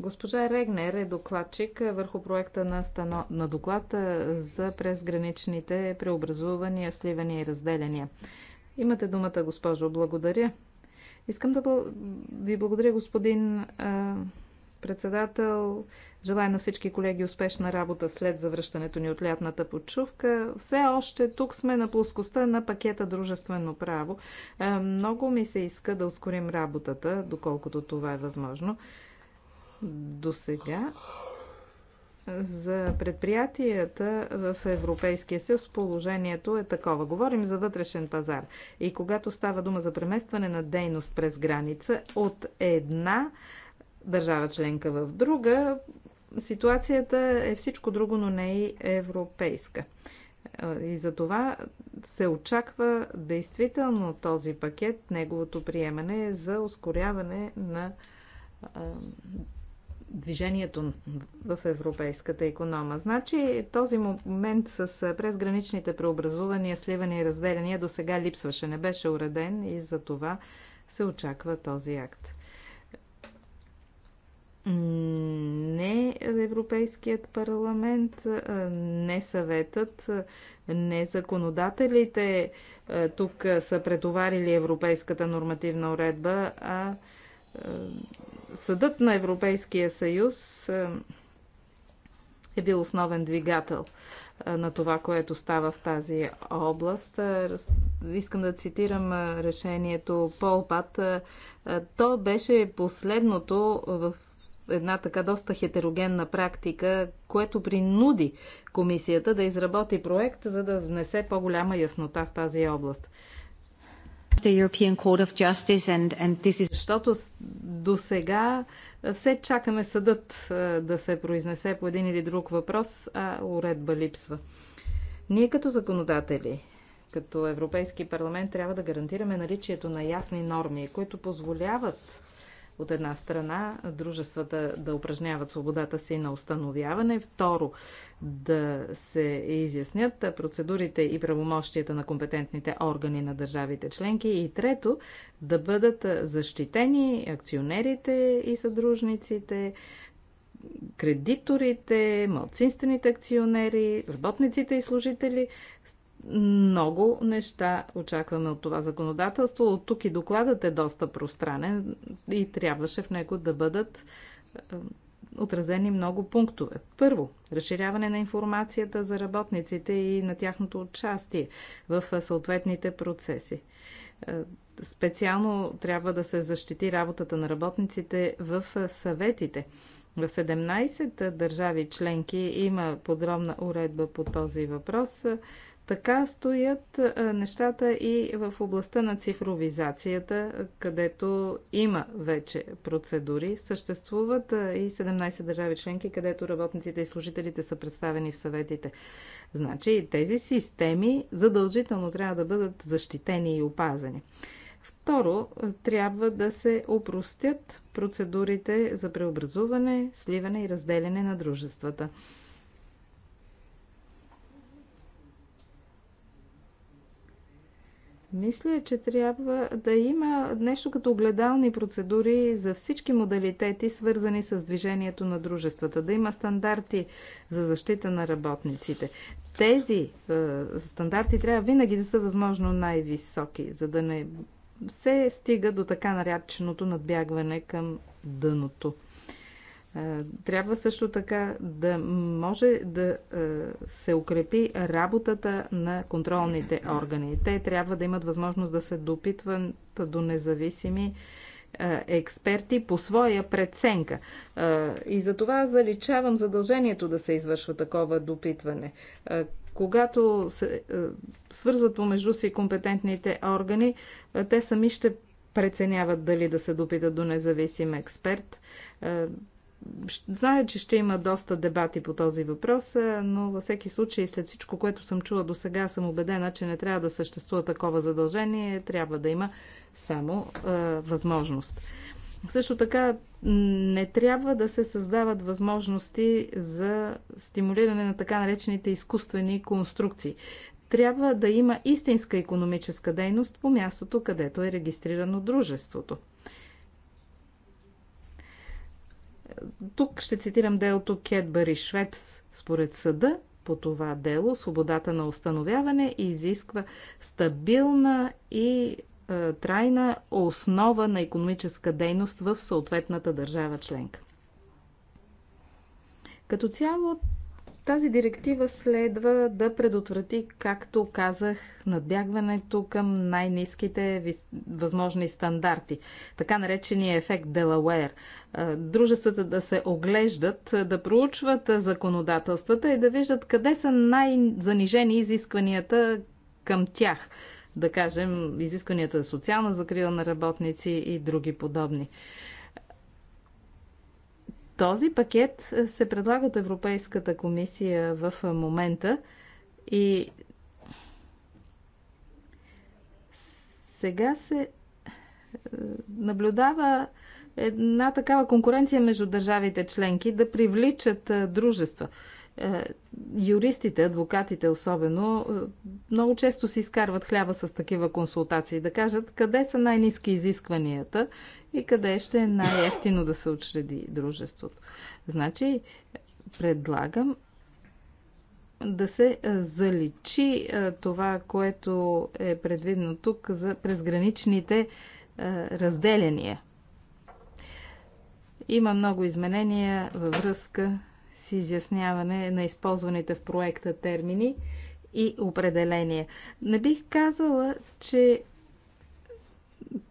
Госпожа Регнер е докладчик върху проекта на, стано... на доклад за презграничните преобразувания, сливания и разделяния. Имате думата, госпожо. Благодаря. Искам да ви благодаря, господин а, председател. Желая на всички колеги успешна работа след завръщането ни от лятната почувка. Все още тук сме на плоскостта на пакета Дружествено право. А, много ми се иска да ускорим работата, доколкото това е възможно до сега за предприятията в Европейския съюз положението е такова. Говорим за вътрешен пазар. И когато става дума за преместване на дейност през граница от една държава членка в друга, ситуацията е всичко друго, но не и европейска. И за това се очаква действително този пакет, неговото приемане за ускоряване на движението в европейската економа. Значи този момент с презграничните преобразувания, сливания и разделяния до сега липсваше, не беше уреден и за това се очаква този акт. Не Европейският парламент, не съветът, не законодателите тук са претоварили европейската нормативна уредба, а Съдът на Европейския съюз е, е бил основен двигател на това, което става в тази област. Искам да цитирам решението Полпат. То беше последното в една така доста хетерогенна практика, което принуди комисията да изработи проект, за да внесе по-голяма яснота в тази област. Защото до сега все чакаме съдът да се произнесе по един или друг въпрос, а уредба липсва. Ние като законодатели, като Европейски парламент, трябва да гарантираме наличието на ясни норми, които позволяват от една страна, дружествата да упражняват свободата си на установяване. Второ, да се изяснят процедурите и правомощията на компетентните органи на държавите членки. И трето, да бъдат защитени акционерите и съдружниците, кредиторите, малцинствените акционери, работниците и служители, много неща очакваме от това законодателство. От тук и докладът е доста пространен и трябваше в него да бъдат е, отразени много пунктове. Първо, разширяване на информацията за работниците и на тяхното участие в е, съответните процеси. Е, специално трябва да се защити работата на работниците в съветите. В 17 държави членки има подробна уредба по този въпрос. Така стоят нещата и в областта на цифровизацията, където има вече процедури. Съществуват и 17 държави членки, където работниците и служителите са представени в съветите. Значи тези системи задължително трябва да бъдат защитени и опазени. Второ, трябва да се опростят процедурите за преобразуване, сливане и разделяне на дружествата. Мисля, че трябва да има нещо като огледални процедури за всички модалитети, свързани с движението на дружествата. Да има стандарти за защита на работниците. Тези е, стандарти трябва винаги да са възможно най-високи, за да не се стига до така нареченото надбягване към дъното. Е, трябва също така да може да е, се укрепи работата на контролните органи. Те трябва да имат възможност да се допитват до независими е, експерти по своя преценка. И за това заличавам задължението да се извършва такова допитване. Когато се свързват помежду си компетентните органи, те сами ще преценяват дали да се допитат до независим експерт. Зная, че ще има доста дебати по този въпрос, е, но във всеки случай, след всичко, което съм чула до сега, съм убедена, че не трябва да съществува такова задължение, трябва да има само е, възможност. Също така, не трябва да се създават възможности за стимулиране на така наречените изкуствени конструкции. Трябва да има истинска економическа дейност по мястото, където е регистрирано дружеството. Тук ще цитирам делото Кетбъри Швепс. Според съда по това дело свободата на установяване изисква стабилна и е, трайна основа на економическа дейност в съответната държава членка. Като цяло тази директива следва да предотврати, както казах, надбягването към най-низките възможни стандарти, така наречения ефект Делауер. Дружествата да се оглеждат, да проучват законодателствата и да виждат къде са най-занижени изискванията към тях. Да кажем, изискванията за социална закрила на работници и други подобни. Този пакет е, се предлага от Европейската комисия в е, момента и сега се е, наблюдава една такава конкуренция между държавите членки да привличат дружества. Юристите, адвокатите особено, много често си изкарват хляба с такива консултации. Да кажат къде са най-низки изискванията и къде ще е най-ефтино да се учреди дружеството. Значи, предлагам да се заличи това, което е предвидено тук за презграничните разделения. Има много изменения във връзка с изясняване на използваните в проекта термини и определения. Не бих казала, че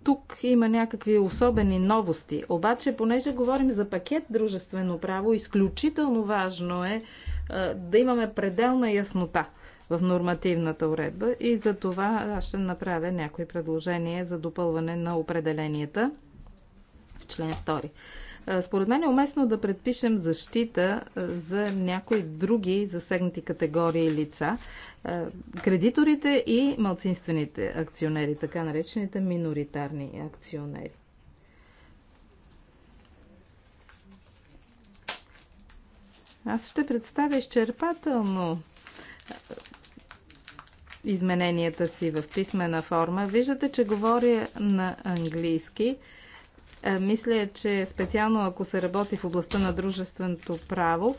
тук има някакви особени новости. Обаче, понеже говорим за пакет дружествено право, изключително важно е да имаме пределна яснота в нормативната уредба и за това аз ще направя някои предложения за допълване на определенията в член 2. Е, според мен е уместно да предпишем защита е, за някои други засегнати категории лица, е, кредиторите и малцинствените акционери, така наречените миноритарни акционери. Аз ще представя изчерпателно измененията си в писмена форма. Виждате, че говоря на английски. Е, мисля, че специално ако се работи в областта на дружественото право,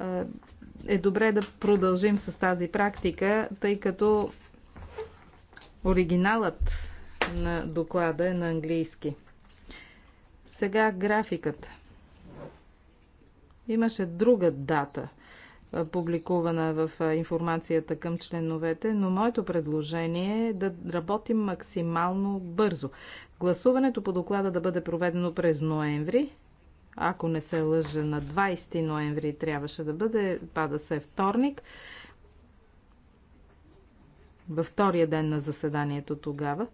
е, е добре да продължим с тази практика, тъй като оригиналът на доклада е на английски. Сега графикът. Имаше друга дата – публикувана в информацията към членовете, но моето предложение е да работим максимално бързо. Гласуването по доклада да бъде проведено през ноември. Ако не се лъжа, на 20 ноември трябваше да бъде, пада се вторник. Във втория ден на заседанието тогава.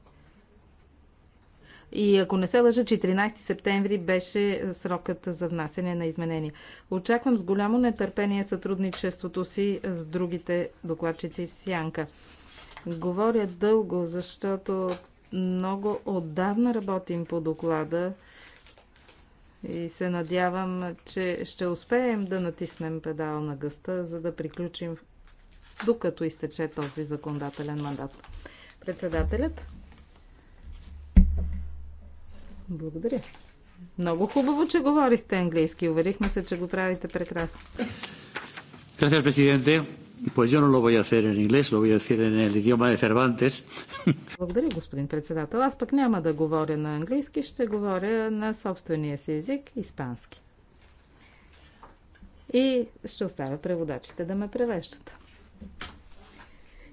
И ако не се лъжа, 14 септември беше срокът за внасене на изменения. Очаквам с голямо нетърпение сътрудничеството си с другите докладчици в Сянка. Говоря дълго, защото много отдавна работим по доклада и се надявам, че ще успеем да натиснем педал на гъста, за да приключим докато изтече този законодателен мандат. Председателят благодаря. Много хубаво, че говорихте английски. Уверихме се, че го правите прекрасно. Gracias, presidente. Pues yo no lo voy a hacer en inglés, lo voy a decir en el idioma de Cervantes. Благодаря, господин председател. Аз пък няма да говоря на английски, ще говоря на собствения си език, испански. И ще оставя преводачите да ме превеждат.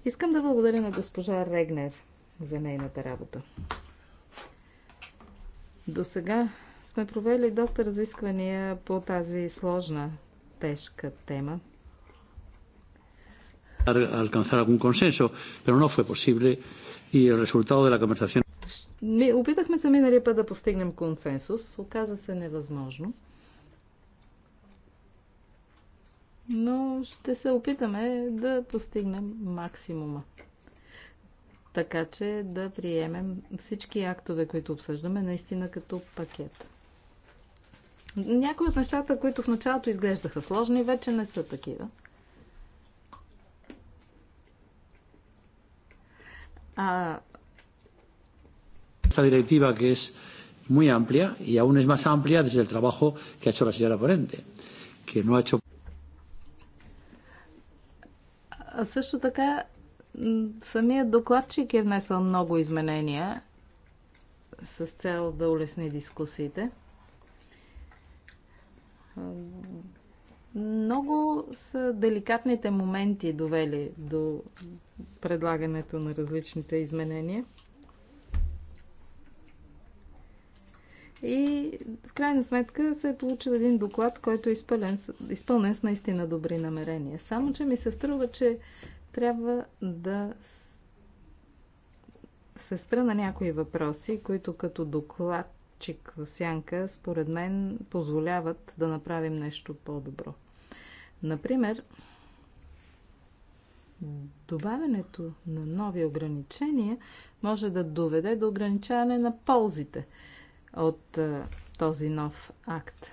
Искам да благодаря на госпожа Регнер за нейната работа. До сега сме провели доста разисквания по тази сложна, тежка тема. Alcanzar algún consenso, pero no fue posible y el resultado de la conversación. опитахме се миналия път да постигнем консенсус. Оказа се невъзможно. Но ще се опитаме да постигнем максимума така че да приемем всички актове, които обсъждаме, наистина като пакет. Някои от нещата, които в началото изглеждаха сложни, вече не са такива. А... Esta directiva que es muy amplia y aún es más amplia desde el trabajo que ha hecho la señora Ponente, que no ha hecho. А също така Самият докладчик е внесъл много изменения с цел да улесни дискусиите. Много са деликатните моменти довели до предлагането на различните изменения. И в крайна сметка се е получил един доклад, който е изпълнен, изпълнен с наистина добри намерения. Само, че ми се струва, че трябва да се спра на някои въпроси, които като докладчик в сянка, според мен, позволяват да направим нещо по-добро. Например, добавянето на нови ограничения може да доведе до ограничаване на ползите от този нов акт.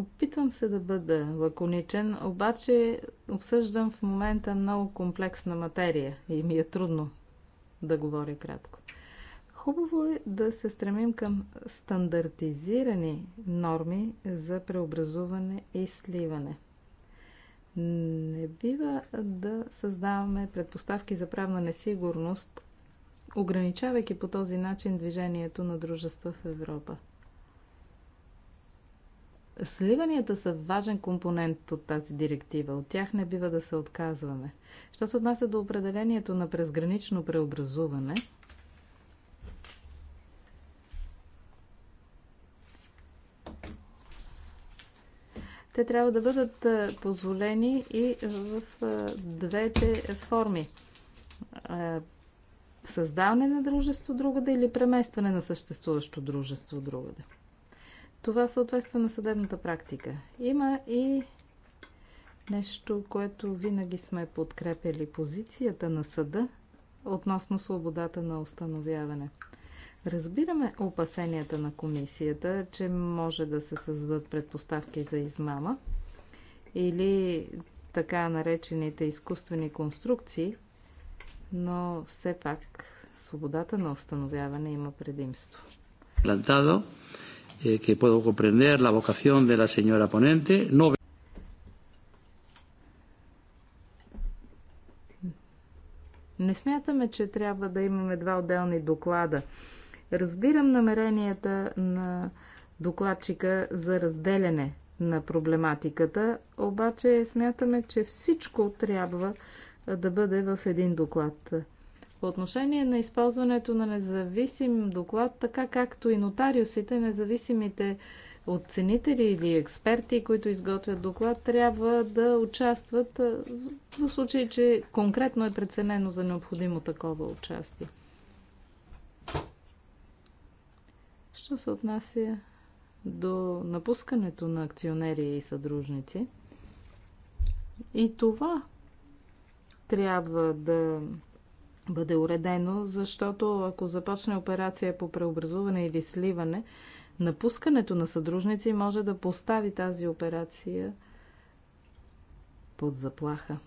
Опитвам се да бъда лаконичен, обаче обсъждам в момента много комплексна материя и ми е трудно да говоря кратко. Хубаво е да се стремим към стандартизирани норми за преобразуване и сливане. Не бива да създаваме предпоставки за правна несигурност, ограничавайки по този начин движението на дружества в Европа. Сливанията са важен компонент от тази директива. От тях не бива да се отказваме. Що се отнася до определението на презгранично преобразуване, те трябва да бъдат е, позволени и е, в е, двете форми. Създаване на дружество другаде или преместване на съществуващо дружество другаде. Това съответства на съдебната практика. Има и нещо, което винаги сме подкрепили позицията на съда относно свободата на установяване. Разбираме опасенията на комисията, че може да се създадат предпоставки за измама или така наречените изкуствени конструкции, но все пак свободата на установяване има предимство. Плантадо Eh, que puedo comprender la vocación de la señora ponente. No Не смятаме, че трябва да имаме два отделни доклада. Разбирам намеренията на докладчика за разделяне на проблематиката, обаче смятаме, че всичко трябва да бъде в един доклад. По отношение на използването на независим доклад, така както и нотариусите, независимите оценители или експерти, които изготвят доклад, трябва да участват в случай, че конкретно е преценено за необходимо такова участие. Що се отнася до напускането на акционери и съдружници, и това трябва да бъде уредено, защото ако започне операция по преобразуване или сливане, напускането на съдружници може да постави тази операция под заплаха.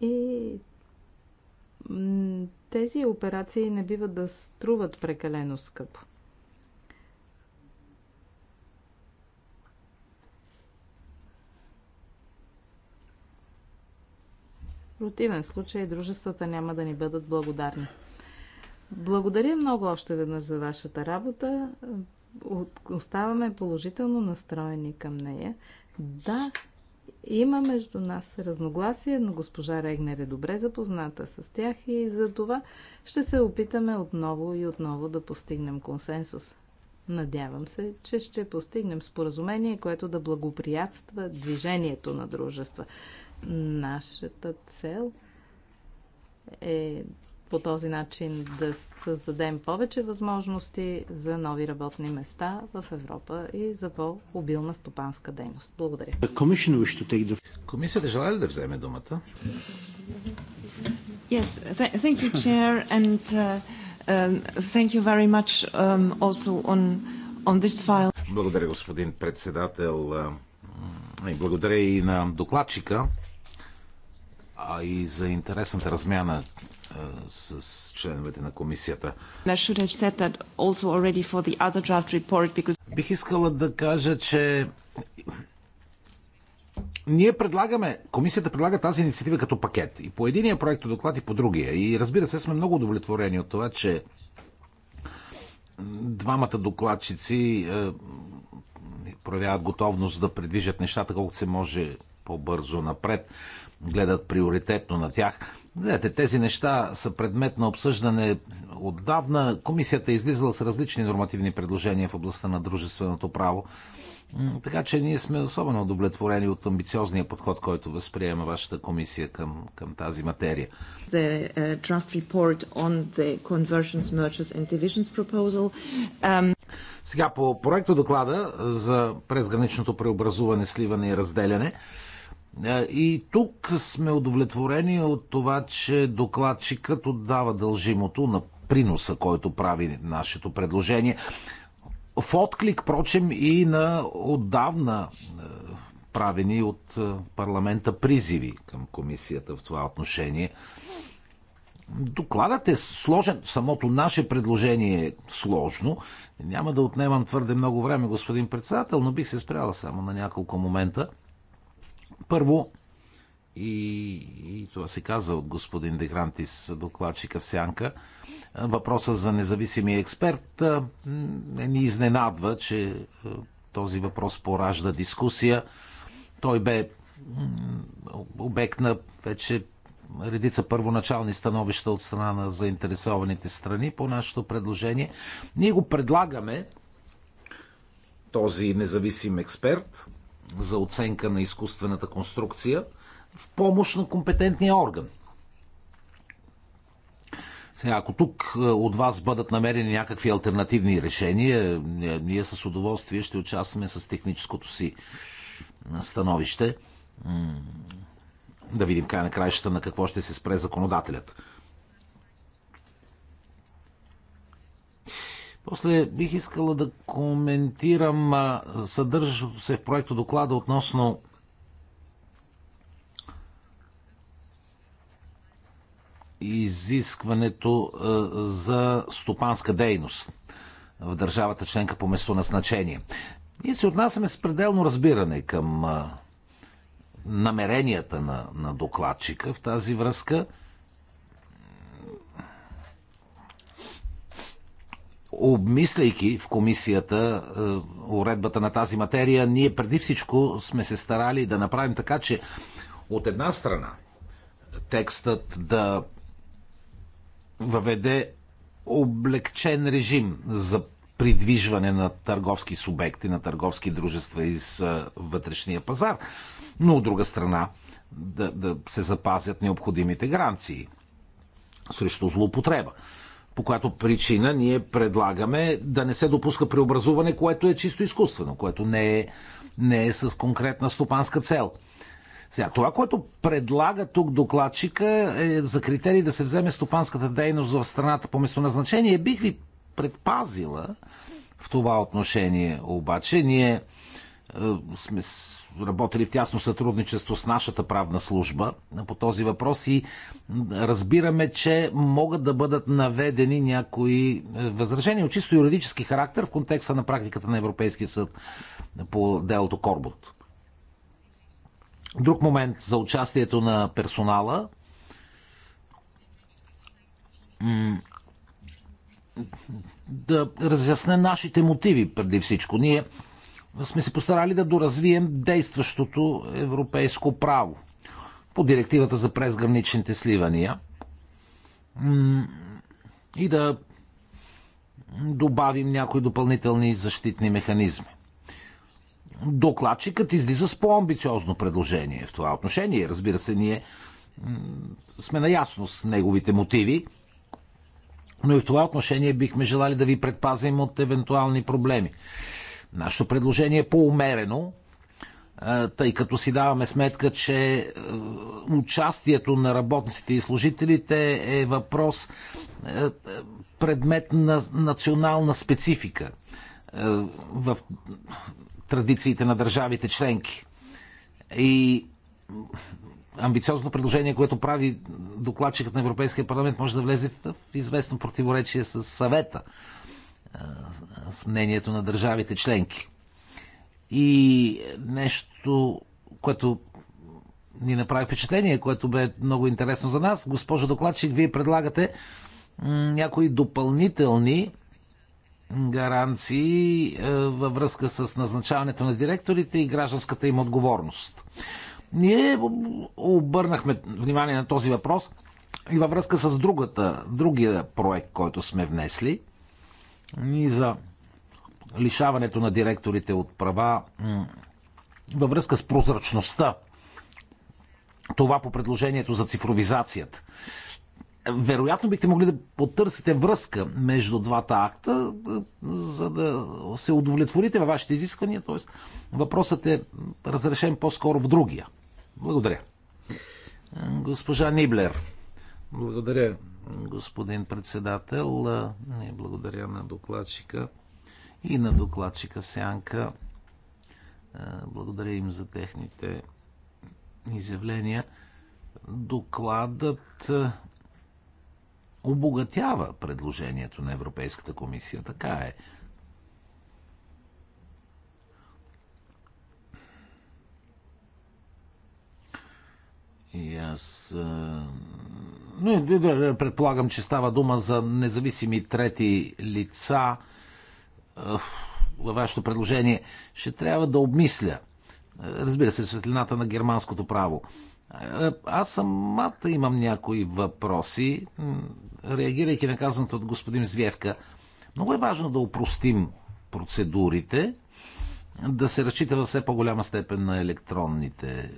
И тези операции не биват да струват прекалено скъпо. В противен случай дружествата няма да ни бъдат благодарни. Благодаря много още веднъж за вашата работа. Оставаме положително настроени към нея. Да, има между нас разногласия, но госпожа Регнер е добре запозната с тях и за това ще се опитаме отново и отново да постигнем консенсус. Надявам се, че ще постигнем споразумение, което да благоприятства движението на дружества. Нашата цел е по този начин да създадем повече възможности за нови работни места в Европа и за по-обилна стопанска дейност. Благодаря. Комисията желая ли да вземе думата? Yes, thank you, Chair, and uh, um, thank you very much um, also on, on this file. Благодаря, господин председател. И благодаря и на докладчика а и за интересната размяна с, е, с членовете на комисията. Бих искала да кажа, че ние предлагаме, комисията предлага тази инициатива като пакет. И по единия проект доклад и по другия. И разбира се, сме много удовлетворени от това, че двамата докладчици е, проявяват готовност да предвижат нещата колкото се може по-бързо напред гледат приоритетно на тях. Знаете, тези неща са предмет на обсъждане отдавна. Комисията е излизала с различни нормативни предложения в областта на дружественото право. Така че ние сме особено удовлетворени от амбициозния подход, който възприема вашата комисия към, към тази материя. The uh, draft report on the conversions, mergers and divisions proposal. Um... Сега по проекто доклада за презграничното преобразуване, сливане и разделяне. Uh, и тук сме удовлетворени от това, че докладчикът отдава дължимото на приноса, който прави нашето предложение. В отклик, прочим, и на отдавна правени от парламента призиви към комисията в това отношение. Докладът е сложен. Самото наше предложение е сложно. Няма да отнемам твърде много време, господин председател, но бих се спряла само на няколко момента. Първо, и, и това се каза от господин Дегрантис, докладчика в Сянка, въпроса за независимия експерт не ни изненадва, че този въпрос поражда дискусия. Той бе обект на вече редица първоначални становища от страна на заинтересованите страни по нашето предложение. Ние го предлагаме този независим експерт, за оценка на изкуствената конструкция в помощ на компетентния орган. Сега, ако тук е, от вас бъдат намерени някакви альтернативни решения, е, ние с удоволствие ще участваме с техническото си е, становище. Да видим край на краищата на какво ще се спре законодателят. После бих искала да коментирам съдържащото се в проекта доклада относно изискването за стопанска дейност в държавата членка по местоназначение. Ние се отнасяме с пределно разбиране към намеренията на, на докладчика в тази връзка – обмисляйки в комисията е, уредбата на тази материя, ние преди всичко сме се старали да направим така, че от една страна текстът да въведе облегчен режим за придвижване на търговски субекти, на търговски дружества из е, вътрешния пазар, но от друга страна да, да се запазят необходимите гаранции срещу злоупотреба по която причина ние предлагаме да не се допуска преобразуване, което е чисто изкуствено, което не е, не е с конкретна стопанска цел. Сега, това, което предлага тук докладчика е за критерий да се вземе стопанската дейност в страната по местоназначение. Бих ви предпазила в това отношение, обаче ние е, сме работили в тясно сътрудничество с нашата правна служба по този въпрос и разбираме, че могат да бъдат наведени някои е, възражения от чисто юридически характер в контекста на практиката на Европейския съд по делото Корбот. Друг момент за участието на персонала. Да разясня нашите мотиви преди всичко. Ние сме се постарали да доразвием действащото европейско право по директивата за презграничните сливания и да добавим някои допълнителни защитни механизми. Докладчикът излиза с по-амбициозно предложение в това отношение. Разбира се, ние сме наясно с неговите мотиви, но и в това отношение бихме желали да ви предпазим от евентуални проблеми. Нашето предложение е по-умерено, тъй като си даваме сметка, че е, участието на работниците и служителите е въпрос е, предмет на национална специфика е, в традициите на държавите членки. И амбициозно предложение, което прави докладчикът на Европейския парламент, може да влезе в известно противоречие с съвета с мнението на държавите членки. И нещо, което ни направи впечатление, което бе много интересно за нас. Госпожо докладчик, вие предлагате някои допълнителни гаранции във връзка с назначаването на директорите и гражданската им отговорност. Ние обърнахме внимание на този въпрос и във връзка с другата, другия проект, който сме внесли – и за лишаването на директорите от права във връзка с прозрачността. Това по предложението за цифровизацията. Вероятно бихте могли да потърсите връзка между двата акта, за да се удовлетворите във вашите изисквания, т.е. въпросът е разрешен по-скоро в другия. Благодаря. Госпожа Ниблер. Благодаря, господин председател. Ние благодаря на докладчика и на докладчика в Сянка. Благодаря им за техните изявления. Докладът обогатява предложението на Европейската комисия. Така е. И аз не, предполагам, че става дума за независими трети лица. Във вашето предложение ще трябва да обмисля. Разбира се, светлината на германското право. Аз самата имам някои въпроси, реагирайки на казаното от господин Звевка. Много е важно да упростим процедурите, да се разчита във все по-голяма степен на електронните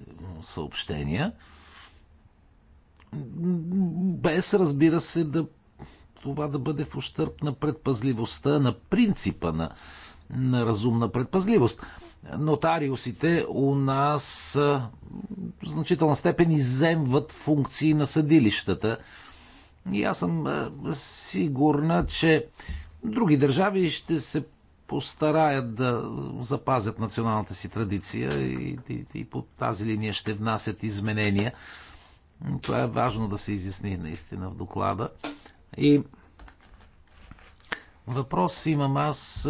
съобщения – без разбира се да това да бъде в ущърп на предпазливостта, на принципа на, на разумна предпазливост. Нотариусите у нас в значителна степен иземват функции на съдилищата. И аз съм сигурна, че други държави ще се постараят да запазят националната си традиция и, и, и по тази линия ще внасят изменения. Това е важно да се изясни наистина в доклада. И въпрос имам аз,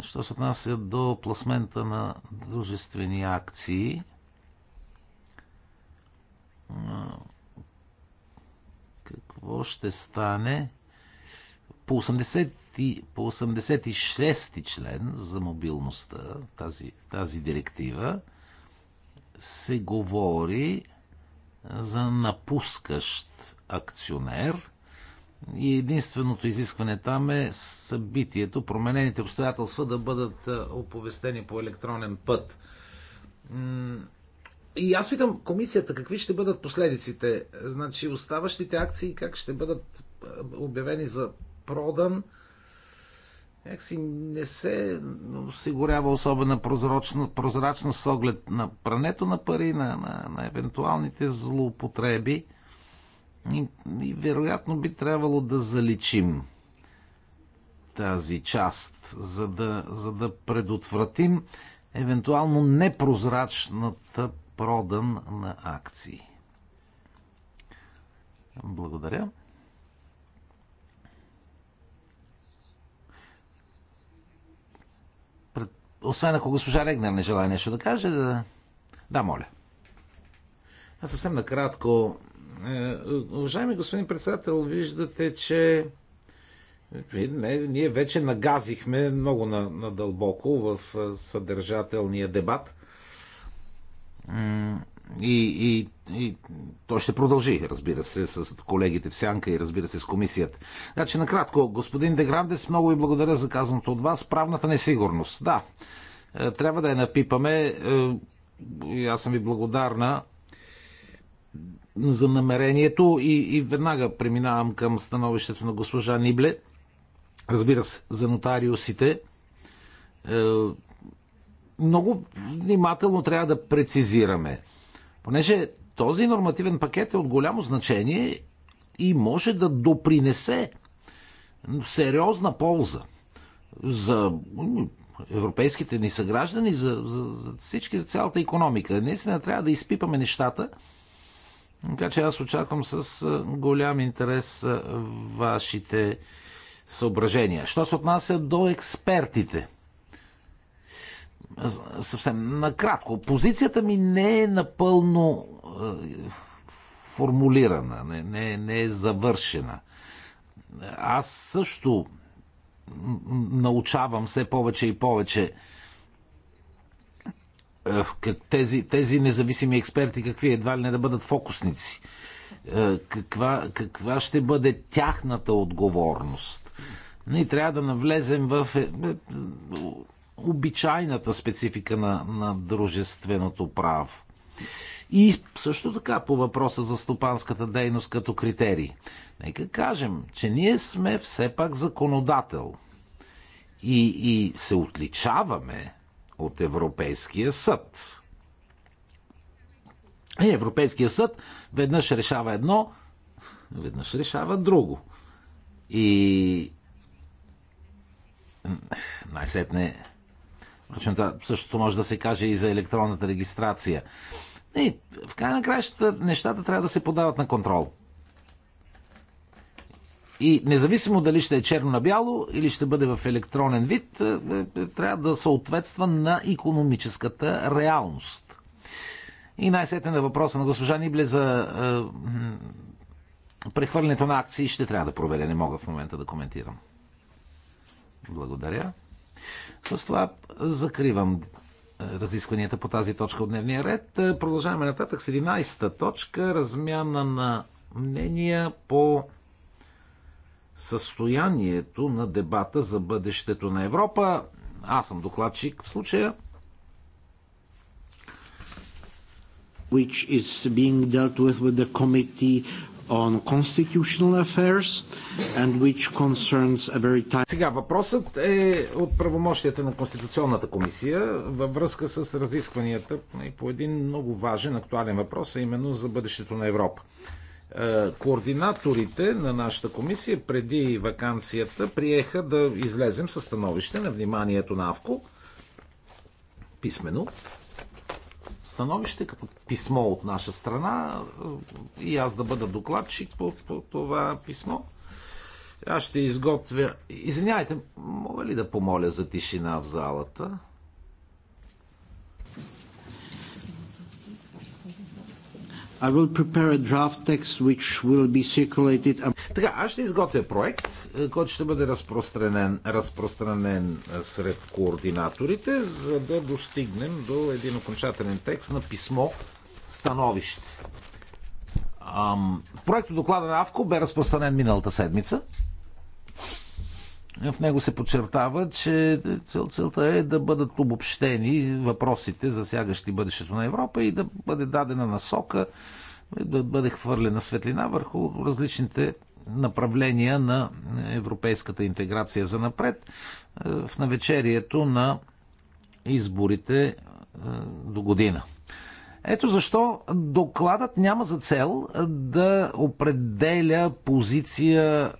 що се отнася до пласмента на дружествени акции. Какво ще стане? По 80 по 86 член за мобилността, тази, тази директива, се говори за напускащ акционер и единственото изискване там е събитието, променените обстоятелства да бъдат оповестени по електронен път. И аз питам комисията какви ще бъдат последиците. Значи оставащите акции как ще бъдат обявени за продан, някакси не се осигурява особена прозрачност, с оглед на прането на пари, на, на, на евентуалните злоупотреби. И, и вероятно би трябвало да заличим тази част, за да, за да предотвратим евентуално непрозрачната продан на акции. Благодаря. Освен ако госпожа Регнер не желая нещо да каже, да... Да, моля. Аз съвсем накратко. Е, уважаеми господин председател, виждате, че ние вече нагазихме много надълбоко в е, съдържателния дебат. И, и, и той ще продължи, разбира се, с колегите в Сянка и разбира се с комисията. Значи, накратко, господин Деграндес, много ви благодаря за казаното от вас. Правната несигурност. Да, е, трябва да я напипаме. Е, аз съм ви благодарна за намерението и, и веднага преминавам към становището на госпожа Нибле. Разбира се, за нотариусите е, много внимателно трябва да прецизираме Понеже този нормативен пакет е от голямо значение и може да допринесе сериозна полза за европейските ни съграждани, за, за, за всички, за цялата економика. Наистина трябва да изпипаме нещата. Така че аз очаквам с голям интерес вашите съображения. Що се отнася до експертите? съвсем накратко. Позицията ми не е напълно е, формулирана, не, не, не е завършена. Аз също научавам все повече и повече е, тези, тези независими експерти какви едва ли не да бъдат фокусници. Е, каква, каква ще бъде тяхната отговорност? Ние трябва да навлезем в обичайната специфика на, на дружественото право. И също така по въпроса за стопанската дейност като критерий. Нека кажем, че ние сме все пак законодател и, и се отличаваме от Европейския съд. И е, Европейския съд веднъж решава едно, веднъж решава друго. И най-сетне Впрочем, същото може да се каже и за електронната регистрация. И в край на краищата нещата трябва да се подават на контрол. И независимо дали ще е черно на бяло или ще бъде в електронен вид, е, е, трябва да съответства на економическата реалност. И най-сетен на въпроса на госпожа Нибле за е, прехвърлянето на акции ще трябва да проверя. Не мога в момента да коментирам. Благодаря. С това закривам е, разискванията по тази точка от дневния ред. Е, продължаваме нататък с 11 та точка. Размяна на мнения по състоянието на дебата за бъдещето на Европа. Аз съм докладчик в случая. Which is being dealt with with the committee on constitutional affairs and which concerns a very time... Сега въпросът е от правомощията на Конституционната комисия във връзка с разискванията и по един много важен, актуален въпрос, а именно за бъдещето на Европа. Е, координаторите на нашата комисия преди вакансията приеха да излезем със становище на вниманието на АВКО, писмено, становище, като писмо от наша страна и аз да бъда докладчик по, по това писмо. Аз ще изготвя... Извинявайте, мога ли да помоля за тишина в залата? I will prepare a draft text which will be circulated. Така, аз ще изготвя проект, е, който ще бъде разпространен, разпространен е, сред координаторите, за да достигнем до един окончателен текст на писмо становище. Ам, проектът доклада на Авко бе разпространен миналата седмица. В него се подчертава, че цел, целта е да бъдат обобщени въпросите, засягащи бъдещето на Европа и да бъде дадена насока, да бъде хвърлена светлина върху различните направления на европейската интеграция за напред е, в навечерието на изборите е, до година. Ето защо докладът няма за цел да определя позиция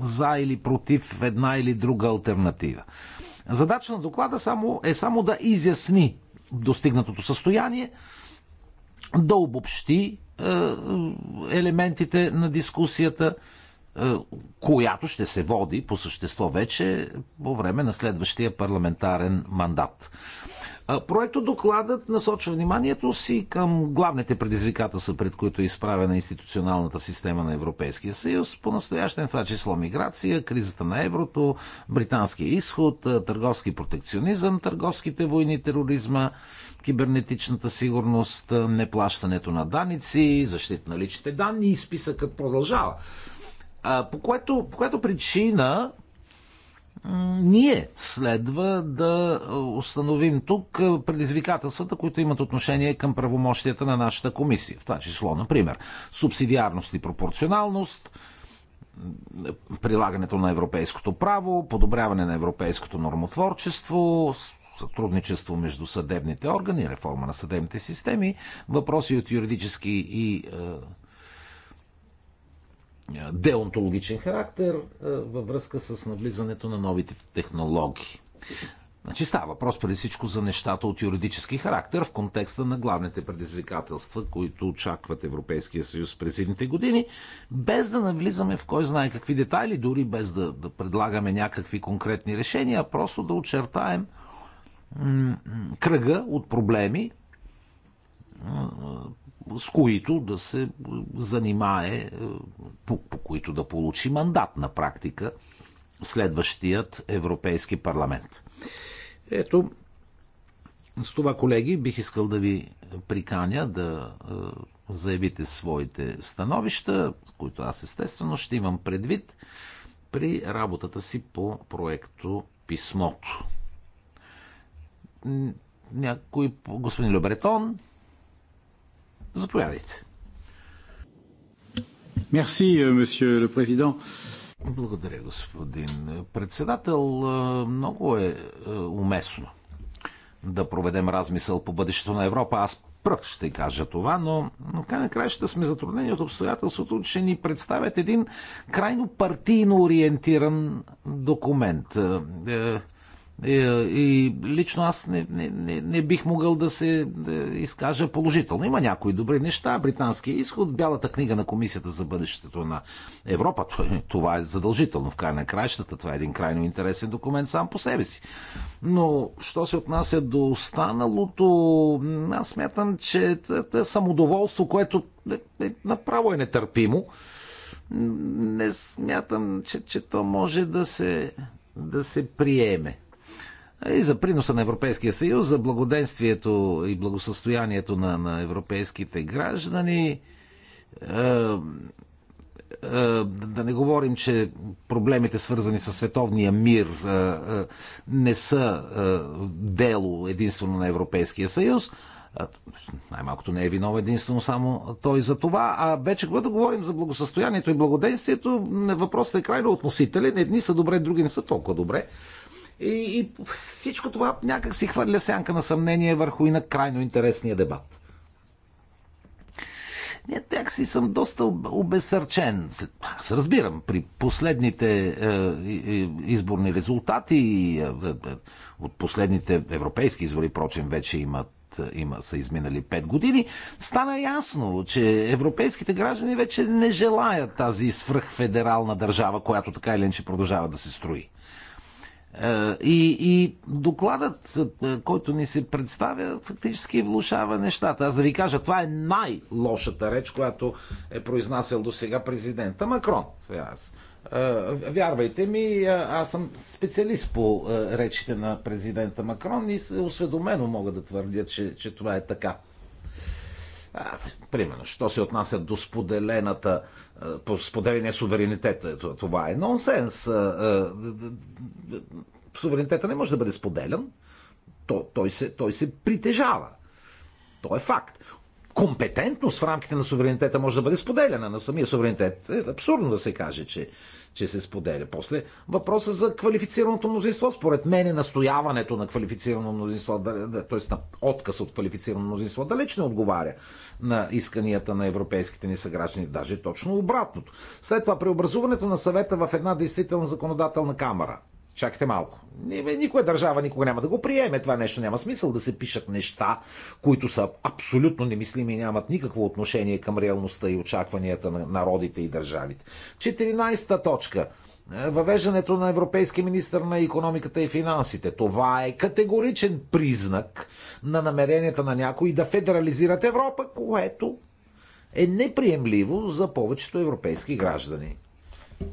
за или против една или друга альтернатива. Задача на доклада само, е само да изясни достигнатото състояние, да обобщи елементите на дискусията, която ще се води по същество вече по време на следващия парламентарен мандат. Проекто докладът насочва вниманието си към главните предизвикателства, пред които е изправена институционалната система на Европейския съюз, по-настоящен това число миграция, кризата на еврото, британския изход, търговски протекционизъм, търговските войни, тероризма, кибернетичната сигурност, неплащането на даници, защита на личните данни и списъкът продължава. По което, по което причина ние следва да установим тук предизвикателствата, които имат отношение към правомощията на нашата комисия. В това число, например, субсидиарност и пропорционалност, прилагането на европейското право, подобряване на европейското нормотворчество, сътрудничество между съдебните органи, реформа на съдебните системи, въпроси от юридически и е, е, деонтологичен характер е, във връзка с навлизането на новите технологии. Значи става въпрос преди всичко за нещата от юридически характер в контекста на главните предизвикателства, които очакват Европейския съюз през едните години, без да навлизаме в кой знае какви детайли, дори без да, да предлагаме някакви конкретни решения, а просто да очертаем кръга от проблеми, с които да се занимае, е, по, по които да получи мандат на практика следващият Европейски парламент. Ето, с това, колеги, бих искал да ви приканя да е, заявите своите становища, които аз естествено ще имам предвид при работата си по проекто Писмото. Някой, господин Лебретон, Заповядайте. Мерси, месье ле президент. Благодаря, господин председател. Е, много е, е уместно да проведем размисъл по бъдещето на Европа. Аз пръв ще кажа това, но, но край на ще сме затруднени от обстоятелството, че ни представят един крайно партийно ориентиран документ. Е, е, и лично аз не, не, не, не бих могъл да се изкажа положително. Има някои добри неща. Британския изход, бялата книга на Комисията за бъдещето на Европа. Това е задължително в край на краищата. Това е един крайно интересен документ сам по себе си. Но, що се отнася до останалото, аз смятам, че е самодоволство, което е, е, направо е нетърпимо. Не смятам, че, че то може да се, да се приеме и за приноса на Европейския съюз, за благоденствието и благосъстоянието на, на европейските граждани. Е, е, да не говорим, че проблемите свързани с световния мир е, не са дело единствено на Европейския съюз, най-малкото не е виновен единствено само той за това. А вече когато говорим за благосъстоянието и благоденствието, въпросът е крайно относителен. Едни са добре, други не са толкова добре. И, и всичко това някак си хвърля сянка на съмнение върху и на крайно интересния дебат. Ние так си съм доста обесърчен. Аз разбирам, при последните е, изборни резултати е, е, е, от последните европейски избори, прочим, вече имат е, има, са изминали 5 години, стана ясно, че европейските граждани вече не желаят тази свръхфедерална държава, която така или иначе продължава да се строи. Е, и, и докладът, е, който ни се представя, фактически влушава нещата. Аз да ви кажа, това е най-лошата реч, която е произнасял до сега президента Макрон. Е, аз. Вярвайте ми, аз съм специалист по речите на президента Макрон и осведомено мога да твърдя, че, че това е така. Примерно, що се отнася до споделената, е, по споделения суверенитет, е, това е нонсенс. Е, суверенитета не може да бъде споделен. Той се, той се притежава. То е факт компетентност в рамките на суверенитета може да бъде споделяна на самия суверенитет. Е абсурдно да се каже, че, че се споделя. После въпроса за квалифицираното мнозинство. Според мен е настояването на квалифицирано мнозинство, т.е. на отказ от квалифицирано мнозинство, далеч не отговаря на исканията на европейските ни съграждани. Даже точно обратното. След това преобразуването на съвета в една действителна законодателна камера. Чакайте малко. Никоя държава никога няма да го приеме. Това нещо няма смисъл да се пишат неща, които са абсолютно немислими и нямат никакво отношение към реалността и очакванията на народите и държавите. 14-та точка. Е, въвеждането на Европейски министр на економиката и финансите. Това е категоричен признак на намеренията на някои да федерализират Европа, което е неприемливо за повечето европейски граждани.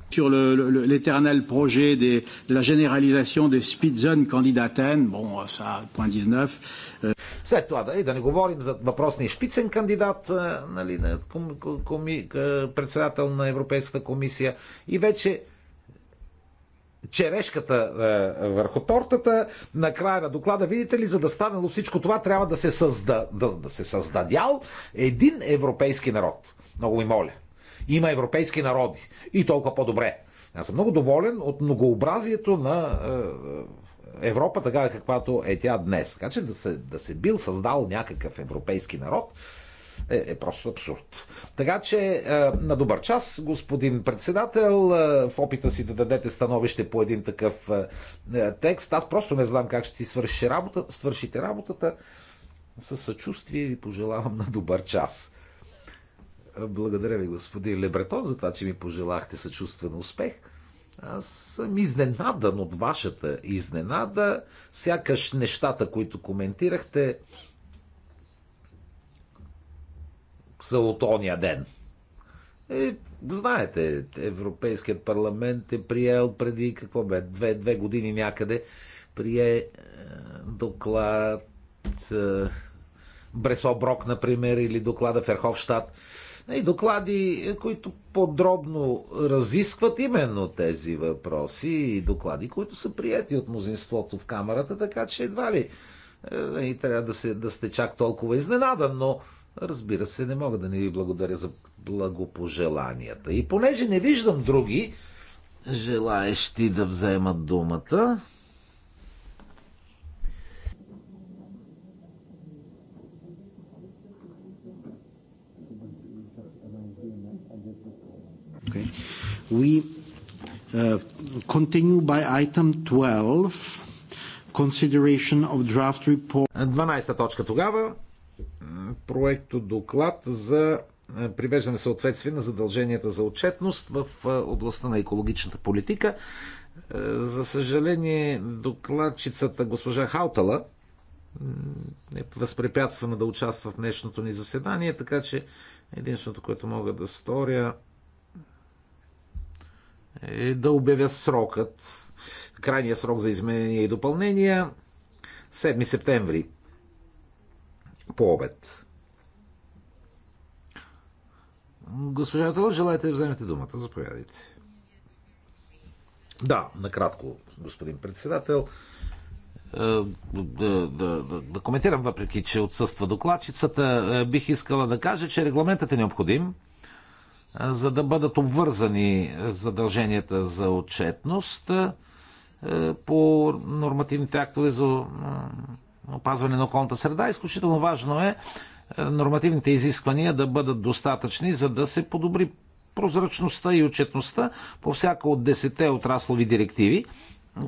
Sur l'éternel projet des, de la généralisation des speed zones кандидатен, bon, ça, point 19. Euh. След това да, и да не говорим за въпросния шпицен кандидат, е, нали, ком, ком, е, председател на Европейската комисия. И вече черешката е, върху тортата, на края на доклада, видите ли, за да станало всичко това, трябва да се, създа, да, да се създадял един европейски народ. Много ви моля има европейски народи. И толкова по-добре. Аз съм много доволен от многообразието на е, е, Европа, такава каквато е тя днес. Така че да се, да се бил създал някакъв европейски народ е, е просто абсурд. Така че е, на добър час, господин председател, в опита си да дадете становище по един такъв текст, аз просто не знам как ще си свърши работа, свършите работата. Със съчувствие ви пожелавам на добър час. Благодаря ви, господин Лебретон, за това, че ми пожелахте съчувствен успех. Аз съм изненадан от вашата изненада. Сякаш нещата, които коментирахте, са от ония ден. Е, знаете, Европейският парламент е приел преди, какво бе, две, две години някъде, прие е, доклад е, Бресо Брок, например, или доклада Ферховщад. Е, и доклади, които подробно разискват именно тези въпроси и доклади, които са прияти от мнозинството в камерата, така че едва ли е, и трябва да, се, да сте чак толкова изненадан, но разбира се, не мога да не ви благодаря за благопожеланията. И понеже не виждам други желаещи да вземат думата, We uh, continue by item 12, consideration of draft report. 12 точка тогава. Проекто доклад за е, привеждане в съответствие на задълженията за отчетност в е, областта на екологичната политика. Е, за съжаление, докладчицата госпожа Хаутала е възпрепятствана да участва в днешното ни заседание, така че единственото, което мога да сторя, е да обявя срокът, крайния срок за изменение и допълнение 7 септември по обед. Госпожа Тел, желаете да вземете думата. Заповядайте. Да, накратко, господин председател. Е, да, да, да, да коментирам, въпреки че отсъства докладчицата, е, бих искала да кажа, че регламентът е необходим за да бъдат обвързани задълженията за отчетност по нормативните актове за опазване на околната среда. Изключително важно е нормативните изисквания да бъдат достатъчни, за да се подобри прозрачността и отчетността по всяка от десете отраслови директиви,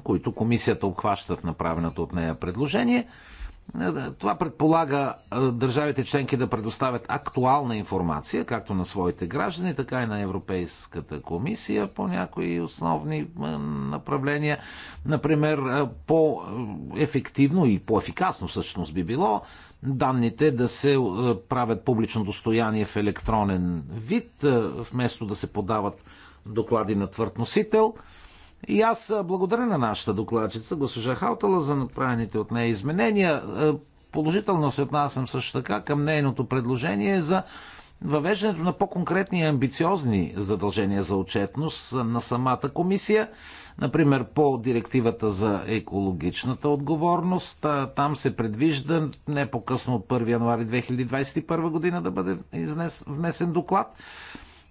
които комисията обхваща в направеното от нея предложение – това предполага държавите членки да предоставят актуална информация, както на своите граждани, така и на Европейската комисия по някои основни направления. Например, по-ефективно и по-ефикасно всъщност би било данните да се правят публично достояние в електронен вид, вместо да се подават доклади на твърд носител – и аз благодаря на нашата докладчица, госпожа Халтала, за направените от нея изменения. Положително се отнасям също така към нейното предложение за въвеждането на по-конкретни и амбициозни задължения за отчетност на самата комисия. Например, по директивата за екологичната отговорност, там се предвижда не по-късно от 1 януари 2021 година да бъде изнес, внесен доклад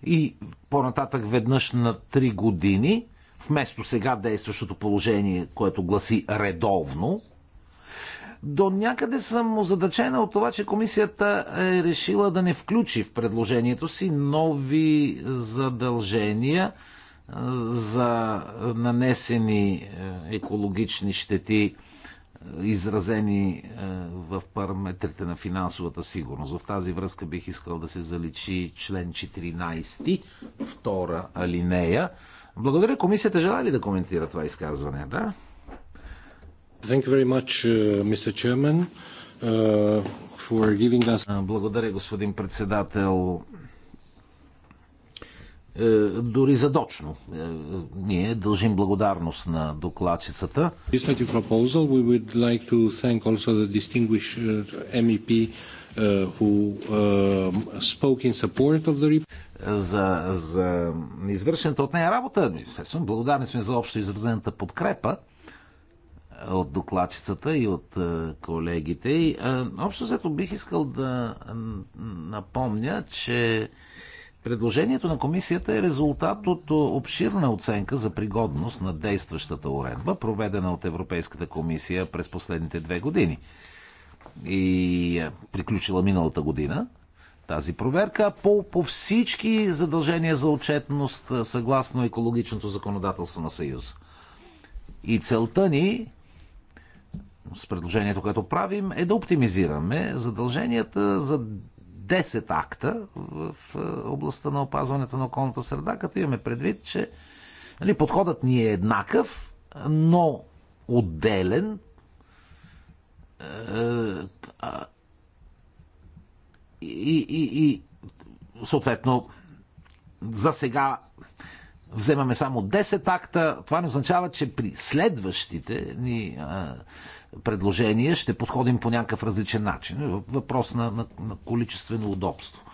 и по-нататък веднъж на 3 години вместо сега действащото положение, което гласи редовно, до някъде съм озадачена от това, че комисията е решила да не включи в предложението си нови задължения за нанесени е, екологични щети, е, изразени е, в параметрите на финансовата сигурност. В тази връзка бих искал да се заличи член 14, втора алинея, благодаря. Комисията желая ли да коментира това изказване? Да. Thank you very much, uh, Mr. Chairman, uh, for giving us... Благодаря, господин председател. Е, дори задочно. Е, ние дължим благодарност на докладчицата. This proposal, we would like to thank also the distinguished uh, MEP Uh, um, за, за извършената от нея работа. Естествено, благодарни сме за общо изразената подкрепа от докладчицата и от колегите. И, общо взето бих искал да напомня, че предложението на комисията е резултат от обширна оценка за пригодност на действащата уредба, проведена от Европейската комисия през последните две години – и е приключила миналата година тази проверка по, по всички задължения за отчетност е, съгласно екологичното законодателство на Съюз. И целта ни с предложението, което правим, е да оптимизираме задълженията за 10 акта в е, областта на опазването на околната среда, като имаме предвид, че нали, подходът ни е еднакъв, но отделен е, и, и, и съответно за сега вземаме само 10 акта. Това не означава, че при следващите ни а, предложения ще подходим по някакъв различен начин. Е, въпрос на, на, на количествено удобство.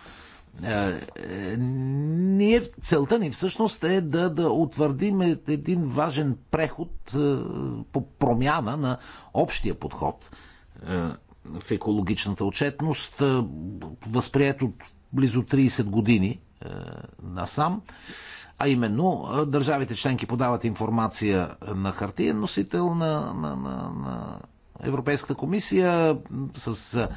А, е, ние, целта ни всъщност е да, да утвърдим един важен преход а, по промяна на общия подход е, в екологичната отчетност, е, възприят от близо 30 години е, насам. А именно, държавите членки подават информация на хартиен носител на, на, на, на Европейската комисия с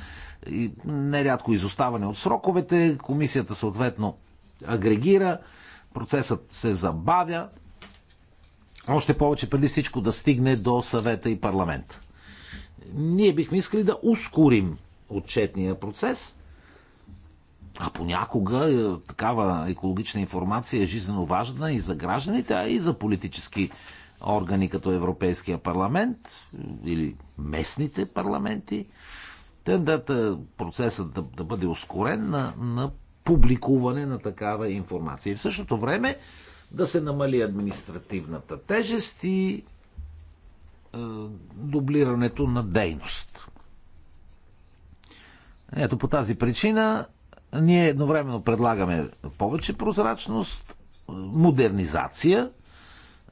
нерядко изоставане от сроковете. Комисията съответно агрегира, процесът се забавя, още повече преди всичко да стигне до съвета и парламента ние бихме искали да ускорим отчетния процес, а понякога е, такава екологична информация е жизненно важна и за гражданите, а и за политически органи като Европейския парламент е, или местните парламенти. Тендата процесът да, да бъде ускорен на, на публикуване на такава информация. И в същото време да се намали административната тежест и е, дублирането на дейност. Ето по тази причина ние едновременно предлагаме повече прозрачност, модернизация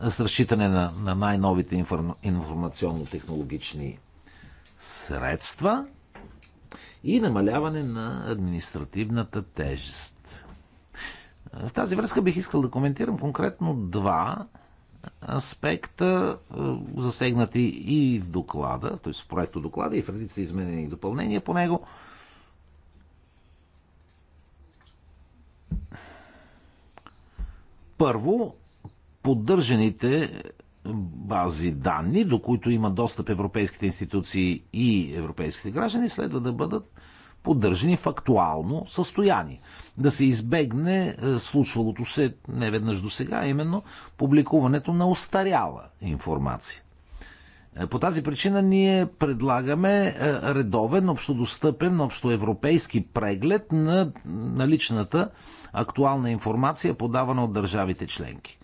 с разчитане на, на най-новите информационно-технологични средства и намаляване на административната тежест. В тази връзка бих искал да коментирам конкретно два аспекта, е, засегнати и в доклада, т.е. в проекто доклада и в редица изменения и допълнения по него. Първо, поддържаните бази данни, до които има достъп европейските институции и европейските граждани, следва да бъдат поддържани в актуално състояние. Да се избегне е, случвалото се веднъж до сега, именно публикуването на устаряла информация. Е, по тази причина ние предлагаме е, редовен, общодостъпен, общоевропейски преглед на наличната актуална информация, подавана от държавите членки.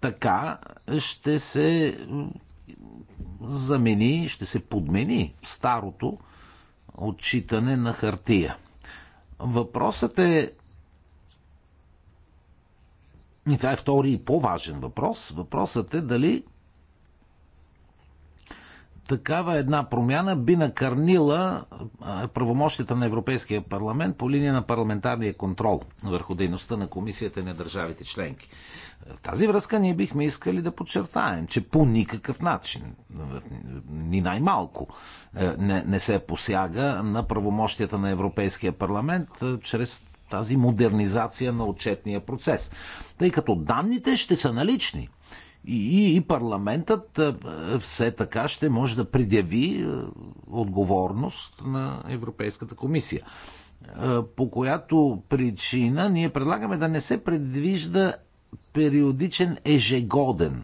Така ще се замени, ще се подмени старото отчитане на хартия. Въпросът е. И това е втори и по-важен въпрос. Въпросът е дали такава една промяна би накърнила правомощията на Европейския парламент по линия на парламентарния контрол върху дейността на комисията и на държавите членки. В тази връзка ние бихме искали да подчертаем, че по никакъв начин, ни най-малко, е, не, не се посяга на правомощията на Европейския парламент е, чрез тази модернизация на отчетния процес. Тъй като данните ще са налични – и, и парламентът е, е, все така ще може да предяви е, отговорност на Европейската комисия. По която причина ние предлагаме да не се предвижда периодичен ежегоден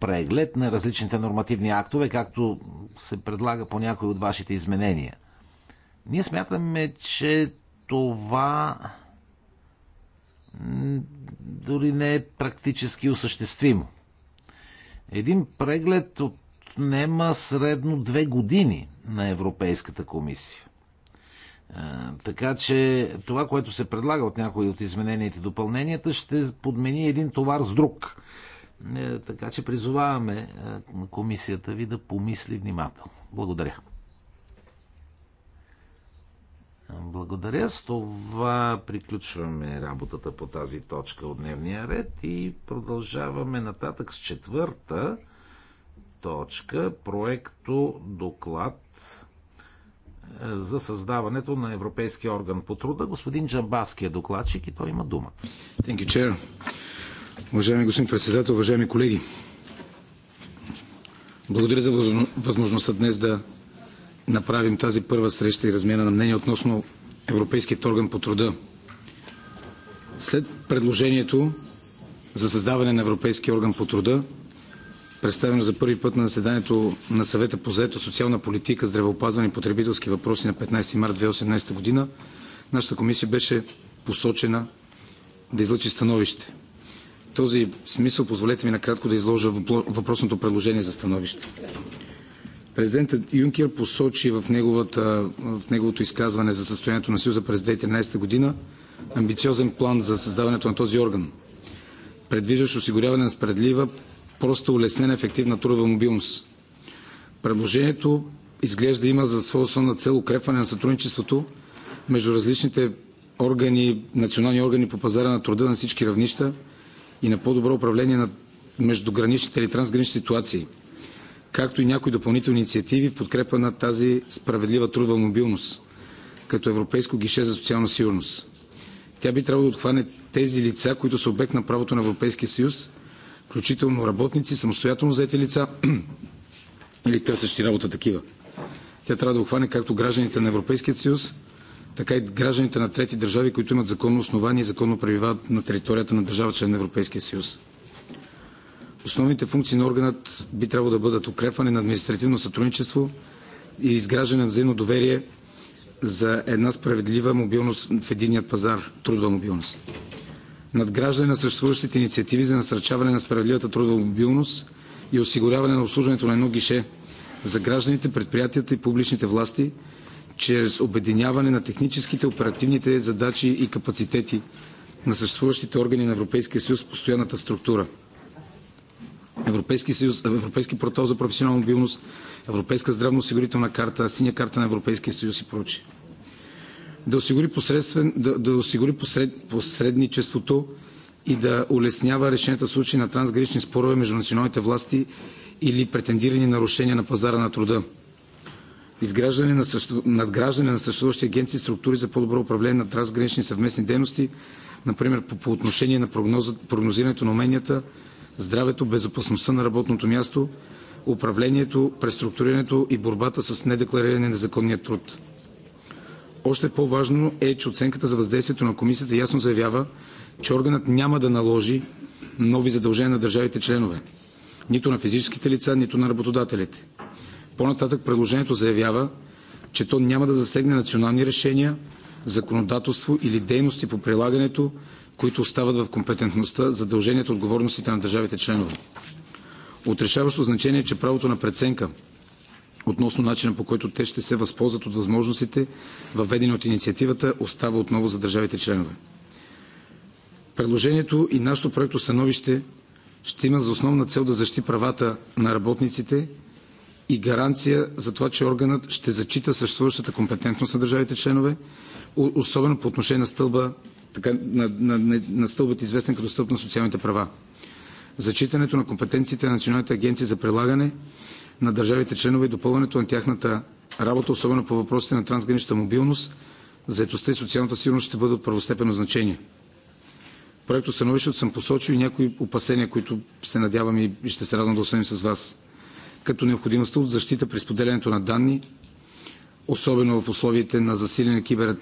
преглед на различните нормативни актове, както се предлага по някои от вашите изменения. Ние смятаме, че това дори не е практически осъществимо. Един преглед отнема средно две години на Европейската комисия. Така че това, което се предлага от някои от измененията и допълненията, ще подмени един товар с друг. Е, така че призоваваме е, комисията ви да помисли внимателно. Благодаря. Благодаря. С това приключваме работата по тази точка от дневния ред и продължаваме нататък с четвърта точка. Проекто доклад е, за създаването на Европейския орган по труда. Господин Джамбаски е докладчик и той има дума. Thank you, chair. Уважаеми господин председател, уважаеми колеги, благодаря за възможността днес да направим тази първа среща и размяна на мнение относно Европейският орган по труда. След предложението за създаване на Европейския орган по труда, представено за първи път на заседанието на съвета по заето социална политика, здравеопазване и потребителски въпроси на 15 март 2018 година, нашата комисия беше посочена да излъчи становище. В този смисъл позволете ми накратко да изложа въпросното предложение за становище. Президентът Юнкер посочи в, неговата, в неговото изказване за състоянието на Съюза през 2013 година амбициозен план за създаването на този орган, предвиждащ осигуряване на справедлива, просто улеснена ефективна трудова мобилност. Предложението изглежда има за своя основна цел укрепване на сътрудничеството между различните органи, национални органи по пазара на труда на всички равнища и на по-добро управление на междуграничните или трансгранични ситуации – както и някои допълнителни инициативи в подкрепа на тази справедлива трудова мобилност, като Европейско гише за социална сигурност. Тя би трябвало да отхване тези лица, които са обект на правото на Европейския съюз, включително работници, самостоятелно заети лица или търсещи работа такива. Тя трябва да отхване както гражданите на Европейския съюз, така и гражданите на трети държави, които имат законно основание и законно пребивават на територията на държава член на Европейския съюз. Основните функции на органът би трябвало да бъдат укрепване на административно сътрудничество и изграждане на взаимно доверие за една справедлива мобилност в единният пазар, трудова мобилност. Надграждане на съществуващите инициативи за насърчаване на справедливата трудова мобилност и осигуряване на обслужването на едно гише за гражданите, предприятията и публичните власти чрез обединяване на техническите, оперативните задачи и капацитети на съществуващите органи на Европейския съюз в постоянната структура – Европейски съюз, Европейски портал за професионална мобилност, Европейска здравноосигурителна карта, Синя карта на Европейския съюз и прочие. Да осигури, да, да осигури посред, посредничеството и да улеснява решенията в случаи на трансгранични спорове между националните власти или претендирани нарушения на пазара на труда. Изграждане на също... надграждане на съществуващи агенции и структури за по-добро управление на трансгранични съвместни дейности, например по, по отношение на прогноз... прогнозирането на уменията, здравето, безопасността на работното място, управлението, преструктурирането и борбата с недекларирания незаконния труд. Още по-важно е, че оценката за въздействието на Комисията ясно заявява, че органът няма да наложи нови задължения на държавите членове, нито на физическите лица, нито на работодателите. По-нататък предложението заявява, че то няма да засегне национални решения, законодателство или дейности по прилагането, които остават в компетентността, задълженията и отговорностите на държавите членове. От решаващо значение е, че правото на преценка относно начина по който те ще се възползват от възможностите, въведени от инициативата, остава отново за държавите членове. Предложението и нашето проекто становище ще има за основна цел да защити правата на работниците и гаранция за това, че органът ще зачита съществуващата компетентност на държавите членове, особено по отношение на стълба така, на, на, на, на стълбът известен като стълб на социалните права. Зачитането на компетенциите на националните агенции за прилагане на държавите членове и допълването на тяхната работа, особено по въпросите на трансгранична мобилност, заетостта и социалната сигурност ще бъде от първостепенно значение. В проекто становището съм посочил и някои опасения, които се надявам и ще се радвам да осъдим с вас, като необходимостта от защита при споделянето на данни, особено в условиите на засилени кибер...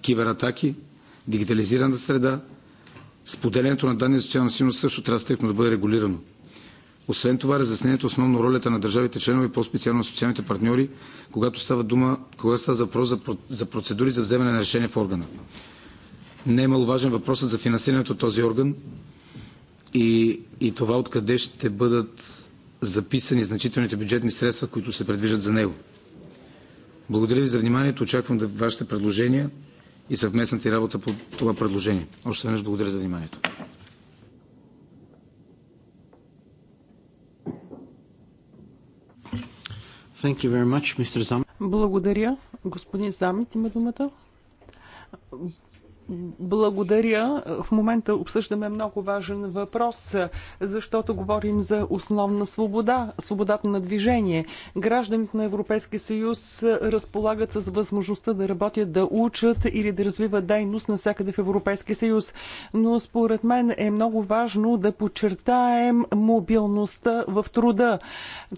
кибератаки, дигитализирана среда, споделянето на данни за социална сигурност също трябва стрикно да бъде регулирано. Освен това, разяснението основно ролята на държавите членове и по-специално на социалните партньори, когато става дума, когато става въпрос за процедури за вземане на решение в органа. Не е маловажен въпросът за финансирането от този орган и, и това откъде ще бъдат записани значителните бюджетни средства, които се предвиждат за него. Благодаря ви за вниманието. Очаквам да вашите предложения и съвместната работа по това предложение. Още веднъж благодаря за вниманието. Much, Благодаря. Господин Замит има думата. Благодаря. В момента обсъждаме много важен въпрос, защото говорим за основна свобода, свободата на движение. Гражданите на Европейския съюз разполагат с възможността да работят, да учат или да развиват дейност навсякъде в Европейския съюз. Но според мен е много важно да подчертаем мобилността в труда.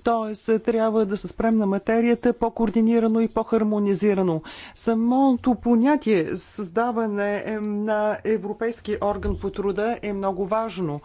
Тоест, трябва да се спрем на материята по-координирано и по-хармонизирано. Самото понятие създаване е, е, на Европейски орган по труда е много важно.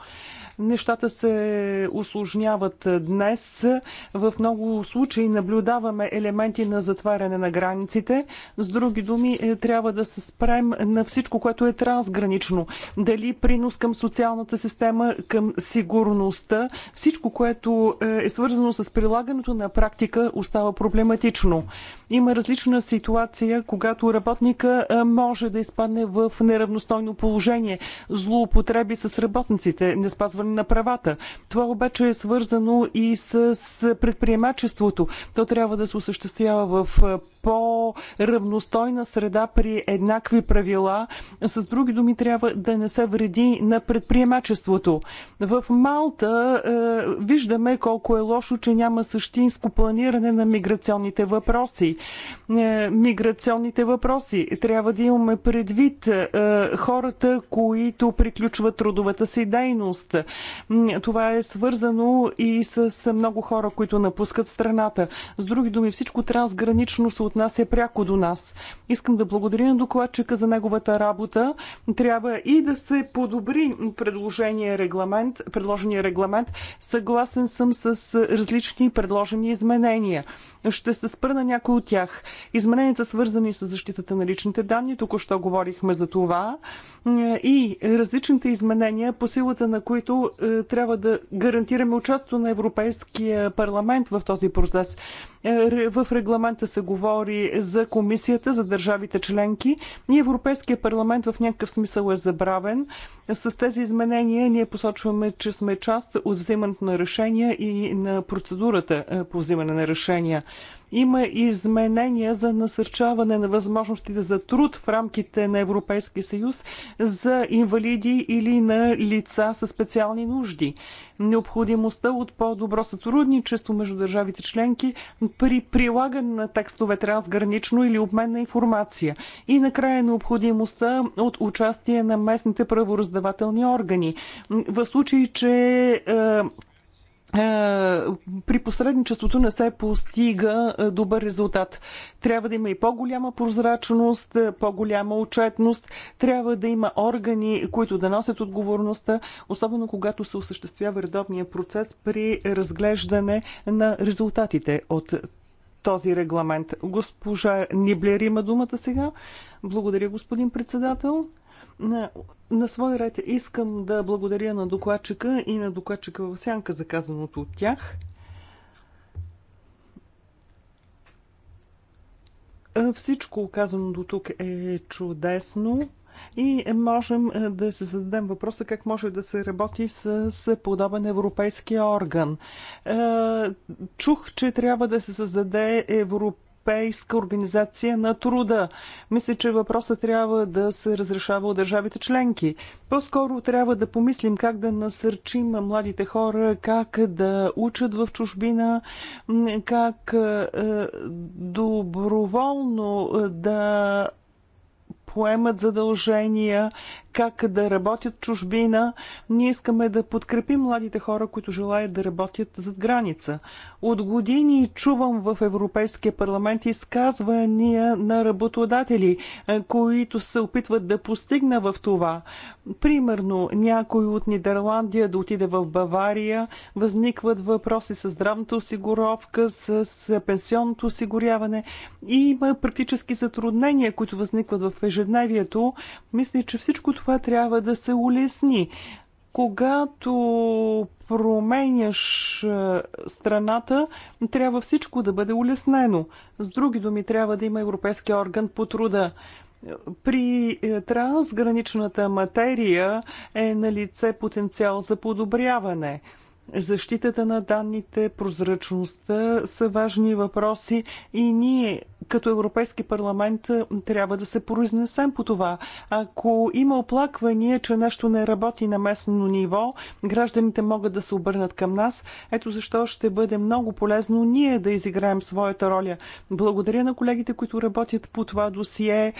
Нещата се усложняват днес. В много случаи наблюдаваме елементи на затваряне на границите. С други думи, е, трябва да се спрем на всичко, което е трансгранично. Дали принос към социалната система, към сигурността, всичко, което е, е свързано с прилагането на практика, остава проблематично. Има различна ситуация, когато работника е, може да изпадне в неравностойно положение. Злоупотреби с работниците, не спазва ограничаване на правата. Това обаче е свързано и с предприемачеството. То трябва да се осъществява в по-равностойна среда при еднакви правила. С други думи, трябва да не се вреди на предприемачеството. В Малта е, виждаме колко е лошо, че няма същинско планиране на миграционните въпроси. Е, миграционните въпроси. Трябва да имаме предвид е, хората, които приключват трудовата си дейност. Това е свързано и с много хора, които напускат страната. С други думи, всичко трансгранично се отнася пряко до нас. Искам да благодаря на докладчика за неговата работа. Трябва и да се подобри предложения регламент, предложения регламент. Съгласен съм с различни предложени изменения. Ще се спра на някои от тях. Измененията свързани с защитата на личните данни, току-що говорихме за това, и различните изменения, по силата на които е, трябва да гарантираме участието на Европейския парламент в този процес. Е, в регламента се говори за комисията, за държавите членки и Европейския парламент в някакъв смисъл е забравен. С тези изменения ние посочваме, че сме част от взимането на решения и на процедурата е, по взимане на решения. Има изменения за насърчаване на възможностите за труд в рамките на Европейския съюз за инвалиди или на лица със специални нужди. Необходимостта от по-добро сътрудничество между държавите членки при прилагане на текстове трансгранично или обмен на информация. И накрая необходимостта от участие на местните правораздавателни органи. В случай, че е, е, при посредничеството не се постига е, добър резултат. Трябва да има и по-голяма прозрачност, е, по-голяма отчетност, трябва да има органи, които да носят отговорността, особено когато се осъществява редовния процес при разглеждане на резултатите от този регламент. Госпожа Ниблер има думата сега. Благодаря, господин председател. На, на свой ред искам да благодаря на докладчика и на докладчика в сянка за казаното от тях. Всичко казано до тук е чудесно и можем да се зададем въпроса как може да се работи с подобен европейски орган. Чух, че трябва да се създаде европейски Европейска организация на труда. Мисля, че въпросът трябва да се разрешава от държавите членки. По-скоро трябва да помислим как да насърчим младите хора, как да учат в чужбина, как е, доброволно е, да поемат задължения, как да работят чужбина. Ние искаме да подкрепим младите хора, които желаят да работят зад граница. От години чувам в Европейския парламент изказвания на работодатели, е, които се опитват да постигна в това. Примерно, някой от Нидерландия да отиде в Бавария, възникват въпроси с здравната осигуровка, с пенсионното осигуряване. И има практически затруднения, които възникват в ежедневието. Мисля, че всичко това това трябва да се улесни. Когато променяш е, страната, трябва всичко да бъде улеснено. С други думи, трябва да има Европейски орган по труда. При е, трансграничната материя е на лице потенциал за подобряване. Защитата на данните, прозрачността са важни въпроси и ние като Европейски парламент е, трябва да се произнесем по това. Ако има оплаквания, че нещо не работи на местно ниво, гражданите могат да се обърнат към нас. Ето защо ще бъде много полезно ние да изиграем своята роля. Благодаря на колегите, които работят по това досие.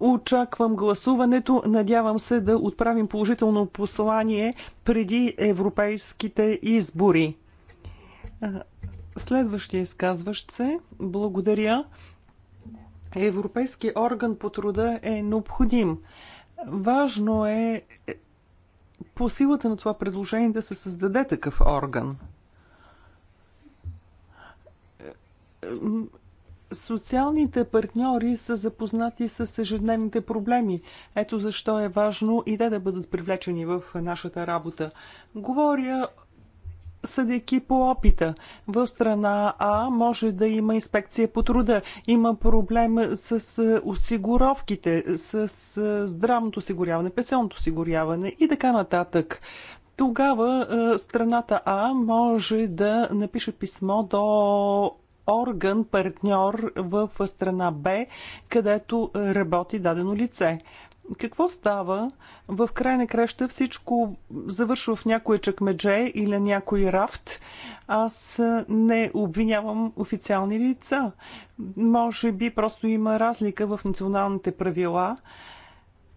Очаквам гласуването. Надявам се да отправим положително послание преди европейските избори. Е, следващия изказващ се. Благодаря европейски орган по труда е необходим. Важно е, е по силата на това предложение да се създаде такъв орган. Социалните партньори са запознати с ежедневните проблеми. Ето защо е важно и те да бъдат привлечени в нашата работа. Говоря съдейки по опита. В страна А може да има инспекция по труда. Има проблем с е, осигуровките, с е, здравното осигуряване, пенсионното осигуряване и така нататък. Тогава е, страната А може да напише писмо до орган, партньор в страна Б, където работи дадено лице какво става? В край на краща всичко завършва в някое чакмедже или някой рафт. Аз не обвинявам официални лица. Може би просто има разлика в националните правила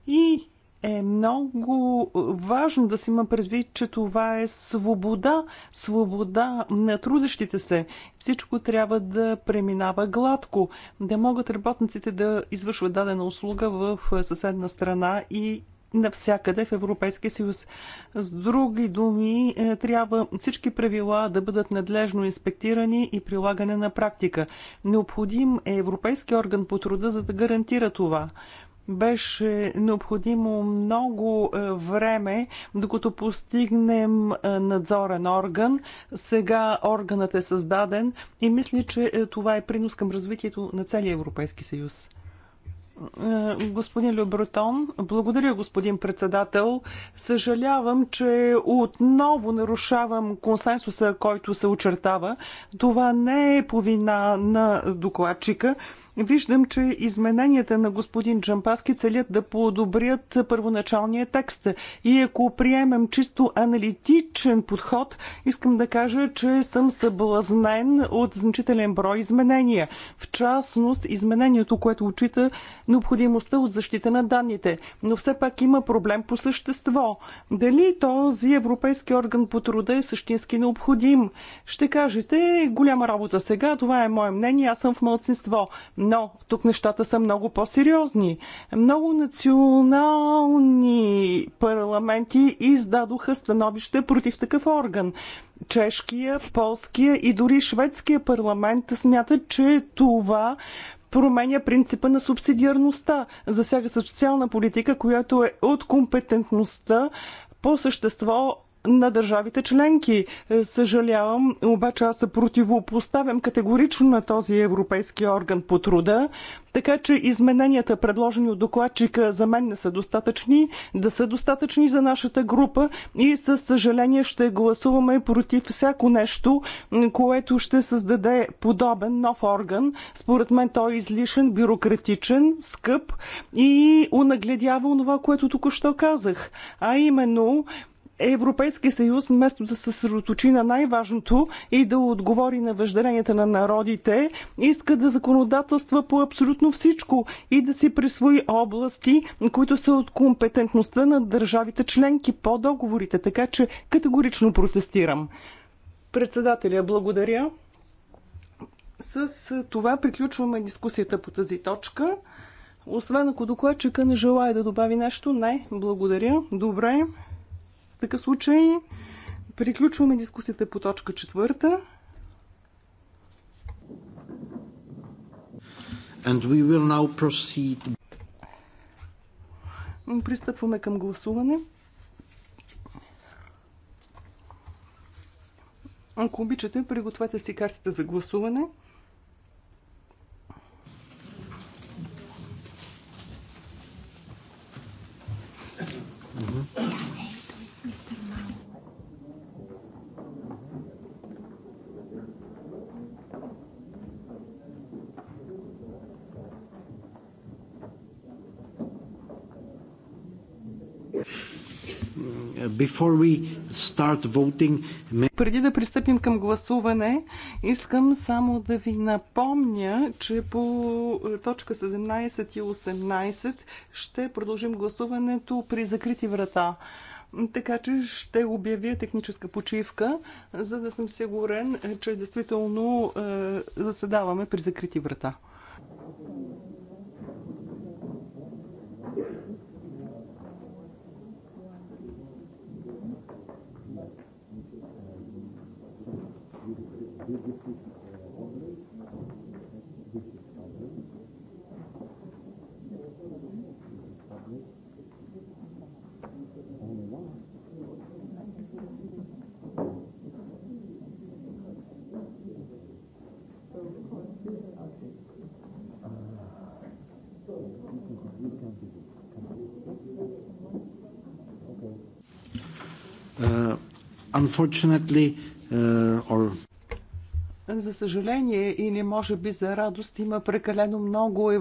и е много важно да си има предвид, че това е свобода, свобода на трудещите се. Всичко трябва да преминава гладко, да могат работниците да извършват дадена услуга в съседна страна и навсякъде в Европейския съюз. С други думи, е, трябва всички правила да бъдат надлежно инспектирани и прилагане на практика. Необходим е Европейски орган по труда, за да гарантира това беше необходимо много е, време, докато постигнем е, надзорен орган. Сега органът е създаден и мисля, че е, това е принос към развитието на целия Европейски съюз. Господин Любротон, благодаря, господин председател. Съжалявам, че отново нарушавам консенсуса, който се очертава. Това не е повина на докладчика. Виждам, че измененията на господин Джампаски целят да подобрят първоначалния текст. И ако приемем чисто аналитичен подход, искам да кажа, че съм съблазнен от значителен брой изменения. В частност, изменението, което учита необходимостта от защита на данните. Но все пак има проблем по същество. Дали този европейски орган по труда е същински необходим? Ще кажете, голяма работа сега, това е мое мнение, аз съм в мълцинство. Но тук нещата са много по-сериозни. Много национални парламенти издадоха становище против такъв орган. Чешкия, полския и дори шведския парламент смятат, че това променя принципа на субсидиарността. Засяга социална политика, която е от компетентността по същество на държавите членки. Е, съжалявам, обаче аз се противопоставям категорично на този Европейски орган по труда, така че измененията, предложени от докладчика, за мен не са достатъчни, да са достатъчни за нашата група и със съжаление ще гласуваме против всяко нещо, което ще създаде подобен нов орган. Според мен той е излишен, бюрократичен, скъп и унагледява онова, което току-що казах. А именно Европейския съюз, вместо да се съсредоточи на най-важното и да отговори на въжделенията на народите, иска да законодателства по абсолютно всичко и да си присвои области, които са от компетентността на държавите членки по договорите. Така че категорично протестирам. Председателя, благодаря. С това приключваме дискусията по тази точка. Освен ако докладчика не желая да добави нещо, не, благодаря. Добре. В такъв случай приключваме дискусията по точка четвърта. And we will now proceed. Пристъпваме към гласуване. Ако обичате, пригответе си картите за гласуване. Преди да пристъпим към гласуване, искам само да ви напомня, че по е, точка 17 и 18 ще продължим гласуването при закрити врата. Така че ще обявя техническа почивка, за да съм сигурен, е, че действително е, заседаваме при закрити врата. Unfortunately, uh, or за съжаление или може би за радост има прекалено много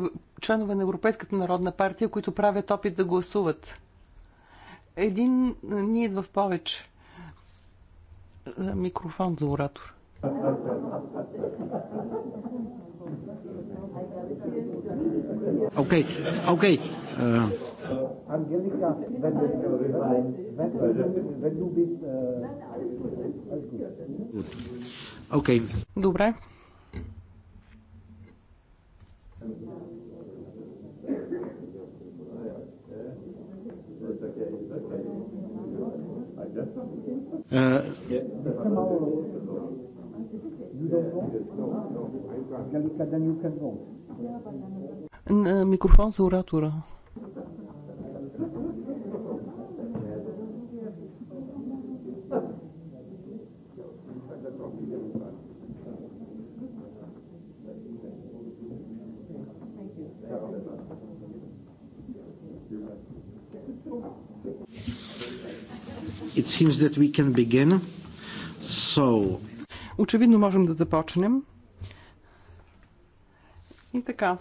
членове на Европейската народна партия, които правят опит да гласуват. Един ни идва в повече. Е, микрофон за оратор. Окей, okay. окей. Okay. Äh, Angelika, wenn du, wenn, wenn, wenn du bist, äh, alles gut. Gut. Okay. Добре. Äh, Микрофон за оратора. It seems that we can begin. So... Очевидно можем да започнем. И така,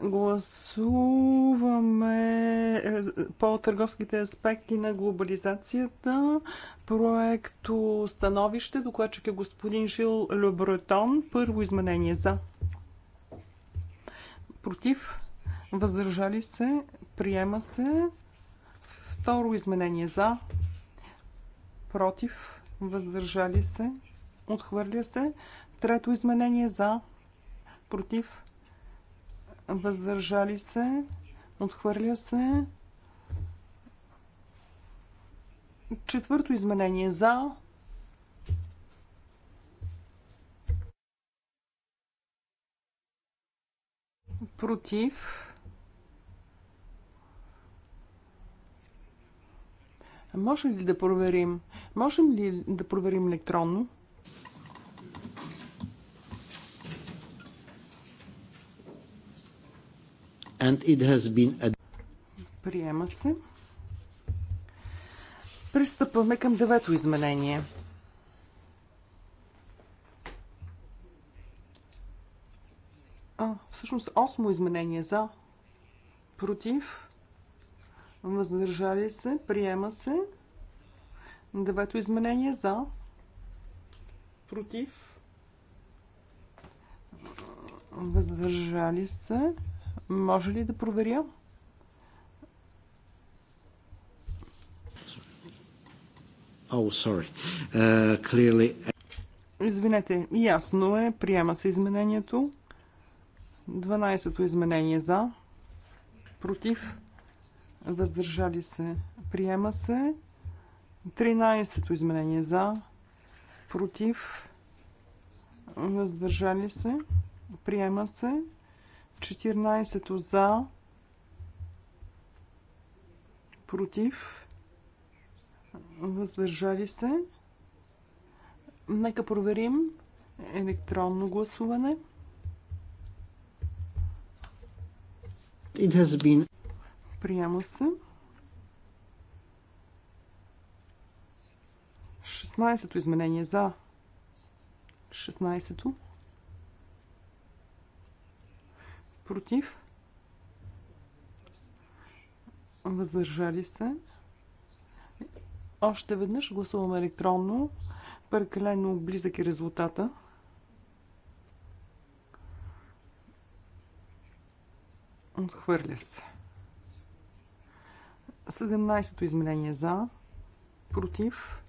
Гласуваме е, по търговските аспекти на глобализацията. Проекто становище, докладчик е господин Жил Лебретон. Първо изменение за. Против. Въздържали се. Приема се. Второ изменение за. Против. Въздържали се. Отхвърля се. Трето изменение за. Против въздържали се, отхвърля се. Четвърто изменение за. Против. Можем ли да проверим? Можем ли да проверим електронно? and it has been Приема се. Пристъпваме към девето изменение. А, всъщност осмо изменение за против въздържали се, приема се. Девето изменение за против въздържали се. Може ли да проверя? Oh, sorry. Uh, clearly... Извинете, ясно е, приема се изменението. 12-то изменение за, против, въздържали се, приема се. 13-то изменение за, против, въздържали се, приема се. 14 за, против, въздържали се. Нека проверим електронно гласуване. It has been... Приема се. 16-то изменение за 16-то. против, въздържали се. Още веднъж гласуваме електронно. Прекалено близък е резултата. Отхвърля се. 17-то изменение за, против,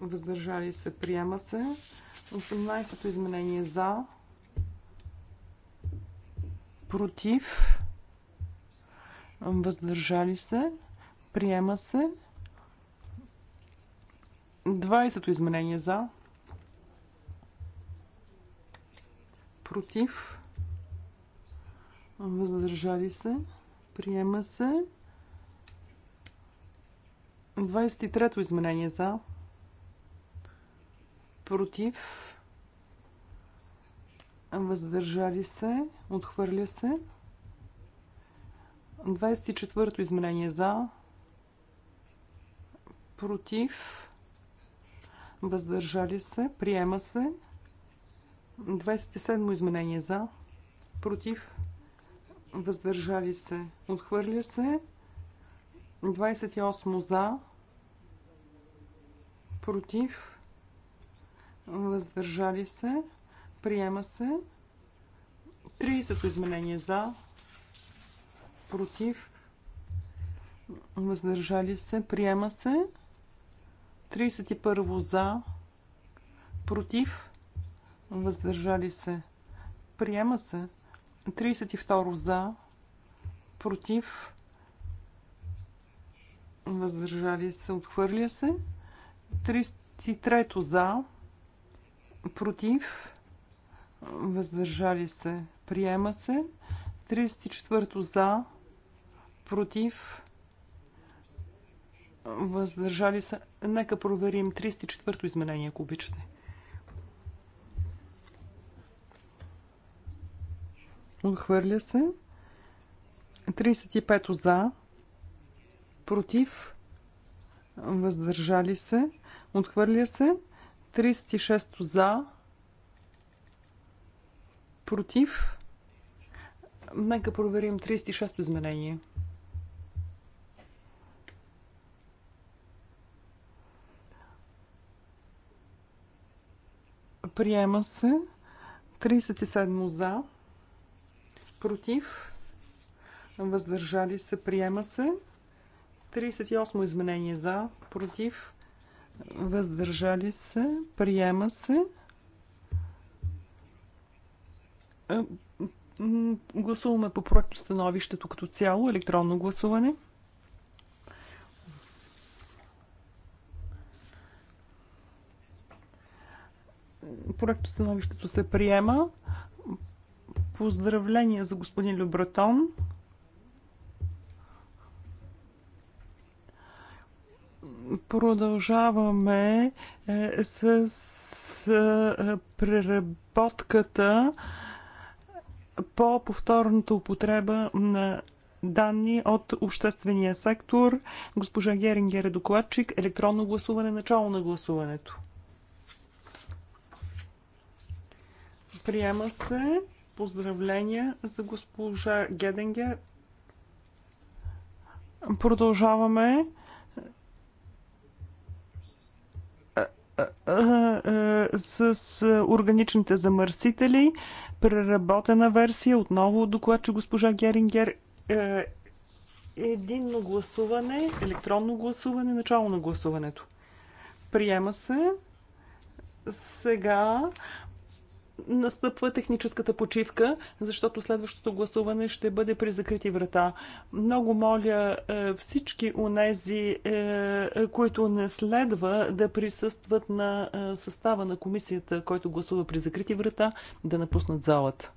въздържали се, приема се. 18-то изменение за, против, въздържали се, приема се. 20-то изменение за, против, въздържали се, приема се. 23-то изменение за, против, въздържали се, отхвърля се. 24-то изменение за, против, въздържали се, приема се. 27-мо изменение за, против, въздържали се, отхвърля се. 28 за, против, въздържали се, Приема се. 30-то изменение за. Против. Въздържали се. Приема се. 31 за. Против. Въздържали се. Приема се. 32 за. Против. Въздържали се. Отхвърля се. 33 за. Против въздържали се, приема се. 34 за, против, въздържали се. Нека проверим 34 изменение, ако обичате. Отхвърля се. 35 за, против, въздържали се, отхвърля се. 36 за, Против. Нека проверим 36 изменение. Приема се. 37 за. Против. Въздържали се. Приема се. 38 изменение за. Против. Въздържали се. Приема се. Е, гласуваме по проекто становището като цяло, електронно гласуване. Проекто становището се приема. Поздравления за господин Любратон. Продължаваме е, с е, преработката по повторната употреба на данни от обществения сектор. Госпожа Герингер е докладчик. Електронно гласуване, начало на гласуването. Приема се. Поздравления за госпожа Геденгер. Продължаваме. С органичните замърсители преработена версия, отново докладче госпожа Герингер, е, единно гласуване, електронно гласуване, начало на гласуването. Приема се. Сега настъпва техническата почивка, защото следващото гласуване ще бъде при закрити врата. Много моля е, всички унези, е, е, които не следва да присъстват на състава на комисията, който гласува при закрити врата, да напуснат залата.